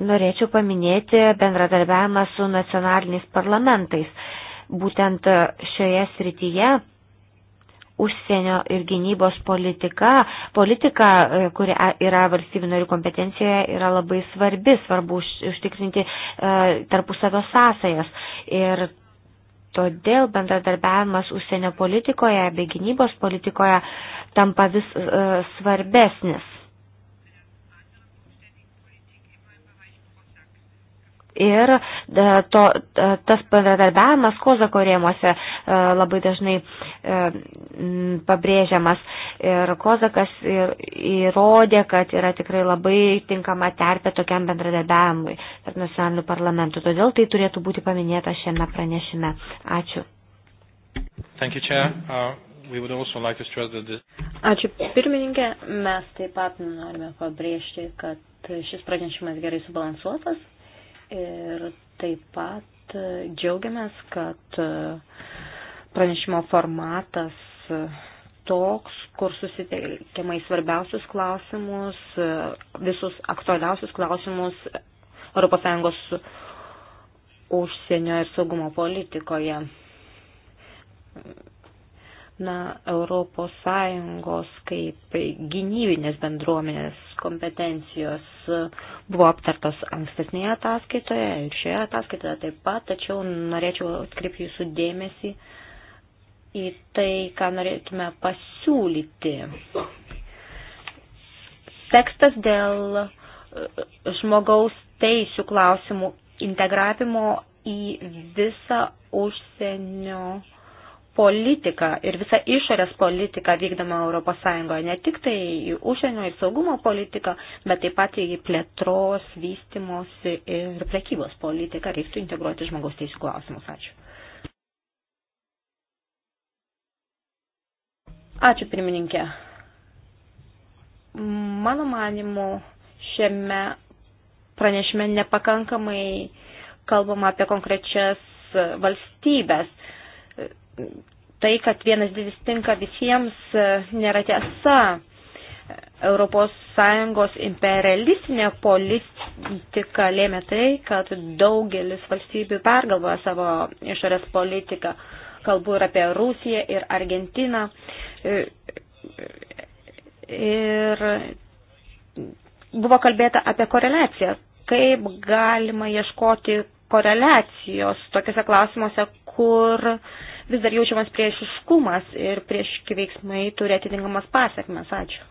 norėčiau paminėti bendradarbiavimą su nacionaliniais parlamentais. Būtent šioje srityje užsienio ir gynybos politika, politika, kuri yra valstybių narių kompetencijoje, yra labai svarbi, svarbu užtikrinti e, tarpusavio sąsajas. Ir Todėl bendradarbiavimas užsienio politikoje bei gynybos politikoje tampa vis e, svarbesnis. Ir e, to, e, tas bendradarbiavimas Kozako rėmose e, labai dažnai pabrėžiamas. Ir Kozakas ir, įrodė, kad yra tikrai labai tinkama terpė tokiam bendradarbiavimui tarp nacionalinių parlamentų. Todėl tai turėtų būti paminėta šiame pranešime. Ačiū. Thank you, Chair. Uh... Like this... Ačiū pirmininkė, mes taip pat norime pabrėžti, kad šis pranešimas gerai subalansuotas, Ir taip pat džiaugiamės, kad e, pranešimo formatas e, toks, kur susitelkiama į svarbiausius klausimus, e, visus aktualiausius klausimus ES užsienio ir saugumo politikoje na, Europos Sąjungos kaip gynybinės bendruomenės kompetencijos buvo aptartos ankstesnėje ataskaitoje ir šioje ataskaitoje taip pat, tačiau norėčiau atkreipti jūsų dėmesį į tai, ką norėtume pasiūlyti. Tekstas dėl e, žmogaus teisų klausimų integravimo į visą užsienio uh, politiką ir visą išorės politiką vykdomą ES, ne tik tai į užsienio ir saugumo politiką, bet taip pat į plėtros, vystimosi ir prekybos politiką reiktų integruoti žmogaus teisų klausimus. Ačiū. Ačiū pirmininkė. Mano manimu, šiame pranešime nepakankamai kalbama apie konkrečias valstybės tai, kad vienas dydis tinka visiems, e, nėra tiesa. ES imperialistinė politika lėmė tai, kad daugelis valstybių pergalvoja savo išorės politiką. Kalbu ir apie Rusiją, ir Argentiną. E, e, ir buvo kalbėta apie koreliaciją. Kaip galima ieškoti koreliacijos tokiuose klausimuose, kur uh, vis dar jaučiamas priešiškumas ir priešiški veiksmai turi atitinkamas pasiekmes. Ačiū.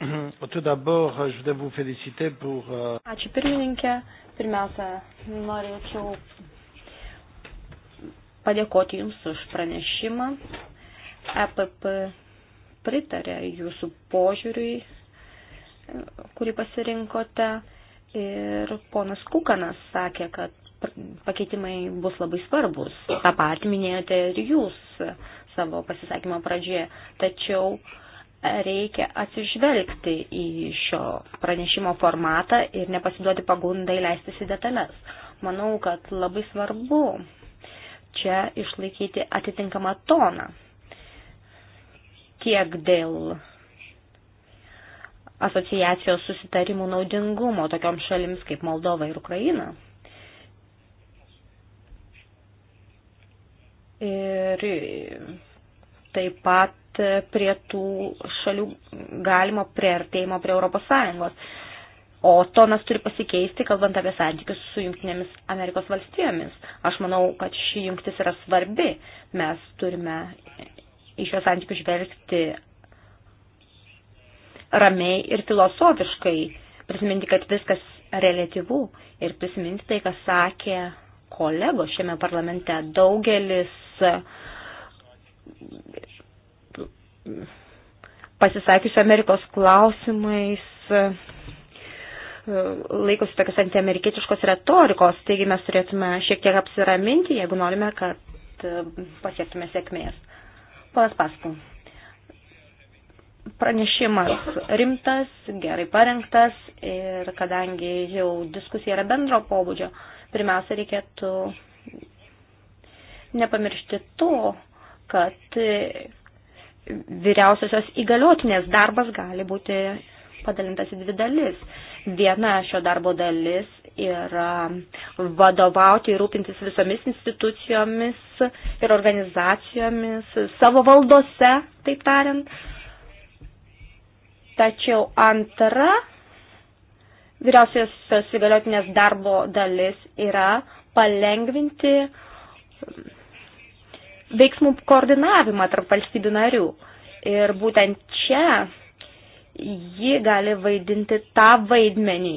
Tout d'abord, je voudrais vous féliciter pour. Euh, Ačiū pirmininkė. Pirmiausia, norėčiau padėkoti Jums už pranešimą. EPP pritarė Jūsų požiūriui kurį pasirinkote. Ir ponas Kukanas sakė, kad pakeitimai bus labai svarbus. Ta pat minėjote ir jūs savo pasisakymo pradžioje. Tačiau reikia atsižvelgti į šio pranešimo formatą ir nepasiduoti pagundai leistis į detalės. Manau, kad labai svarbu čia išlaikyti atitinkamą toną tiek dėl asociacijos susitarimų naudingumo tokioms šalims kaip Moldova ir Ukraina. Ir taip pat prie tų šalių galimo prieartėjimo prie Europos Sąjungos. O tonas turi pasikeisti, kalbant apie santykius su Junktinėmis Amerikos valstijomis. Aš manau, kad ši jungtis yra svarbi. Mes turime iš jos santykių žvelgti ramiai ir filosofiškai, prisiminti, kad viskas relativu ir prisiminti tai, kas sakė kolego šiame parlamente. Daugelis pasisakiusių Amerikos klausimais laikosi tokios antiamerikietiškos retorikos, taigi mes turėtume šiek tiek apsiraminti, jeigu norime, kad pasiektume sėkmės. Ponas Paskų pranešimas rimtas, gerai parengtas ir kadangi jau diskusija yra bendro pobūdžio, pirmiausia reikėtų nepamiršti to, kad vyriausiosios įgaliotinės darbas gali būti padalintas į dvi dalis. Viena šio darbo dalis yra vadovauti ir rūpintis visomis institucijomis ir organizacijomis savo valdose, taip tariant. Tačiau antra vyriausios įgaliotinės darbo dalis yra palengvinti veiksmų koordinavimą tarp valstybių narių. Ir būtent čia ji gali vaidinti tą vaidmenį,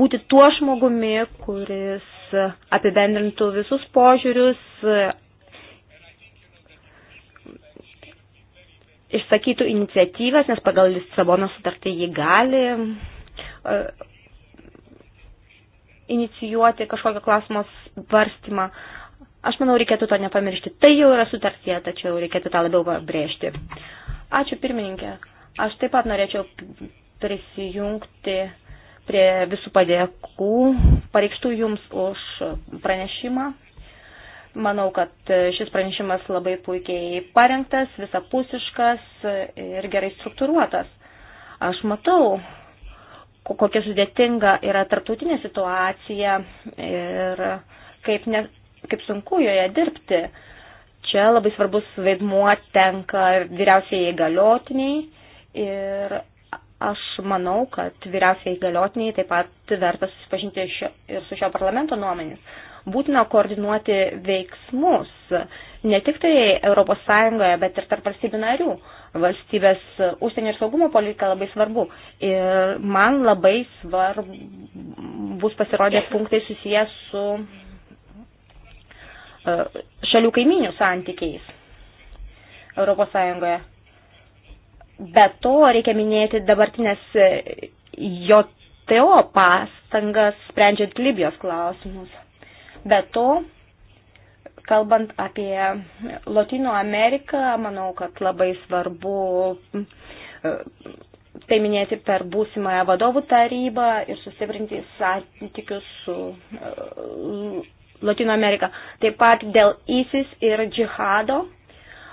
būti tuo žmogumi, kuris apibendrintų visus požiūrius, išsakytų iniciatyvas, nes pagal Lisabono sutartį jį gali e, inicijuoti kažkokio klausimo svarstymą. Aš manau, reikėtų to nepamiršti. Tai jau yra sutartie, tačiau reikėtų tą labiau pabrėžti. Ačiū pirmininkė. Aš taip pat norėčiau prisijungti prie visų padėkų, pareikštų jums už pranešimą. Manau, kad e, šis pranešimas labai puikiai parengtas, visapusiškas ir gerai struktūruotas. Aš matau, kokia sudėtinga yra tarptautinė situacija ir kaip, ne, kaip sunku joje dirbti. Čia labai svarbus vaidmuo tenka ir vyriausiai įgaliotiniai ir aš manau, kad vyriausiai įgaliotiniai taip pat verta susipažinti šio, ir su šio parlamento nuomonės būtina koordinuoti veiksmus ne tik tai ES, bet ir tarp valstybių narių. Valstybės užsienio ir saugumo politika labai svarbu. Ir man labai svarbus pasirodė punktai susijęs su e, šalių kaiminių santykiais ES. Be to reikia minėti dabartinės JTO pastangas sprendžiant Libijos klausimus. Be to, kalbant apie Latino Ameriką, manau, kad labai svarbu e, tai minėti per būsimąją vadovų tarybą ir sustiprinti santykius su e, Latino Amerika. Taip pat dėl ISIS ir džihado,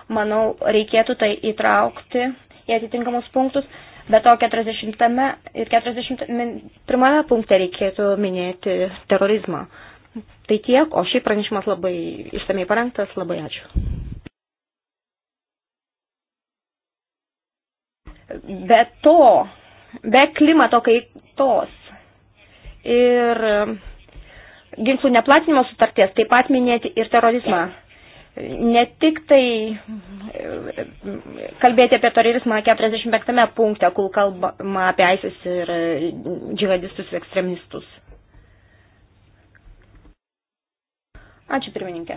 manau, reikėtų tai įtraukti į atitinkamus punktus, bet to 40 ir 41 punkte reikėtų minėti terorizmą. Tai tiek, o šiaip pranešimas labai išsamei parengtas, labai ačiū. Be to, be klimato kaitos ir ginklų neplatinimo sutarties taip pat minėti ir terorizmą. Ne tik tai e, kalbėti apie terorizmą 45 punkte, kol kalbama apie ISIS ir džihadistus ir ekstremistus. Ačiū pirmininkė.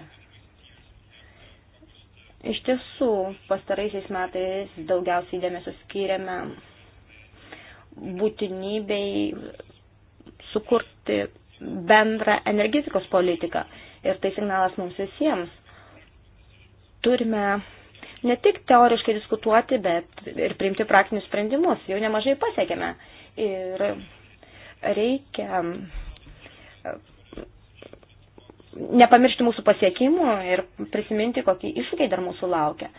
Iš tiesų, pastaraisiais metais daugiausiai dėmesio skiriame būtinybei sukurti bendrą energetikos politiką. Ir tai signalas mums visiems. Turime ne tik teoriškai diskutuoti, bet ir priimti praktinius sprendimus. Jau nemažai pasiekėme. Ir reikia nepamiršti mūsų pasiekimų ir prisiminti, kokie iššūkiai dar mūsų laukia.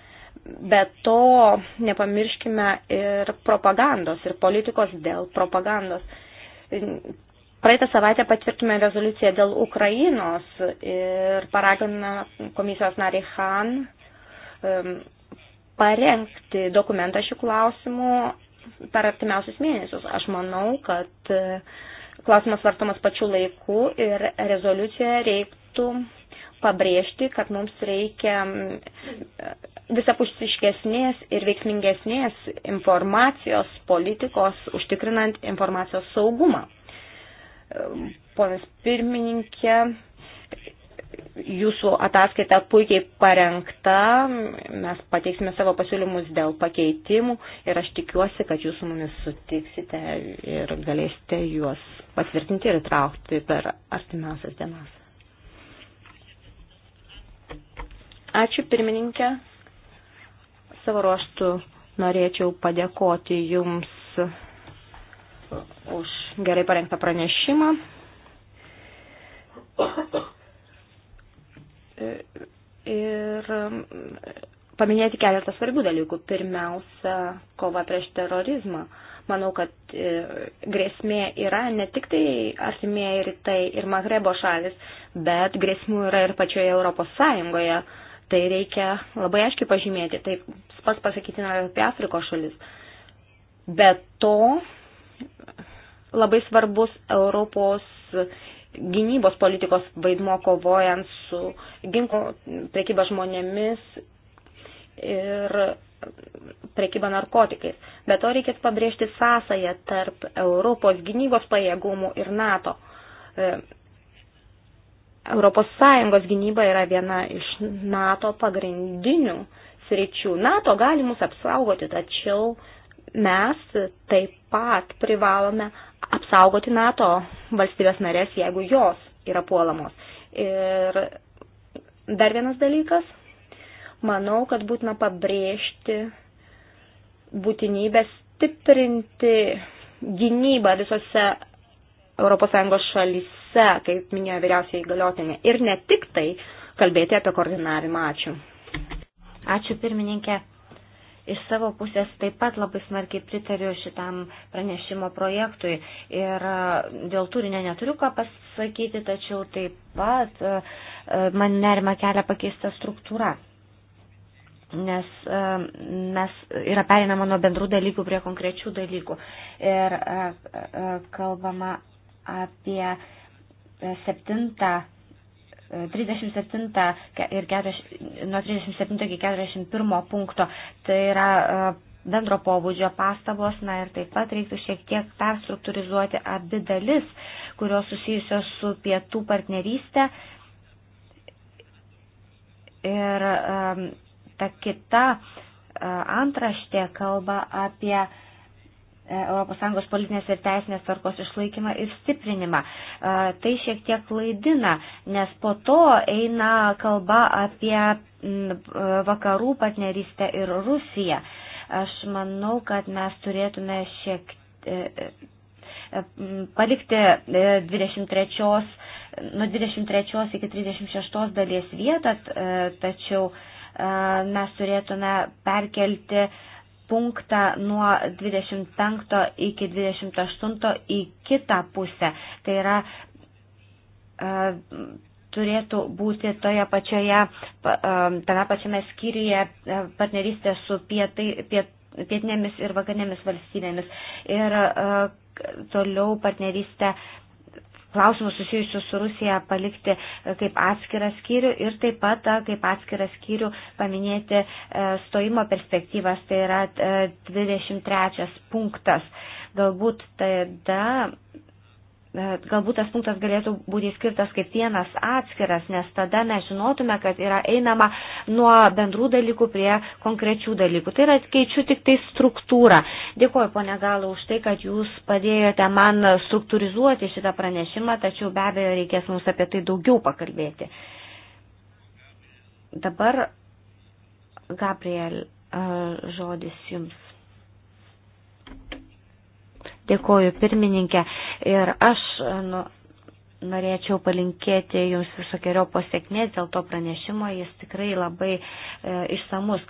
Bet to nepamirškime ir propagandos, ir politikos dėl propagandos. Praeitą savaitę patvirtume rezoliuciją dėl Ukrainos ir paragina komisijos narį Han parengti dokumentą šių klausimų per artimiausius mėnesius. Aš manau, kad e, klausimas vartomas pačiu laiku ir rezoliucijoje reiktų reikėtų pabrėžti, kad mums reikia visapusiškesnės ir veiksmingesnės informacijos politikos, užtikrinant informacijos saugumą. Ponas pirmininkė, jūsų ataskaita puikiai parengta, mes pateiksime savo pasiūlymus dėl pakeitimų ir aš tikiuosi, kad jūs su mumis sutiksite ir galėsite juos patvirtinti ir traukti per artimiausias dienas. Ačiū pirmininkė. Savo ruoštų norėčiau padėkoti Jums už gerai parengtą pranešimą. Ir paminėti keletą svarbių dalykų. Pirmiausia, kova prieš terorizmą. Manau, kad e, grėsmė yra ne tik tai artimieji rytai ir Magrebo šalis, bet grėsmių yra ir pačioje Europos Sąjungoje Tai reikia labai aiškiai pažymėti, taip pats pasakytina apie Afrikos šalis. Be to labai svarbus Europos gynybos politikos vaidmo kovojant su ginklo prekyba žmonėmis ir prekyba narkotikais. Be to reikės pabrėžti sąsąją tarp Europos gynybos pajėgumų ir NATO. ES gynyba yra viena iš NATO pagrindinių sričių. NATO gali mus apsaugoti, tačiau mes taip pat privalome apsaugoti NATO valstybės narės, jeigu jos yra puolamos. Ir dar vienas dalykas, manau, kad būtina pabrėžti būtinybę stiprinti gynybą visose ES šalyse narėse, kaip minėjo vyriausiai įgaliotinė. Ir ne tik tai kalbėti apie koordinavimą. Ačiū. Ačiū pirmininkė. Iš savo pusės taip pat labai smarkiai pritariu šitam pranešimo projektui ir e, dėl turinio neturiu ką pasakyti, tačiau taip pat e, e, man nerima kelia pakeista struktūra nes mes yra perinama nuo bendrų dalykų prie konkrečių dalykų. Ir kalbama apie 7 37 ir 4, nuo 37 iki 41 punkto. Tai yra e, bendro pobūdžio pastabos, na ir taip pat reiktų šiek tiek perstruktūrizuoti abi dalis, kurios susijusios su pietų partnerystė. Ir um, ta kita uh, antraštė kalba apie uh, ES politinės ir teisinės tvarkos išlaikymą ir stiprinimą. Tai šiek tiek klaidina, nes po to eina kalba apie vakarų partnerystę ir Rusiją. Aš manau, kad mes turėtume šiek e, e, palikti 23, e, nuo 23 iki 36 dalies vietą, tačiau mes turėtume perkelti uh, punktą nuo 25 iki 28 į kitą pusę. Tai yra e, turėtų būti toje pačioje, e, tame pačiame skyriuje e, partnerystė su pietai, piet, pietinėmis ir vakarinėmis valstybėmis. Ir toliau partnerystė klausimus susijusius su Rusija palikti e, kaip atskirą skyrių ir taip pat e, kaip atskirą skyrių paminėti e, stojimo perspektyvas, tai yra 23 punktas. Galbūt tada Galbūt tas punktas galėtų būti skirtas kaip vienas atskiras, nes tada mes žinotume, kad yra einama nuo bendrų dalykų prie konkrečių dalykų. Tai yra, keičiu tik tai struktūrą. Dėkuoju, ponė Galo, už tai, kad jūs padėjote man struktūrizuoti šitą pranešimą, tačiau be abejo reikės mums apie tai daugiau pakalbėti. Dabar, Gabriel, žodis jums. Dėkoju pirmininkė. Ir aš e, nu, norėčiau palinkėti jums visokiojo pasiekmės dėl to pranešimo, jis tikrai labai e, išsamus.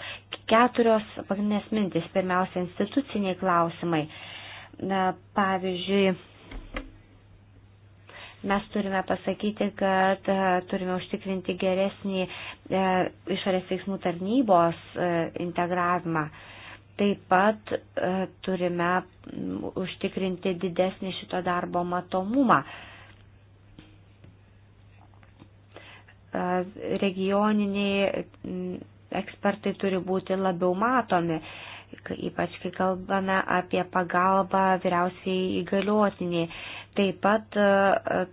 Keturios pagrindinės mintis, pirmiausia, instituciniai klausimai. Na, pavyzdžiui, mes turime pasakyti, kad e, turime užtikrinti geresnį e, išorės veiksmų tarnybos e, integravimą. E, Taip pat e, turime užtikrinti didesnį šito darbo matomumą. E, regioniniai ekspertai turi būti labiau matomi, ypač kai kalbame apie pagalbą vyriausiai įgaliotiniai. Taip pat e,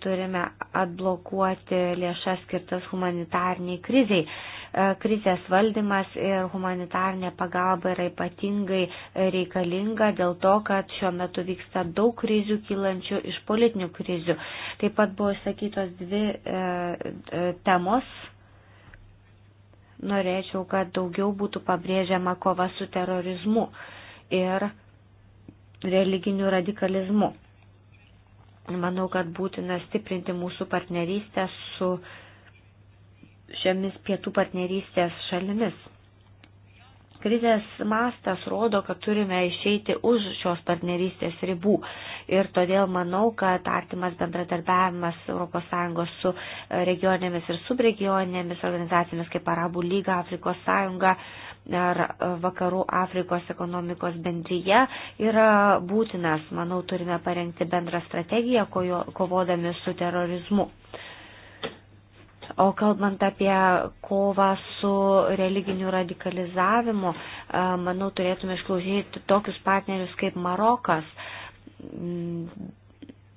turime atblokuoti lėšas skirtas humanitarniai kriziai. E, E, krizės valdymas ir humanitarnė pagalba yra ypatingai reikalinga dėl to, kad šiuo metu vyksta daug krizių kylančių iš politinių krizių. Taip pat buvo išsakytos dvi e, e, temos. Norėčiau, kad daugiau būtų pabrėžiama kova su terorizmu ir religiniu radikalizmu. Manau, kad būtina stiprinti mūsų partnerystę su uh, šiomis pietų partnerystės šalimis. Krizės mastas rodo, kad turime išeiti už šios partnerystės ribų ir todėl manau, kad artimas bendradarbiavimas ES su e, regionėmis ir subregionėmis organizacijomis kaip Arabų lyga, Afrikos sąjunga ar e, Vakarų Afrikos ekonomikos bendryje yra būtinas. Manau, turime parengti bendrą strategiją kovodami su terorizmu. O kalbant apie kovą su religiniu radikalizavimu, manau, turėtume išklausyti tokius partnerius kaip Marokas. Mm,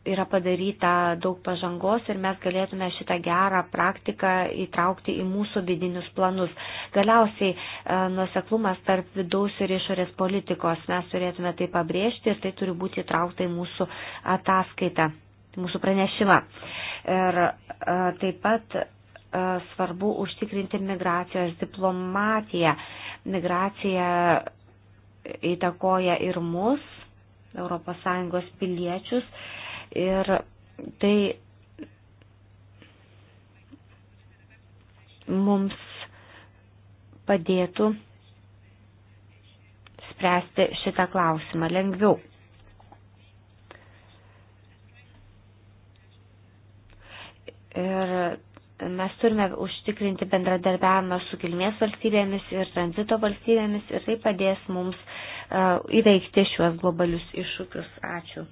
yra padaryta daug pažangos ir mes galėtume šitą gerą praktiką įtraukti į mūsų vidinius planus. Galiausiai nuoseklumas tarp vidaus ir išorės politikos mes turėtume tai pabrėžti ir tai turi būti įtraukta į mūsų ataskaitą mūsų pranešimą. Ir taip pat E, svarbu užtikrinti migracijos diplomatiją. Migracija įtakoja ir mus, ES piliečius, ir tai mums padėtų spręsti šitą klausimą lengviau. Ir mes turime užtikrinti bendradarbiavimą su kilmės valstybėmis ir tranzito valstybėmis ir tai padės mums e, įveikti šiuos globalius iššūkius. Ačiū.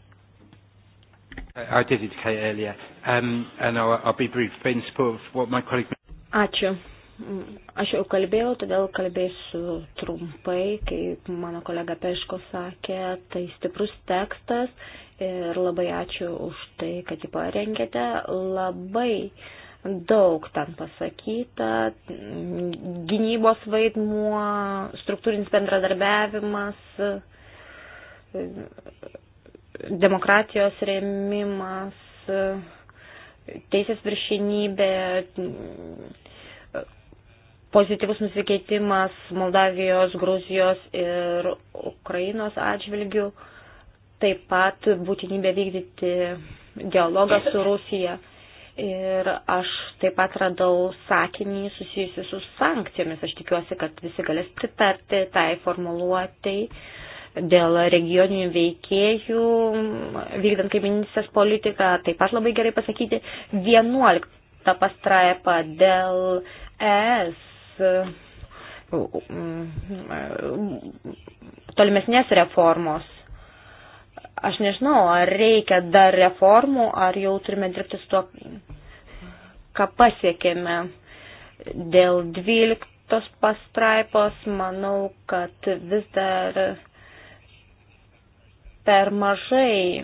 Um, ačiū. Aš jau kalbėjau, todėl kalbėsiu trumpai, kaip mano kolega Peško sakė, tai stiprus tekstas ir labai ačiū už tai, kad jį parengėte. Labai uh, daug ten pasakyta, gynybos vaidmuo, struktūrinis bendradarbiavimas, demokratijos rėmimas, teisės viršinybė, pozityvus nusikeitimas Moldavijos, Gruzijos ir Ukrainos atžvilgių, taip pat būtinybė vykdyti dialogą su Rusija. Ir aš taip pat radau sakinį susijusi su sankcijomis. Aš tikiuosi, kad visi galės pritarti tai formuluotei dėl regioninių veikėjų, vykdant kaiminystės politiką, taip pat labai gerai pasakyti 11 pastraipą dėl ES uh, uh, uh, tolimesnės reformos Aš nežinau, ar reikia dar reformų, ar jau turime dirbti su tuo, ką pasiekėme. Dėl 12 pastraipos manau, kad vis dar per mažai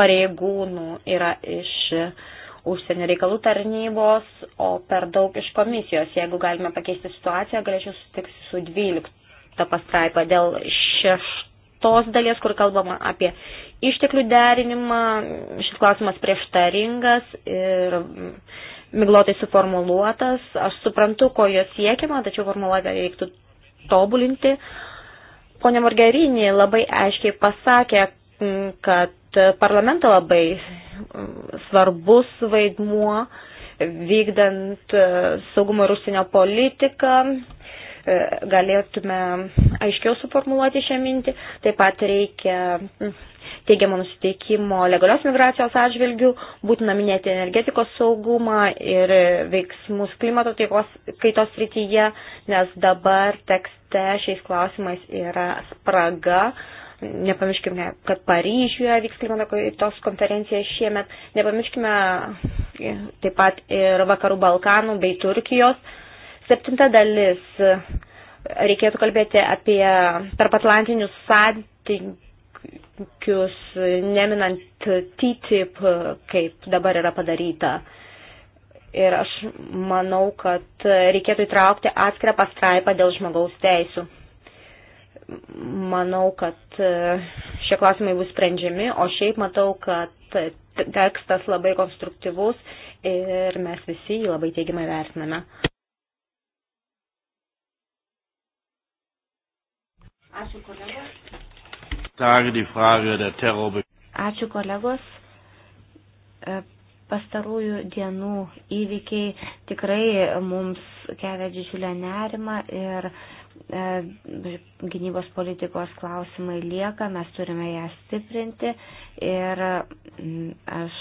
pareigūnų yra iš užsienio reikalų tarnybos, o per daug iš komisijos. Jeigu galime pakeisti situaciją, galėčiau sutikti su 12 pastraipą dėl 6 tos dalies, kur kalbama apie išteklių derinimą. Šis klausimas prieštaringas ir miglotai suformuluotas. Aš suprantu, ko jo siekiama, tačiau formuluotę reiktų tobulinti. Pone Margerinė labai aiškiai pasakė, kad parlamento labai svarbus vaidmuo vykdant e, saugumo ir užsienio politiką E, galėtume aiškiau suformuluoti šią mintį. Taip pat reikia teigiamo nusiteikimo legalios migracijos atžvilgių, būtina minėti energetikos saugumą ir veiksmus klimato taikos, kaitos srityje, nes dabar tekste šiais klausimais yra spraga. Nepamirškime, kad Paryžiuje vyks klimato kaitos konferencija šiemet. Nepamirškime taip pat ir Vakarų Balkanų bei Turkijos Septinta dalis. Reikėtų kalbėti apie tarpatlantinius santykius, neminant TTIP, kaip dabar yra padaryta. Ir aš manau, kad reikėtų įtraukti atskirą pastraipą dėl žmogaus teisų. Manau, kad šie klausimai bus sprendžiami, o šiaip matau, kad tekstas labai konstruktyvus ir mes visi jį labai teigiamai vertiname. Ačiū kolegos. Ačiū kolegos. E, pastarųjų dienų įvykiai tikrai mums kelia didžiulę nerimą ir e, gynybos politikos klausimai lieka, mes turime ją stiprinti ir aš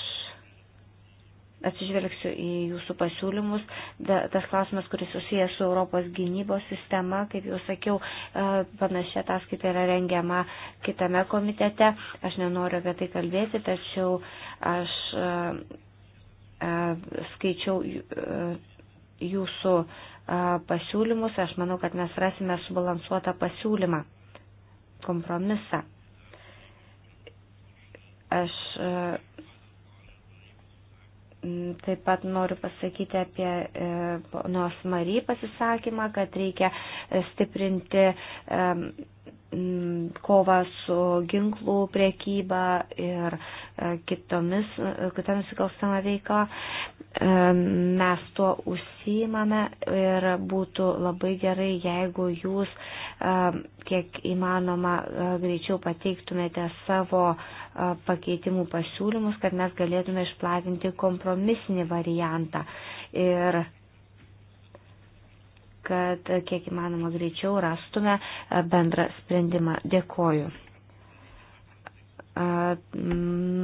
atsižvelgsiu į jūsų pasiūlymus. Da, tas klausimas, kuris susijęs su Europos gynybos sistema, kaip jau sakiau, e, panašia ataskaita yra rengiama kitame komitete. Aš nenoriu apie tai kalbėti, tačiau aš e, e, skaičiau jūsų pasiūlymus. Aš manau, kad mes rasime subalansuotą pasiūlymą, kompromisą. Aš Mm, taip pat noriu pasakyti apie e, nors Mary pasisakymą, kad reikia e, stiprinti Mm, kova su ginklų priekyba ir e, kitomis, e, kita nusikalstama veikla. E, mes tuo užsiimame ir būtų labai gerai, jeigu jūs kiek įmanoma greičiau pateiktumėte savo pakeitimų pasiūlymus, kad mes galėtume išplatinti kompromisinį variantą. Ir kad kiek įmanoma greičiau rastume e, bendrą sprendimą. Dėkoju. E,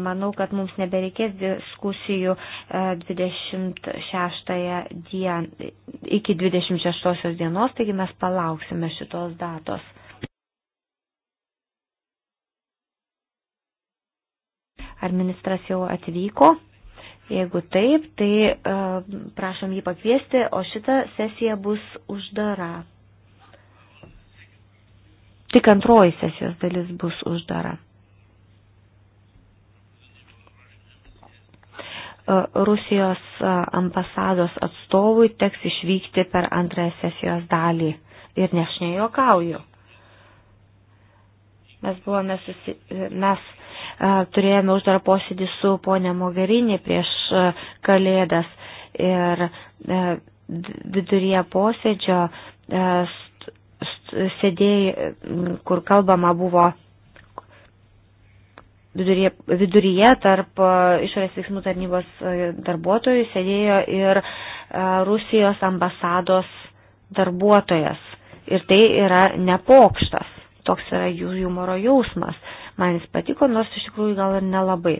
manau, kad mums nebereikės diskusijų 26 e, dien, iki 26 dienos, taigi mes palauksime šitos datos. Ar ministras jau atvyko? Jeigu taip, tai e, prašom jį pakviesti, o šita sesija bus uždara. Tik antroji sesijos dalis bus uždara. E, Rusijos e, ambasados atstovui teks išvykti per antrąją sesijos dalį. Ir ne aš nejokauju. Mes buvome susi... mes turėjome uždarą posėdį su ponė Mogerinė prieš kalėdas ir viduryje posėdžio sėdėjai, kur kalbama buvo viduryje, viduryje tarp išorės veiksmų tarnybos darbuotojų sėdėjo ir Rusijos ambasados darbuotojas. Ir tai yra nepokštas. Toks yra jų humoro jausmas. Man jis patiko, nors iš tikrųjų gal ir nelabai.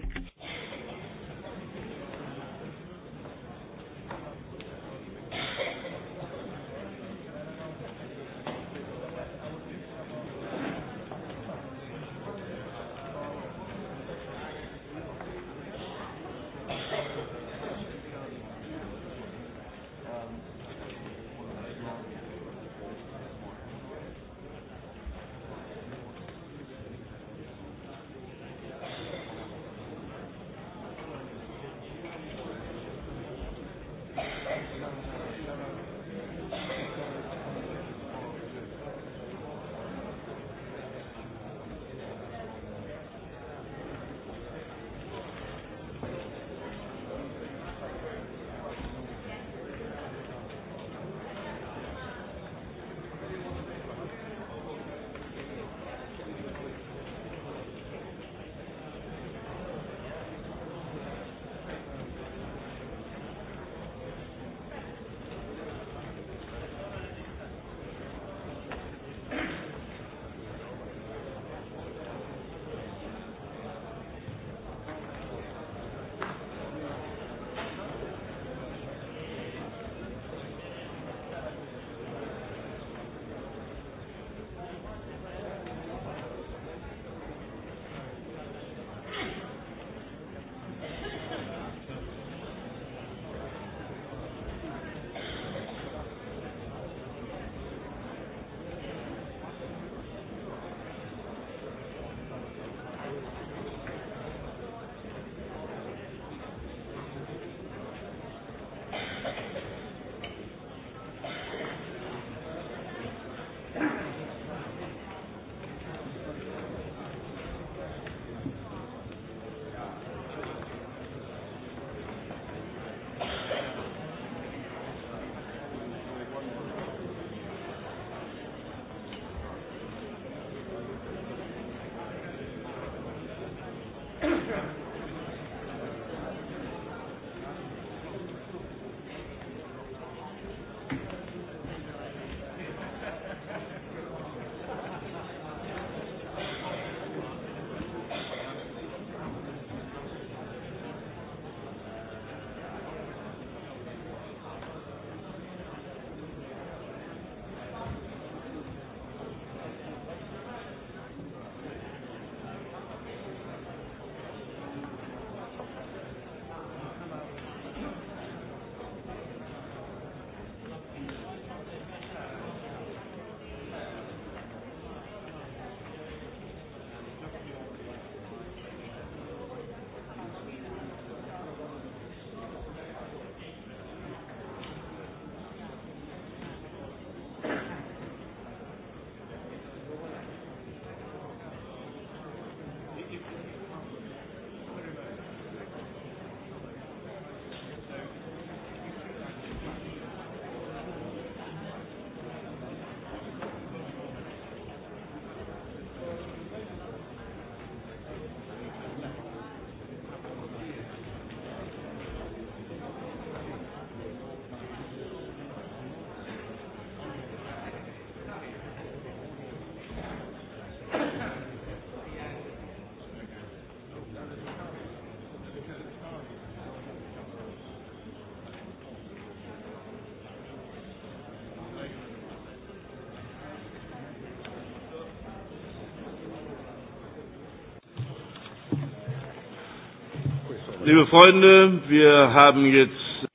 Liebe Freunde, wir haben jetzt.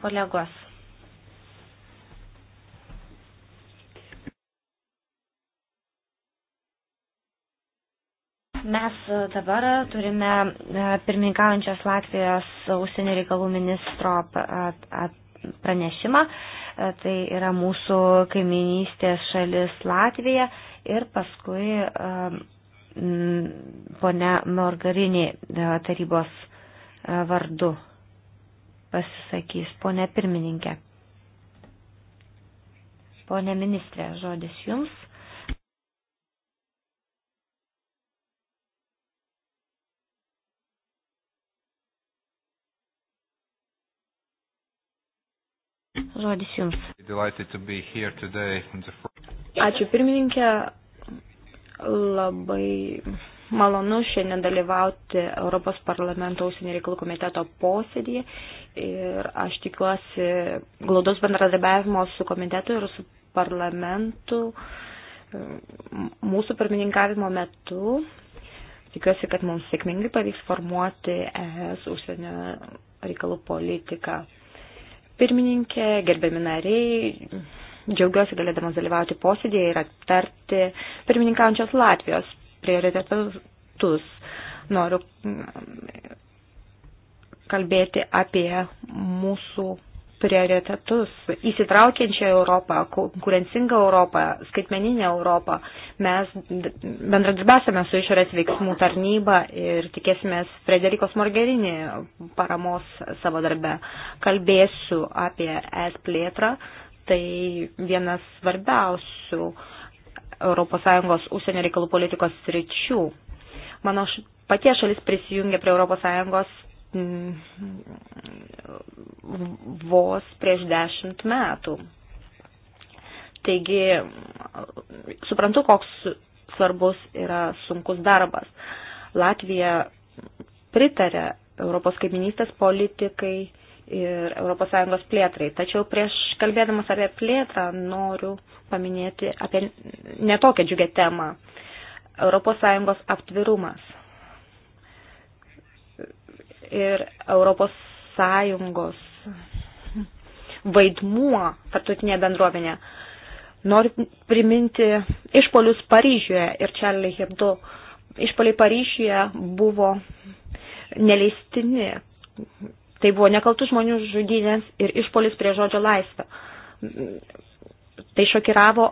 Kolegos. Mes dabar turime e, pirmininkaujančios Latvijos užsienio reikalų ministro pranešimą. E, tai yra mūsų kaiminystės šalis Latvija ir paskui e, ponia Morgarinė tarybos E, vardu pasisakys ponė pirmininkė. Pone ministrė, žodis jums. Žodis jums. Ačiū pirmininkė, labai malonu šiandien dalyvauti Europos parlamento užsienio reikalų komiteto posėdėje ir aš tikiuosi glaudos bendradarbiavimo su komitetu ir su parlamentu mūsų pirmininkavimo metu. Tikiuosi, kad mums sėkmingai pavyks formuoti ES užsienio reikalų politiką. Pirmininkė, gerbiami nariai, džiaugiuosi galėdamas dalyvauti posėdėje ir aptarti pirmininkaujančios Latvijos prioritetus. Noriu mm, kalbėti apie mūsų prioritetus, įsitraukiančią Europą, konkurencingą Europą, skaitmeninę Europą. Mes bendradarbiasime su išorės veiksmų tarnyba ir tikėsimės Frederikos Morgerini paramos savo darbe. Kalbėsiu apie es plėtrą, tai vienas svarbiausių uh, ES užsienio reikalų politikos sričių. Mano patie šalis prisijungė prie ES mm, vos prieš dešimt metų. Taigi, suprantu, koks svarbus yra sunkus darbas. Latvija pritarė Europos kaiminystės politikai ir ES plėtrai. Tačiau prieš kalbėdamas apie plėtrą noriu paminėti apie netokią džiugę temą - ES aptvirumas. Ir ES vaidmuo tarptautinėje bendruomenėje. Noriu priminti išpolius Paryžiuje ir Charlie Hebdo. Išpoliai Paryžiuje buvo neleistini Tai buvo nekaltų žmonių žudynės ir išpolis prie žodžio laisvę. Tai šokiravo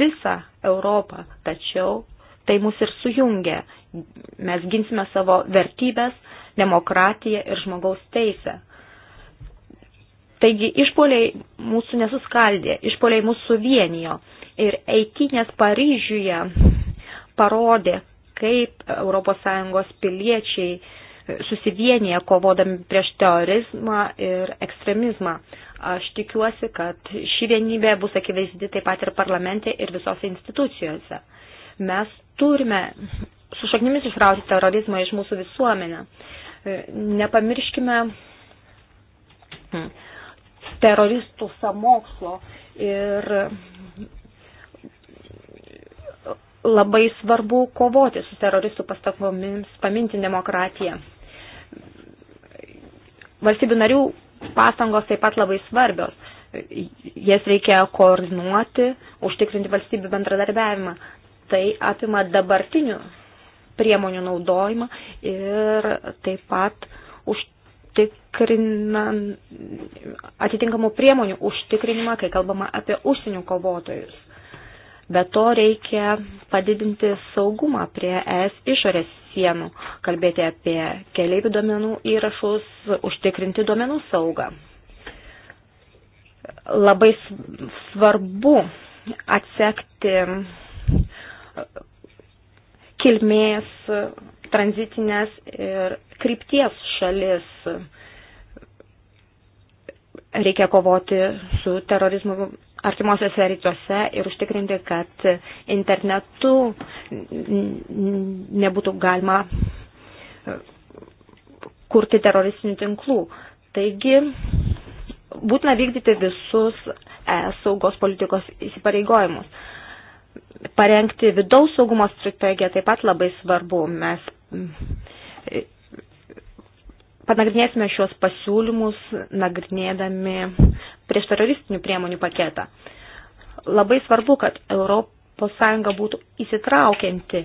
visą Europą, tačiau tai mus ir sujungia. Mes ginsime savo vertybės, demokratiją ir žmogaus teisę. Taigi išpoliai mūsų nesuskaldė, išpoliai mūsų suvienijo. Ir eitinės Paryžiuje parodė, kaip ES piliečiai susivienyje kovodami prieš terorizmą ir ekstremizmą. Aš tikiuosi, kad ši vienybė bus akivaizdi taip pat ir parlamente ir visose institucijose. Mes turime su šaknimis išrauti terorizmą iš mūsų visuomenę. Nepamirškime teroristų samokslo ir labai svarbu kovoti su teroristų pastabomis, paminti demokratiją. Valstybių narių pastangos taip pat labai svarbios. Jas reikia koordinuoti, užtikrinti valstybių bendradarbiavimą. Tai apima dabartinių priemonių naudojimą ir taip pat atitinkamų priemonių užtikrinimą, kai kalbama apie užsienio kovotojus. Be to reikia padidinti saugumą prie ES išorės sienų, kalbėti apie keliaivių duomenų įrašus, užtikrinti duomenų saugą. Labai svarbu atsekti kilmės, tranzitinės ir krypties šalis. Reikia kovoti su terorizmu artimuosiuose rytuose ir užtikrinti, kad internetu nebūtų galima e, kurti teroristinių tinklų. Taigi, būtina vykdyti visus ES saugos politikos įsipareigojimus. Parengti vidaus saugumo strategiją taip pat labai svarbu. Mes panagrinėsime šios pasiūlymus, nagrinėdami prieš teroristinių priemonių paketą. Labai svarbu, kad ES būtų įsitraukianti.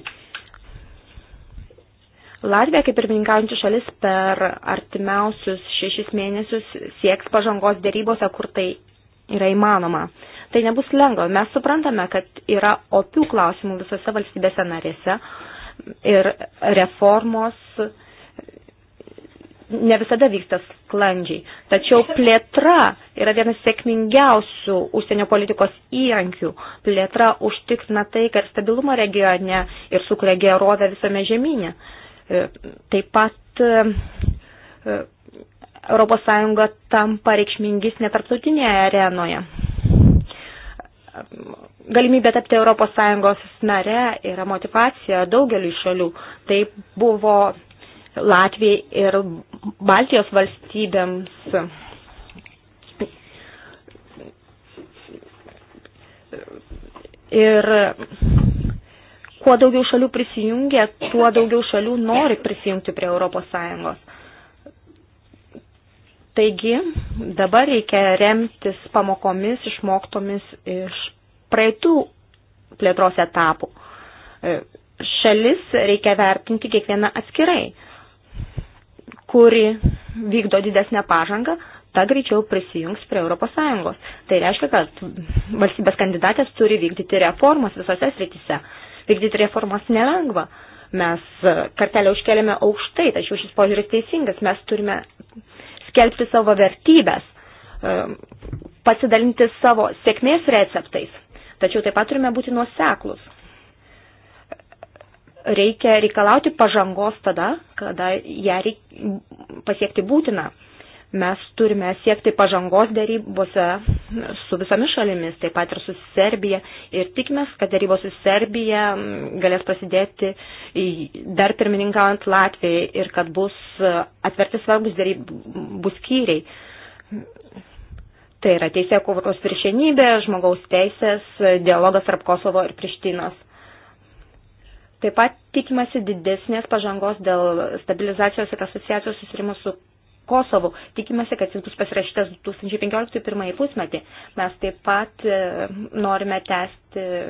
Latvija, kaip pirmininkaujantį šalis, per artimiausius šešis mėnesius sieks pažangos dėrybose, kur tai yra įmanoma. Tai nebus lengva. Mes suprantame, kad yra opių klausimų visose valstybėse narėse ir reformos ne visada vyksta sklandžiai. Tačiau plėtra yra vienas sėkmingiausių užsienio politikos įrankių. Plėtra užtikrina tai, kad stabilumą regione ir sukuria gerovę visame žemynė. E, taip pat ES e, tampa reikšmingesnė tarptautinėje arenoje. Galimybė tapti ES nare yra motivacija daugeliu šalių. Tai buvo Latvijai ir Baltijos valstybėms. Ir kuo daugiau šalių prisijungia, tuo daugiau šalių nori prisijungti prie Europos Sąjungos. Taigi dabar reikia remtis pamokomis išmoktomis iš praeitų plėtros etapų. Šalis reikia vertinti kiekvieną atskirai kuri vykdo didesnę pažangą, ta greičiau prisijungs prie ES. Tai reiškia, kad valstybės kandidatės turi vykdyti reformas visose srityse. Vykdyti reformas nelengva. Mes e, kartelę užkeliame aukštai, tačiau šis požiūris teisingas. Mes turime skelbti savo vertybės, e, pasidalinti savo sėkmės receptais. Tačiau taip pat turime būti nuoseklus reikia reikalauti pažangos tada, kada ją reik, pasiekti būtina. Mes turime siekti pažangos dėrybose su visomis šalimis, taip pat ir su Serbija. Ir tikimės, kad dėrybos su Serbija galės prasidėti dar pirmininkaujant Latvijai ir kad bus e, atverti svarbus dėrybų skyriai. Tai yra teisė kovos viršenybė, žmogaus teisės, dialogas tarp Kosovo ir Prištinos. Taip pat tikimasi didesnės pažangos dėl stabilizacijos ir asociacijos susirimo su Kosovu. Tikimasi, kad jis bus pasirašytas 2015 pirmąjį pusmetį. Mes taip pat e, norime tęsti e,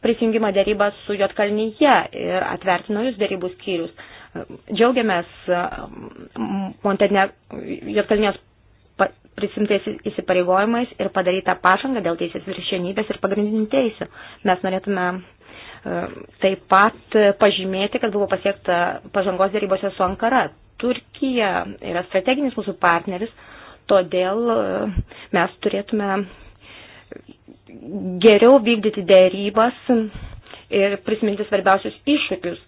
prisijungimo dėrybą su Jotkalnyje ir atverti naujus dėrybų skyrius. E, džiaugiamės Montenė, Jotkalnijos prisimtais įsipareigojimais ir padarytą pažangą dėl teisės viršienybės ir pagrindinių teisių. Mes norėtume Taip pat pažymėti, kad buvo pasiekta pažangos dėrybose su Ankara. Turkija yra strateginis mūsų partneris, todėl e, mes turėtume geriau vykdyti dėrybas ir prisiminti svarbiausius iššūkius.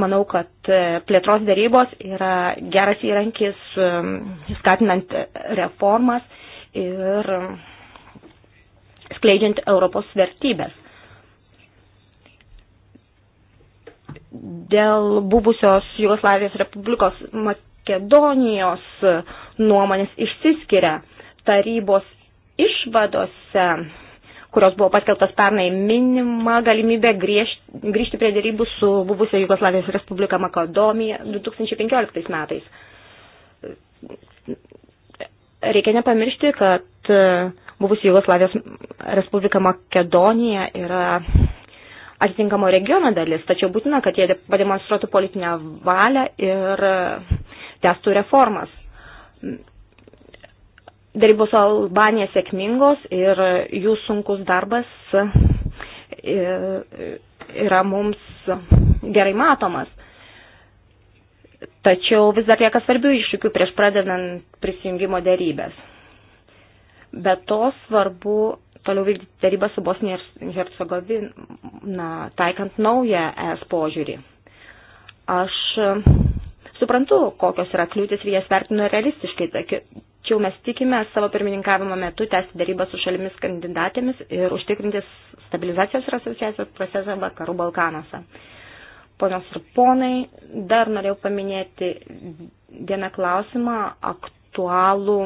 Manau, kad e, plėtros dėrybos yra geras įrankis e, skatinant reformas ir skleidžiant Europos vertybės. dėl buvusios Jugoslavijos Respublikos Makedonijos nuomonės išsiskiria tarybos išvadose, kurios buvo paskeltas pernai, minima galimybė griežt, grįžti prie dėrybų su buvusio Jugoslavijos Respublika Makedonija 2015 metais. Reikia nepamiršti, kad buvusi Jugoslavijos Respublika Makedonija yra atitinkamo regiono dalis, tačiau būtina, kad jie pademonstruotų politinę valią ir e, testų reformas. Darybos su Albanija sėkmingos ir jų sunkus darbas e, yra mums gerai matomas. Tačiau vis dar lieka svarbių iššūkių prieš pradedant prisijungimo darybės. Be to svarbu toliau vykdyti darybą su Bosnija ir Hercegovina, taikant naują ES požiūrį. Aš e, suprantu, kokios yra kliūtis ir jas vertinu realistiškai, tačiau mes tikime savo pirmininkavimo metu tęsti darybą su šalimis kandidatėmis ir užtikrinti stabilizacijos ir asociacijos procesą Vakarų Balkanuose. Ponios ir ponai, dar norėjau paminėti vieną klausimą, aktualų aktualų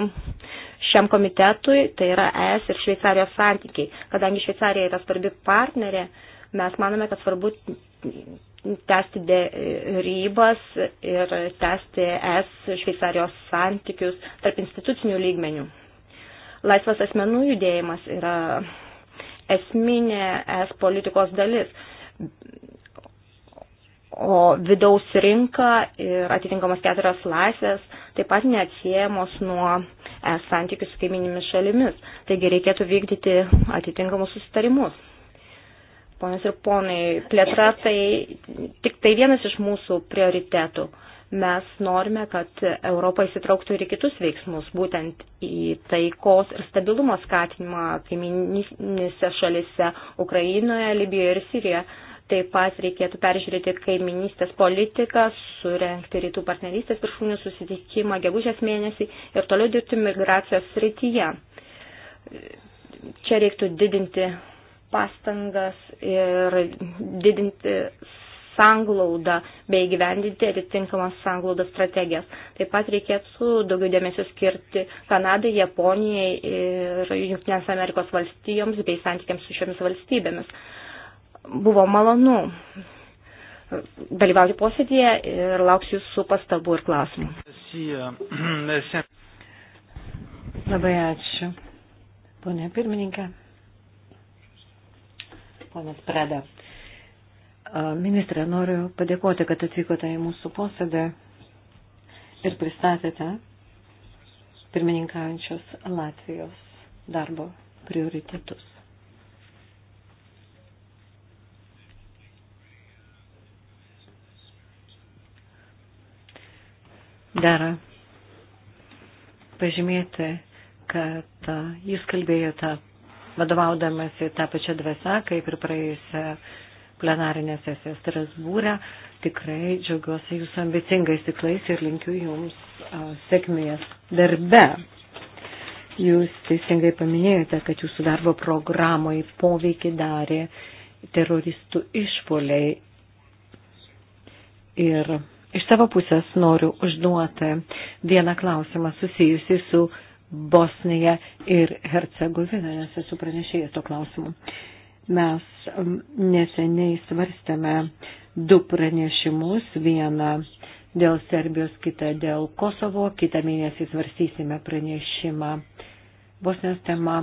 šiam komitetui, tai yra ES ir Šveicarijos santykiai. Kadangi Šveicarija yra svarbi partnerė, mes manome, kad svarbu tęsti rybas ir tęsti ES Šveicarijos santykius tarp institucinių lygmenių. Laisvas asmenų judėjimas yra esminė ES politikos dalis O vidaus rinka ir atitinkamos keturios laisvės taip pat neatsiejamos nuo es santykių su kaiminimis šalimis. Taigi reikėtų vykdyti atitinkamus susitarimus. Ponas ir ponai, plėtra tai tik tai vienas iš mūsų prioritetų. Mes norime, kad Europa įsitrauktų ir į kitus veiksmus, būtent į taikos ir stabilumo skatinimą kaiminėse šalise Ukrainoje, Libijoje ir Sirijoje Taip pat reikėtų peržiūrėti kaiminystės politiką, surenkti rytų partnerystės viršūnių susitikimą gegužės mėnesį ir toliau dirbti migracijos srityje. Čia reiktų didinti pastangas ir didinti sanglaudą bei gyvendinti atitinkamas sanglaudos strategijas. Taip pat reikėtų daugiau dėmesio skirti Kanadai, Japonijai ir Junktinės Amerikos valstijoms bei santykiams su šiomis valstybėmis buvo malonu dalyvauti posėdėje ir lauksiu jūsų pastabų ir klausimų. Euh, Labai ačiū. Pone pirmininkė. Ponas Preda. Ministrė, noriu padėkoti, kad atvykote į mūsų posėdę ir pristatėte pirmininkaujančios Latvijos darbo prioritetus. Dera pažymėti, kad jūs kalbėjote vadovaudamasi tą pačią dvasę, kaip ir praėjusią plenarinę sesiją Strasbūrę. Tikrai džiaugiuosi jūsų ambicingais tiklais ir linkiu jums sėkmės darbe. Jūs teisingai paminėjote, kad jūsų darbo programai poveikį darė teroristų išpoliai ir Iš savo pusės noriu užduoti vieną klausimą susijusi su Bosnija ir Hercegovina, nes esu pranešėjęs to klausimu. Mes neseniai svarstėme du pranešimus, vieną dėl Serbijos, kitą dėl Kosovo, kitą mėnesį svarstysime pranešimą Bosnijos tema.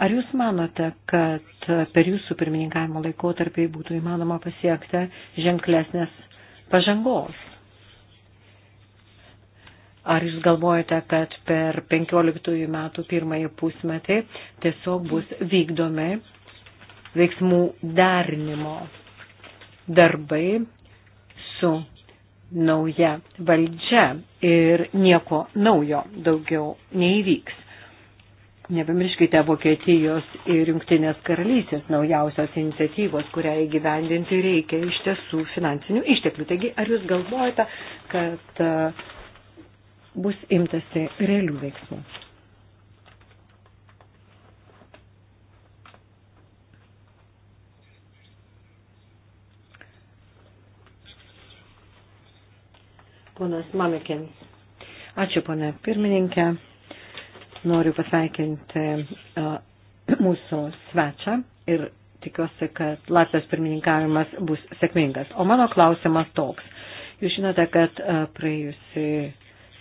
Ar jūs manote, kad per jūsų pirmininkavimo laikotarpį būtų įmanoma pasiekti ženklesnės pažangos. Ar jūs galvojate, kad per 15 metų pirmąjį pusmetį tiesiog bus vykdomi veiksmų derinimo darbai su nauja valdžia ir nieko naujo daugiau neįvyks? Nepamirškite Vokietijos ir Junktinės karalystės naujausios iniciatyvos, kurią įgyvendinti reikia iš tiesų finansinių išteklių. Taigi, ar jūs galvojate, kad e, bus imtasi realių veiksmų? Ponas Mamikins. Ačiū, ponė pirmininkė. Noriu pasveikinti mūsų svečią ir tikiuosi, kad Latvijos pirmininkavimas bus sėkmingas. O mano klausimas toks. Jūs žinote, kad praėjusi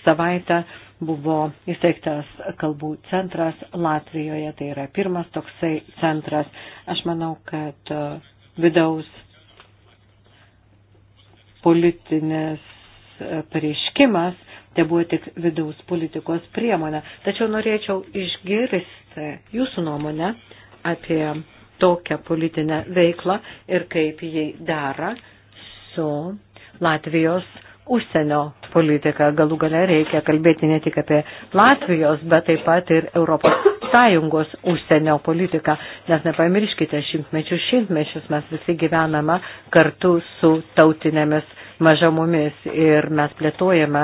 savaitę buvo įsteigtas kalbų centras Latvijoje, tai yra pirmas toksai centras. Aš manau, kad vidaus politinės pareiškimas tai buvo tik vidaus politikos priemonė. Tačiau norėčiau išgirsti jūsų nuomonę apie tokią politinę veiklą ir kaip jai dera su Latvijos užsienio politika. Galų gale reikia kalbėti ne tik apie Latvijos, bet taip pat ir Europos Sąjungos užsienio politiką. Nes nepamirškite, šimtmečių šimtmečius mes visi gyvename kartu su tautinėmis mažamomis ir mes plėtojame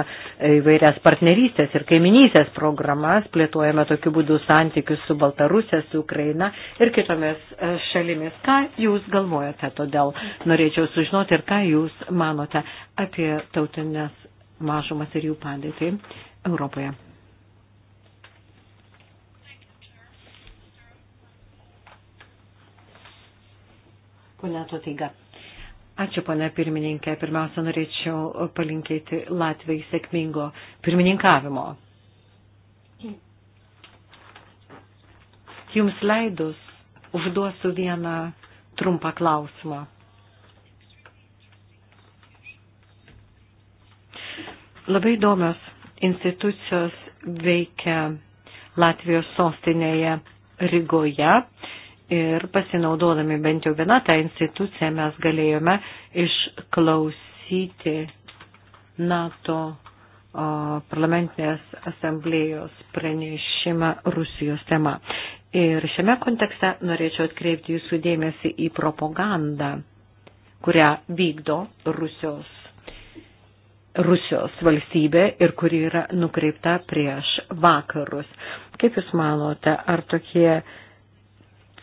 įvairias partnerystės ir kaiminystės programas, plėtojame tokiu būdu santykius su Baltarusė, su Ukraina ir kitomis e, šalimis. Ką jūs galvojate, todėl norėčiau sužinoti ir ką jūs manote apie tautinės mažumas ir jų padėtį Europoje. Pone Totiga. Ačiū, pane pirmininkė. Pirmiausia, norėčiau palinkėti Latvijai sėkmingo pirmininkavimo. Jums leidus užduosiu vieną trumpą klausimą. Labai įdomios institucijos veikia Latvijos sostinėje Rygoje ir pasinaudodami bent jau vieną tą instituciją mes galėjome išklausyti NATO parlamentinės asamblėjos pranešimą Rusijos tema. Ir šiame kontekste norėčiau atkreipti jūsų dėmesį į propagandą, kurią vykdo Rusijos, Rusijos valstybė ir kuri yra nukreipta prieš vakarus. Kaip Jūs manote, ar tokie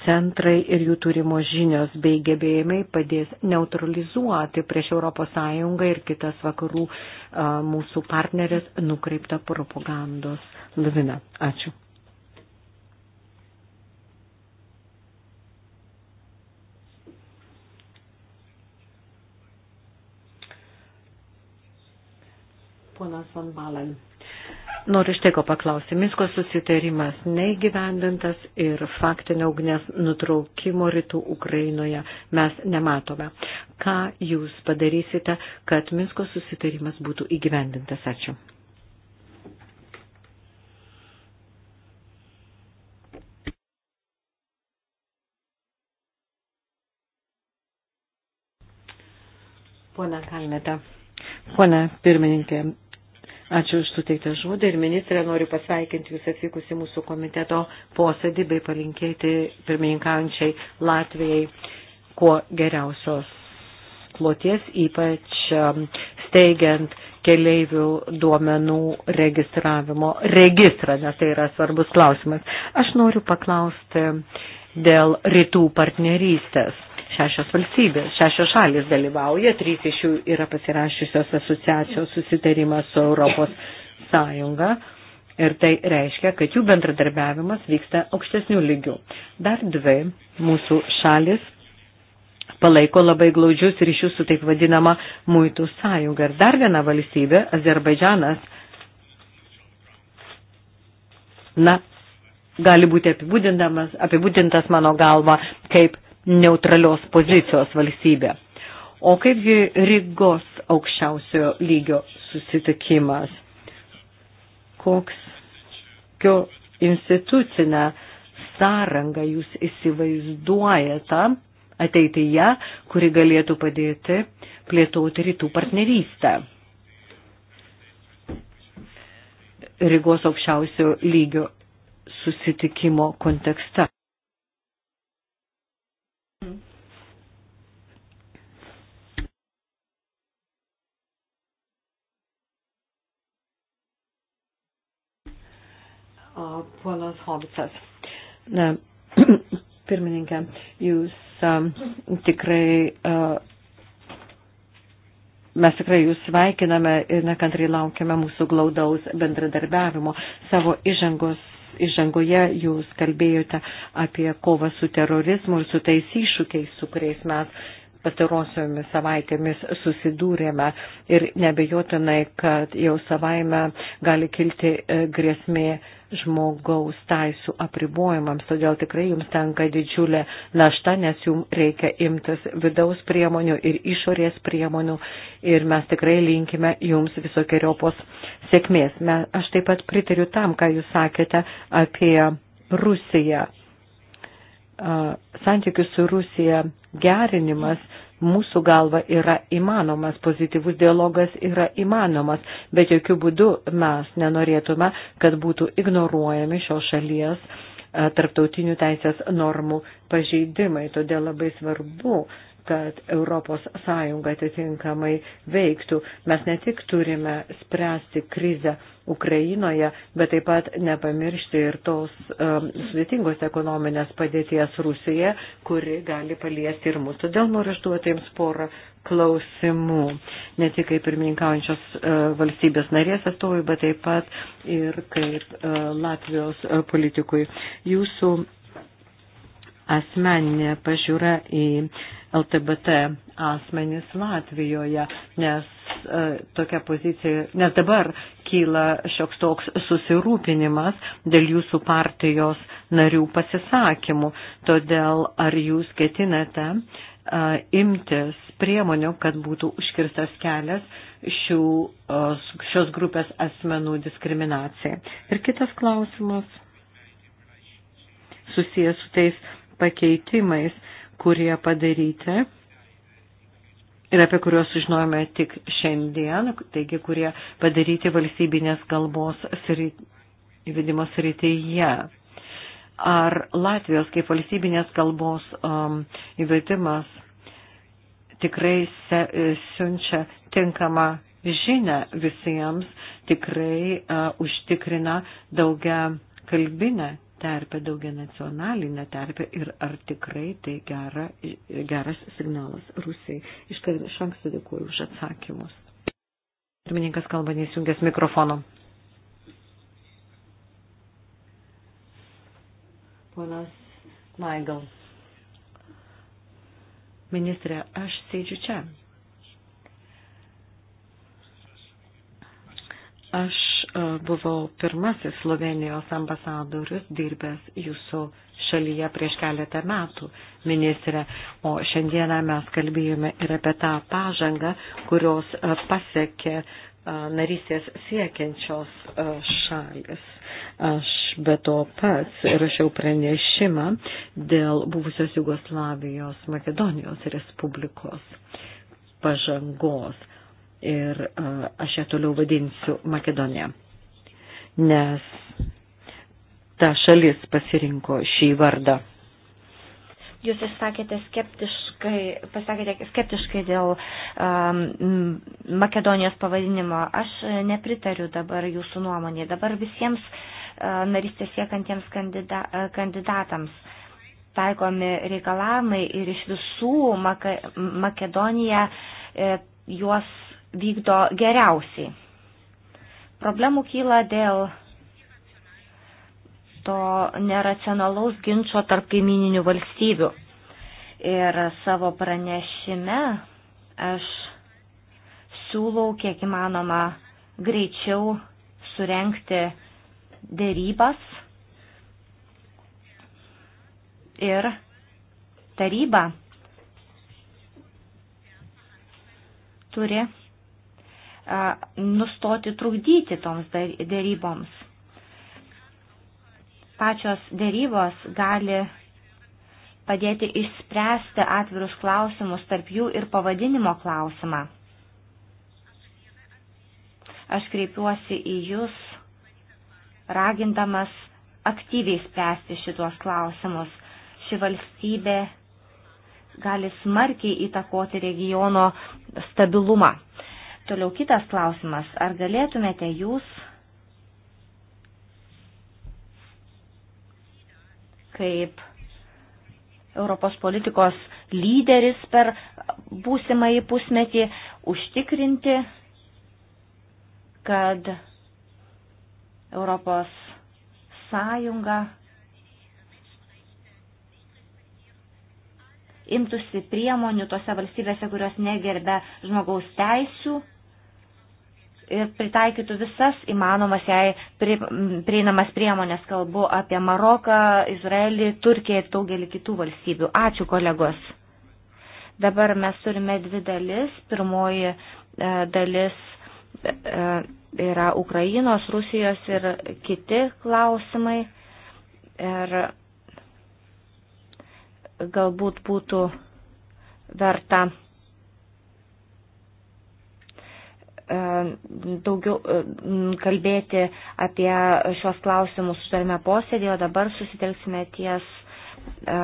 centrai ir jų turimos žinios bei gebėjimai padės neutralizuoti prieš ES ir kitas vakarų mūsų partnerės nukreiptą propagandos laviną. Ačiū. Ponas Van Balen. Noriu štai ko paklausti. Minsko susitarimas neįgyvendintas ir faktinio ugnes nutraukimo rytų Ukrainoje mes nematome. Ką jūs padarysite, kad Minsko susitarimas būtų įgyvendintas? Ačiū. Pone Kalnete. Pone pirmininkė, Ačiū už suteiktą žodį ir ministrė noriu pasveikinti Jūs atvykus į mūsų komiteto posėdį bei palinkėti pirmininkaujančiai Latvijai kuo geriausios kloties, ypač um, steigiant keleivių duomenų registravimo registrą, nes tai yra svarbus klausimas. Aš noriu paklausti dėl rytų partnerystės. Šešios valstybės, šešios šalis dalyvauja, trys iš jų yra pasirašiusios asociacijos susitarimą su Europos Sąjunga. Ir tai reiškia, kad jų bendradarbiavimas vyksta aukštesnių lygių. Dar dvi mūsų šalis palaiko labai glaudžius ryšius su taip vadinama Muitų sąjunga. Ir dar viena valstybė, Azerbaidžanas, na, gali būti apibūdintas mano galva kaip neutralios pozicijos valstybė. O kaipgi Rygos aukščiausio lygio susitikimas? Koks kio institucinę sąrangą jūs įsivaizduojate ateityje, kuri galėtų padėti plėtoti rytų partnerystę? Rygos aukščiausio lygio susitikimo kontekste. Ponas Hobicas. Na, pirmininkė, jūs um, tikrai, uh, mes tikrai jūs sveikiname ir nekantrai laukiame mūsų glaudaus bendradarbiavimo. Savo įžangos įžangoje jūs kalbėjote apie kovą su terorizmu ir su tais iššūkiais, su kuriais mes pastarosiomis savaitėmis susidūrėme ir nebejotinai, kad jau savaime gali kilti e, grėsmė žmogaus taisų apribojimams, todėl tikrai jums tenka didžiulė našta, nes jums reikia imtis vidaus priemonių ir išorės priemonių ir mes tikrai linkime jums visokiojopos sėkmės. Aš taip pat pritariu tam, ką jūs sakėte apie Rusiją santykius su Rusija gerinimas mūsų galva yra įmanomas, pozityvus dialogas yra įmanomas, bet jokių būdų mes nenorėtume, kad būtų ignoruojami šios šalies e, tarptautinių teisės normų pažeidimai. Todėl labai svarbu kad ES atitinkamai veiktų. Mes ne tik turime spręsti krizę Ukrainoje, bet taip pat nepamiršti ir tos um, sudėtingos ekonominės padėties Rusijoje, kuri gali paliesti ir mus. Todėl noriu užduoti jums porą klausimų, ne tik kaip pirmininkaujančios uh, valstybės narės atstovui, bet taip pat ir kaip uh, Latvijos uh, politikui. Jūsų asmeninė pažiūra į LTBT asmenys Latvijoje, nes e, tokia pozicija, nes dabar kyla šioks toks susirūpinimas dėl jūsų partijos narių pasisakymų. Todėl ar jūs ketinate a, e, imtis priemonių, kad būtų užkirstas kelias šių, a, e, šios grupės asmenų diskriminacijai? Ir kitas klausimas susijęs su tais pakeitimais, kurie padaryti ir apie kuriuos sužinojome tik šiandien, taigi kurie padaryti valstybinės kalbos įvedimo srityje. Ar Latvijos kaip valstybinės kalbos um, įvedimas tikrai se, e, siunčia tinkamą žinę visiems, tikrai uh, užtikrina daugia kalbinę terpę, daugia nacionalinę terpę ir ar tikrai tai gera, geras signalas Rusijai. Iš karto iš anksto dėkuoju už atsakymus. Pirmininkas kalba neįsijungęs mikrofono. Ponas Maigal. Ministrė, aš sėdžiu čia. Aš buvau pirmasis Slovenijos ambasadorius dirbęs jūsų šalyje prieš keletą metų, ministrė. O šiandieną mes kalbėjome ir apie tą pažangą, kurios pasiekė narysės siekiančios šalis. Aš be to pats rašiau pranešimą dėl buvusios Jugoslavijos Makedonijos Respublikos pažangos ir aš ją toliau vadinsiu Makedonija, nes ta šalis pasirinko šį vardą. Jūs išsakėte skeptiškai, pasakėte skeptiškai dėl um, Makedonijos pavadinimo. Aš nepritariu dabar jūsų nuomonė. Dabar visiems uh, narystės siekantiems kandida, uh, kandidatams taikomi reikalavimai ir iš visų Maka, Makedonija uh, juos vykdo geriausiai. Problemų kyla dėl to neracionalaus ginčio tarp kaimininių valstybių. Ir savo pranešime aš siūlau kiek įmanoma greičiau surenkti dėrybas ir taryba turi nustoti trukdyti toms dėryboms. Pačios dėrybos gali padėti išspręsti atvirus klausimus, tarp jų ir pavadinimo klausimą. Aš kreipiuosi į Jūs, ragindamas aktyviai spręsti šitos klausimus. Ši valstybė gali smarkiai įtakoti regiono stabilumą. Toliau kitas klausimas. Ar galėtumėte jūs, kaip Europos politikos lyderis per būsimąjį pusmetį, užtikrinti, kad Europos sąjunga imtųsi priemonių tose valstybėse, kurios negerbė žmogaus teisių ir pritaikytų visas įmanomas jai prieinamas priemonės. Kalbu apie Maroką, Izraelį, Turkiją ir daugelį kitų valstybių. Ačiū kolegos. Dabar mes turime dvi dalis. Pirmoji e, dalis e, yra Ukrainos, Rusijos ir kiti klausimai. Ir galbūt būtų verta e, daugiau e, kalbėti apie šios klausimus uždarime posėdėje, o dabar susitelksime ties e,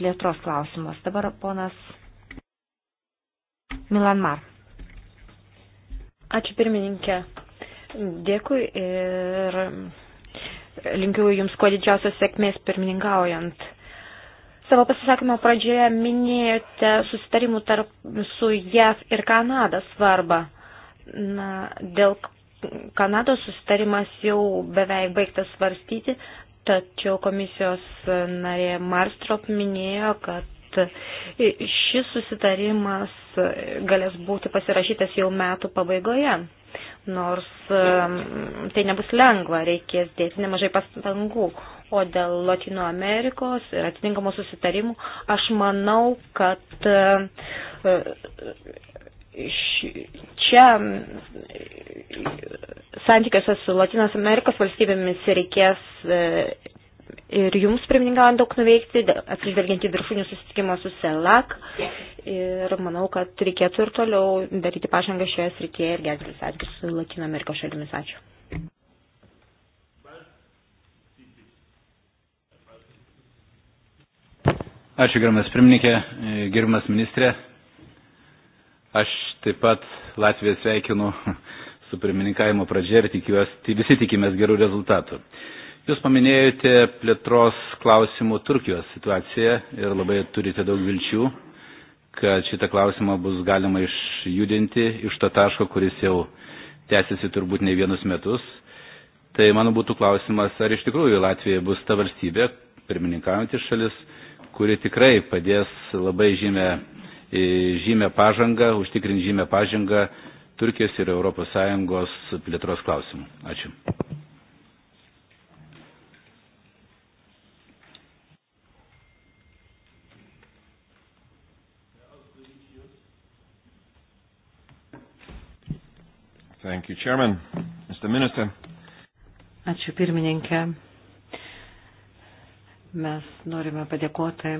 plėtros klausimas. Dabar ponas Milan Mar. Ačiū pirmininkė. Dėkui ir linkiu Jums kuo didžiausios sėkmės pirmininkaujant. Savo pasisakymo pradžioje minėjote susitarimų tarp su JAV ir Kanada svarbą. Na, dėl Kanados susitarimas jau beveik baigtas svarstyti, tačiau komisijos narė Marstrop minėjo, kad šis susitarimas galės būti pasirašytas jau metų pabaigoje nors tai nebus lengva, reikės dėti nemažai pastangų. O dėl Latino Amerikos ir atitinkamų susitarimų, aš manau, kad čia santykiuose su Latinos Amerikos valstybėmis reikės ir jums pirmininkaujant daug nuveikti, atsižvelgiant į viršūnių susitikimą su SELAK. Ir manau, kad reikėtų ir toliau daryti pažangą šioje srityje ir gerinti santykius su Latino Amerikos šalimis. Ačiū. Ačiū, gerbiamas pirmininkė, gerbiamas ministrė. Aš taip pat Latviją sveikinu su pirmininkavimo pradžia ir tikiuosi, visi tikimės gerų rezultatų. Uh, Jūs paminėjote plėtros klausimų Turkijos situaciją ir labai turite daug vilčių, kad šitą klausimą bus galima išjudinti iš to taško, kuris jau tęsiasi turbūt ne vienus metus. Tai mano būtų klausimas, ar iš tikrųjų Latvija bus ta valstybė, pirmininkaujantis šalis, kuri tikrai padės labai žymę, e, žymę pažangą, užtikrinti žymę pažangą Turkijos ir ES plėtros klausimų. Ačiū. Thank you, Chairman. Mr. Minister. Ačiū pirmininkė. Mes norime padėkoti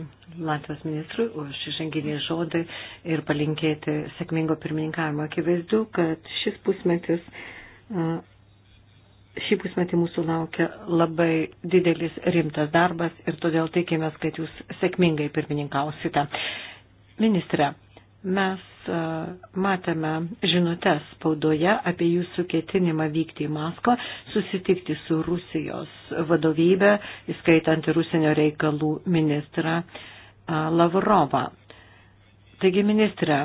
Latvijos ministrui už išanginį žodį ir palinkėti sėkmingo pirmininkavimo. Akivaizdu, kad šis pusmetis, šį pusmetį mūsų laukia labai didelis rimtas darbas ir todėl tikimės, kad jūs sėkmingai pirmininkausite. Ministre, mes matėme žinutės spaudoje apie jūsų ketinimą vykti į Maskvą, susitikti su Rusijos vadovybė, įskaitant ir užsienio reikalų ministrą Lavrovą. Taigi, ministrė,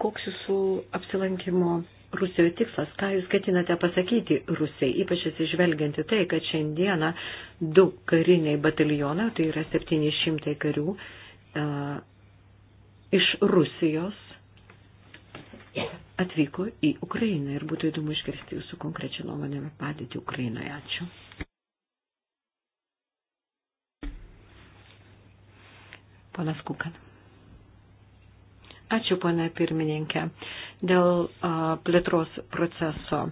koks jūsų apsilankimo Rusijoje tikslas, ką jūs ketinate pasakyti Rusijai, ypač atsižvelgianti tai, kad šiandieną du kariniai batalionai, tai yra 700 karių, iš Rusijos atvyko į Ukrainą ir būtų įdomu išgirsti jūsų konkrečią nuomonę apie padėtį Ukrainoje. Ačiū. Ponas Kukan. Ačiū, ponė pirmininkė, dėl a, plėtros proceso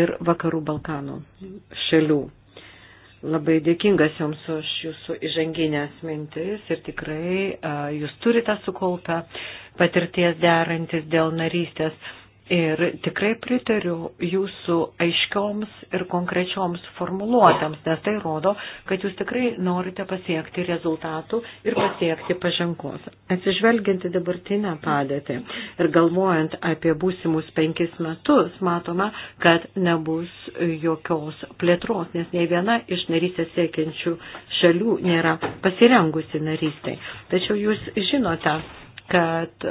ir vakarų Balkanų šalių Labai dėkingas Jums už Jūsų įžanginės mintis ir tikrai Jūs turite sukaupę patirties derantis dėl narystės Ir tikrai pritariu jūsų aiškioms ir konkrečioms formuluotėms, nes tai rodo, kad jūs tikrai norite pasiekti rezultatų ir pasiekti pažangos. Atsižvelgiant į dabartinę padėtį ir galvojant apie būsimus penkis metus, matoma, kad nebus jokios plėtros, nes nei viena iš narystės siekiančių šalių nėra pasirengusi narystai. Tačiau jūs žinote, kad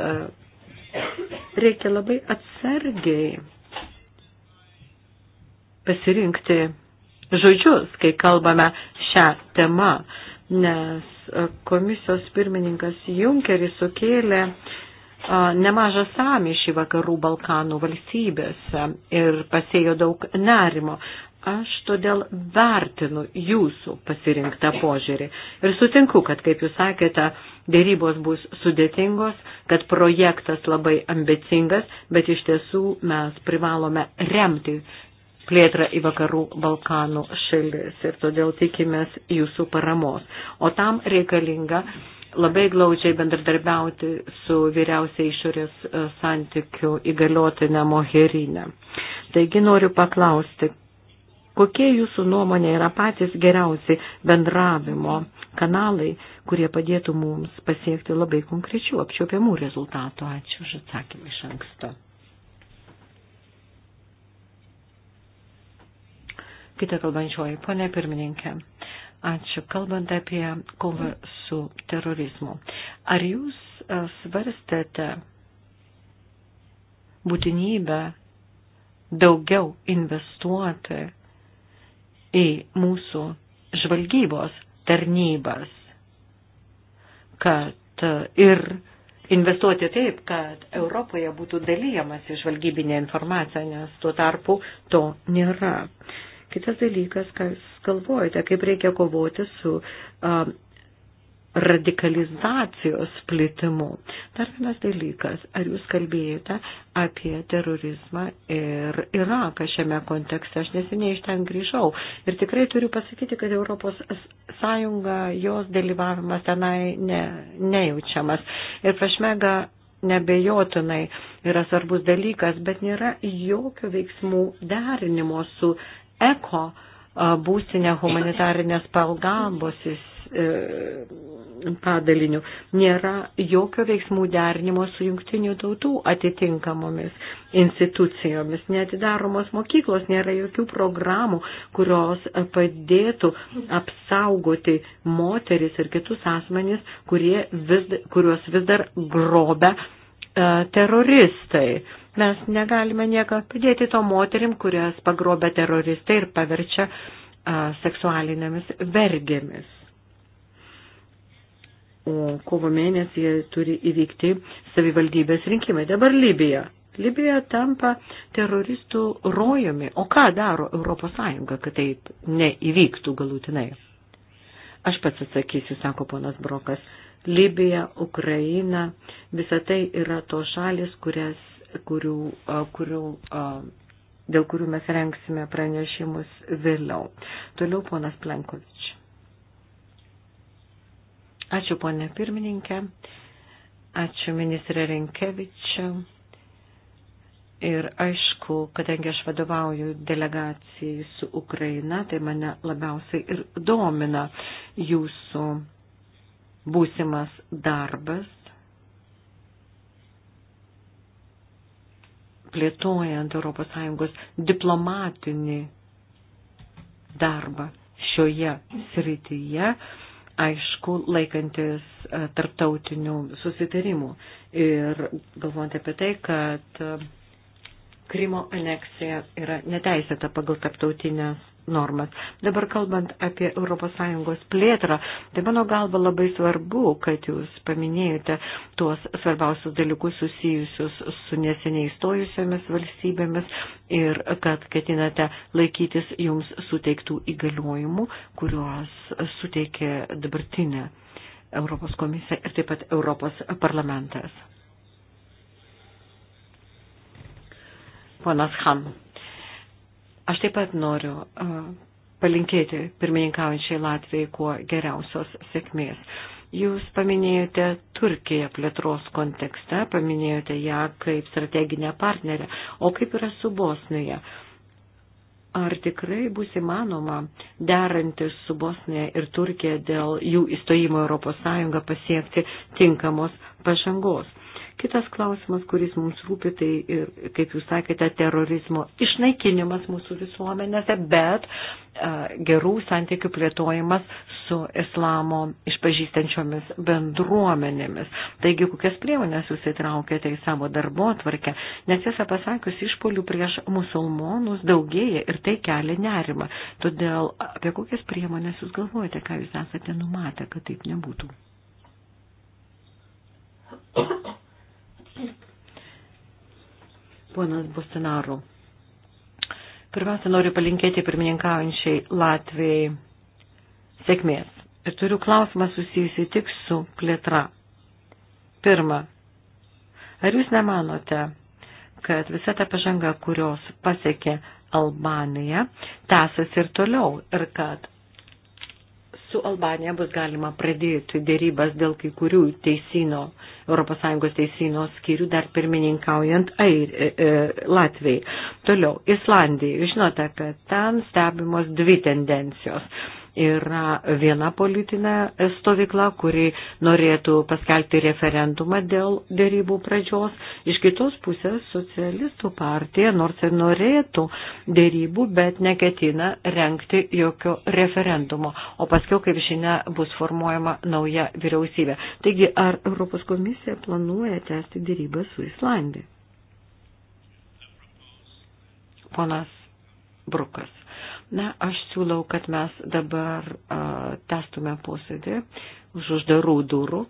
reikia labai atsargiai pasirinkti žodžius, kai kalbame šią temą, nes e, komisijos pirmininkas Junkeris sukėlė e, nemažą samišį vakarų Balkanų valstybėse ir pasėjo daug nerimo. Aš todėl vertinu jūsų pasirinktą požiūrį ir sutinku, kad, kaip jūs sakėte, dėrybos bus sudėtingos, kad projektas labai ambicingas, bet iš tiesų mes privalome remti plėtrą į vakarų Balkanų šalis ir todėl tikimės jūsų paramos. O tam reikalinga labai glaudžiai bendradarbiauti su vyriausiai išorės santykių įgaliotinė Moherinė. Taigi noriu paklausti, Kokie jūsų nuomonė yra patys geriausi bendravimo kanalai, kurie padėtų mums pasiekti labai konkrečių apčiopiamų rezultatų? Ačiū už atsakymą iš anksto. Kita kalbančioji, ponė pirmininkė. Ačiū. Kalbant apie kovą su terorizmu. Ar jūs e, svarstėte būtinybę daugiau investuoti į mūsų žvalgybos tarnybas, kad e, ir investuoti taip, kad Europoje būtų dalyjamasi žvalgybinė informacija, nes tuo tarpu to nėra. Kitas dalykas, kas galvojate, kaip reikia kovoti su uh, radikalizacijos plitimu. Dar vienas dalykas, ar jūs kalbėjote apie terorizmą ir Iraką šiame kontekste? Aš neseniai iš ten grįžau ir tikrai turiu pasakyti, kad Europos Sąjunga, jos dalyvavimas tenai ne, nejaučiamas. Ir prašmega nebejotinai yra svarbus dalykas, bet nėra jokio veiksmų derinimo su eko būstinė humanitarinės palgambos E, padaliniu. Nėra jokio veiksmų derinimo su jungtinių tautų atitinkamomis institucijomis, netidaromos mokyklos, nėra jokių programų, kurios padėtų apsaugoti moteris ir kitus asmenys, vis, kuriuos vis dar grobia e, teroristai. Mes negalime nieko padėti to moterim, kurias pagrobia teroristai ir paverčia a, seksualinėmis vergėmis o kovo mėnesį turi įvykti savivaldybės rinkimai. Dabar Libija. Libija tampa teroristų rojami. O ką daro Europos Sąjunga, kad taip neįvyktų galutinai? Aš pats atsakysiu, sako ponas Brokas. Libija, Ukraina, visa tai yra tos šalis, kurias, kurių, kurių, dėl kurių mes renksime pranešimus vėliau. Toliau ponas Plenkovičius. Ačiū, ponė pirmininkė. Ačiū, ministrė Renkevičia. Ir aišku, kadangi aš vadovauju delegacijai su Ukraina, tai mane labiausiai ir domina jūsų būsimas darbas, plėtojant ES diplomatinį darbą šioje srityje aišku, laikantis e, tarptautinių susitarimų. Ir galvojant apie tai, kad e, Krymo aneksija yra neteisėta pagal tarptautinės normas. Dabar kalbant apie ES plėtrą, tai mano galva labai svarbu, kad jūs paminėjote tuos svarbiausius dalykus susijusius su neseniai įstojusiamis valstybėmis ir kad ketinate laikytis jums suteiktų įgaliojimų, kuriuos suteikė dabartinė Europos komisija ir taip pat Europos parlamentas. Ponas Ham. Aš taip pat noriu palinkėti pirmininkaujančiai Latvijai kuo geriausios sėkmės. Jūs paminėjote Turkiją plėtros kontekste, paminėjote ją kaip strateginę partnerę, o kaip yra su Bosnija? Ar tikrai bus įmanoma derantis su Bosnija ir Turkija dėl jų įstojimo Europos Sąjungą pasiekti tinkamos pažangos? Kitas klausimas, kuris mums rūpi, tai ir, kaip jūs sakėte, terorizmo išnaikinimas mūsų visuomenėse, bet gerų santykių plėtojimas su islamo išpažįstančiomis bendruomenėmis. Taigi, kokias priemonės jūs įtraukėte į savo darbo atvarkę, nes tiesą pasakius, išpolių prieš musulmonus daugėja ir tai kelia nerimą. Todėl apie kokias priemonės jūs galvojate, ką jūs esate numatę, kad taip nebūtų? Ponas Bustinaru. Pirmiausia, noriu palinkėti pirmininkaujančiai Latvijai sėkmės. Ir turiu klausimą susijusi tik su plėtra. Pirma, ar jūs nemanote, kad visa ta pažanga, kurios pasiekė Albanija, tęsis ir toliau ir kad su Albanija bus galima pradėti dėrybas dėl kai kurių teisino, ES teisino skyrių, dar pirmininkaujant air, e, e, Latvijai. Toliau, Islandija. Žinote, kad ten stebimos dvi tendencijos yra viena politinė stovykla, kuri norėtų paskelbti referendumą dėl dėrybų pradžios. Iš kitos pusės socialistų partija nors ir norėtų dėrybų, bet neketina renkti jokio referendumo. O paskui, kaip žinia, bus formuojama nauja vyriausybė. Taigi, ar Europos komisija planuoja tęsti dėrybą su Islandija? Ponas Brukas. Na, aš siūlau, kad mes dabar uh, testume posėdį už uždarų durų.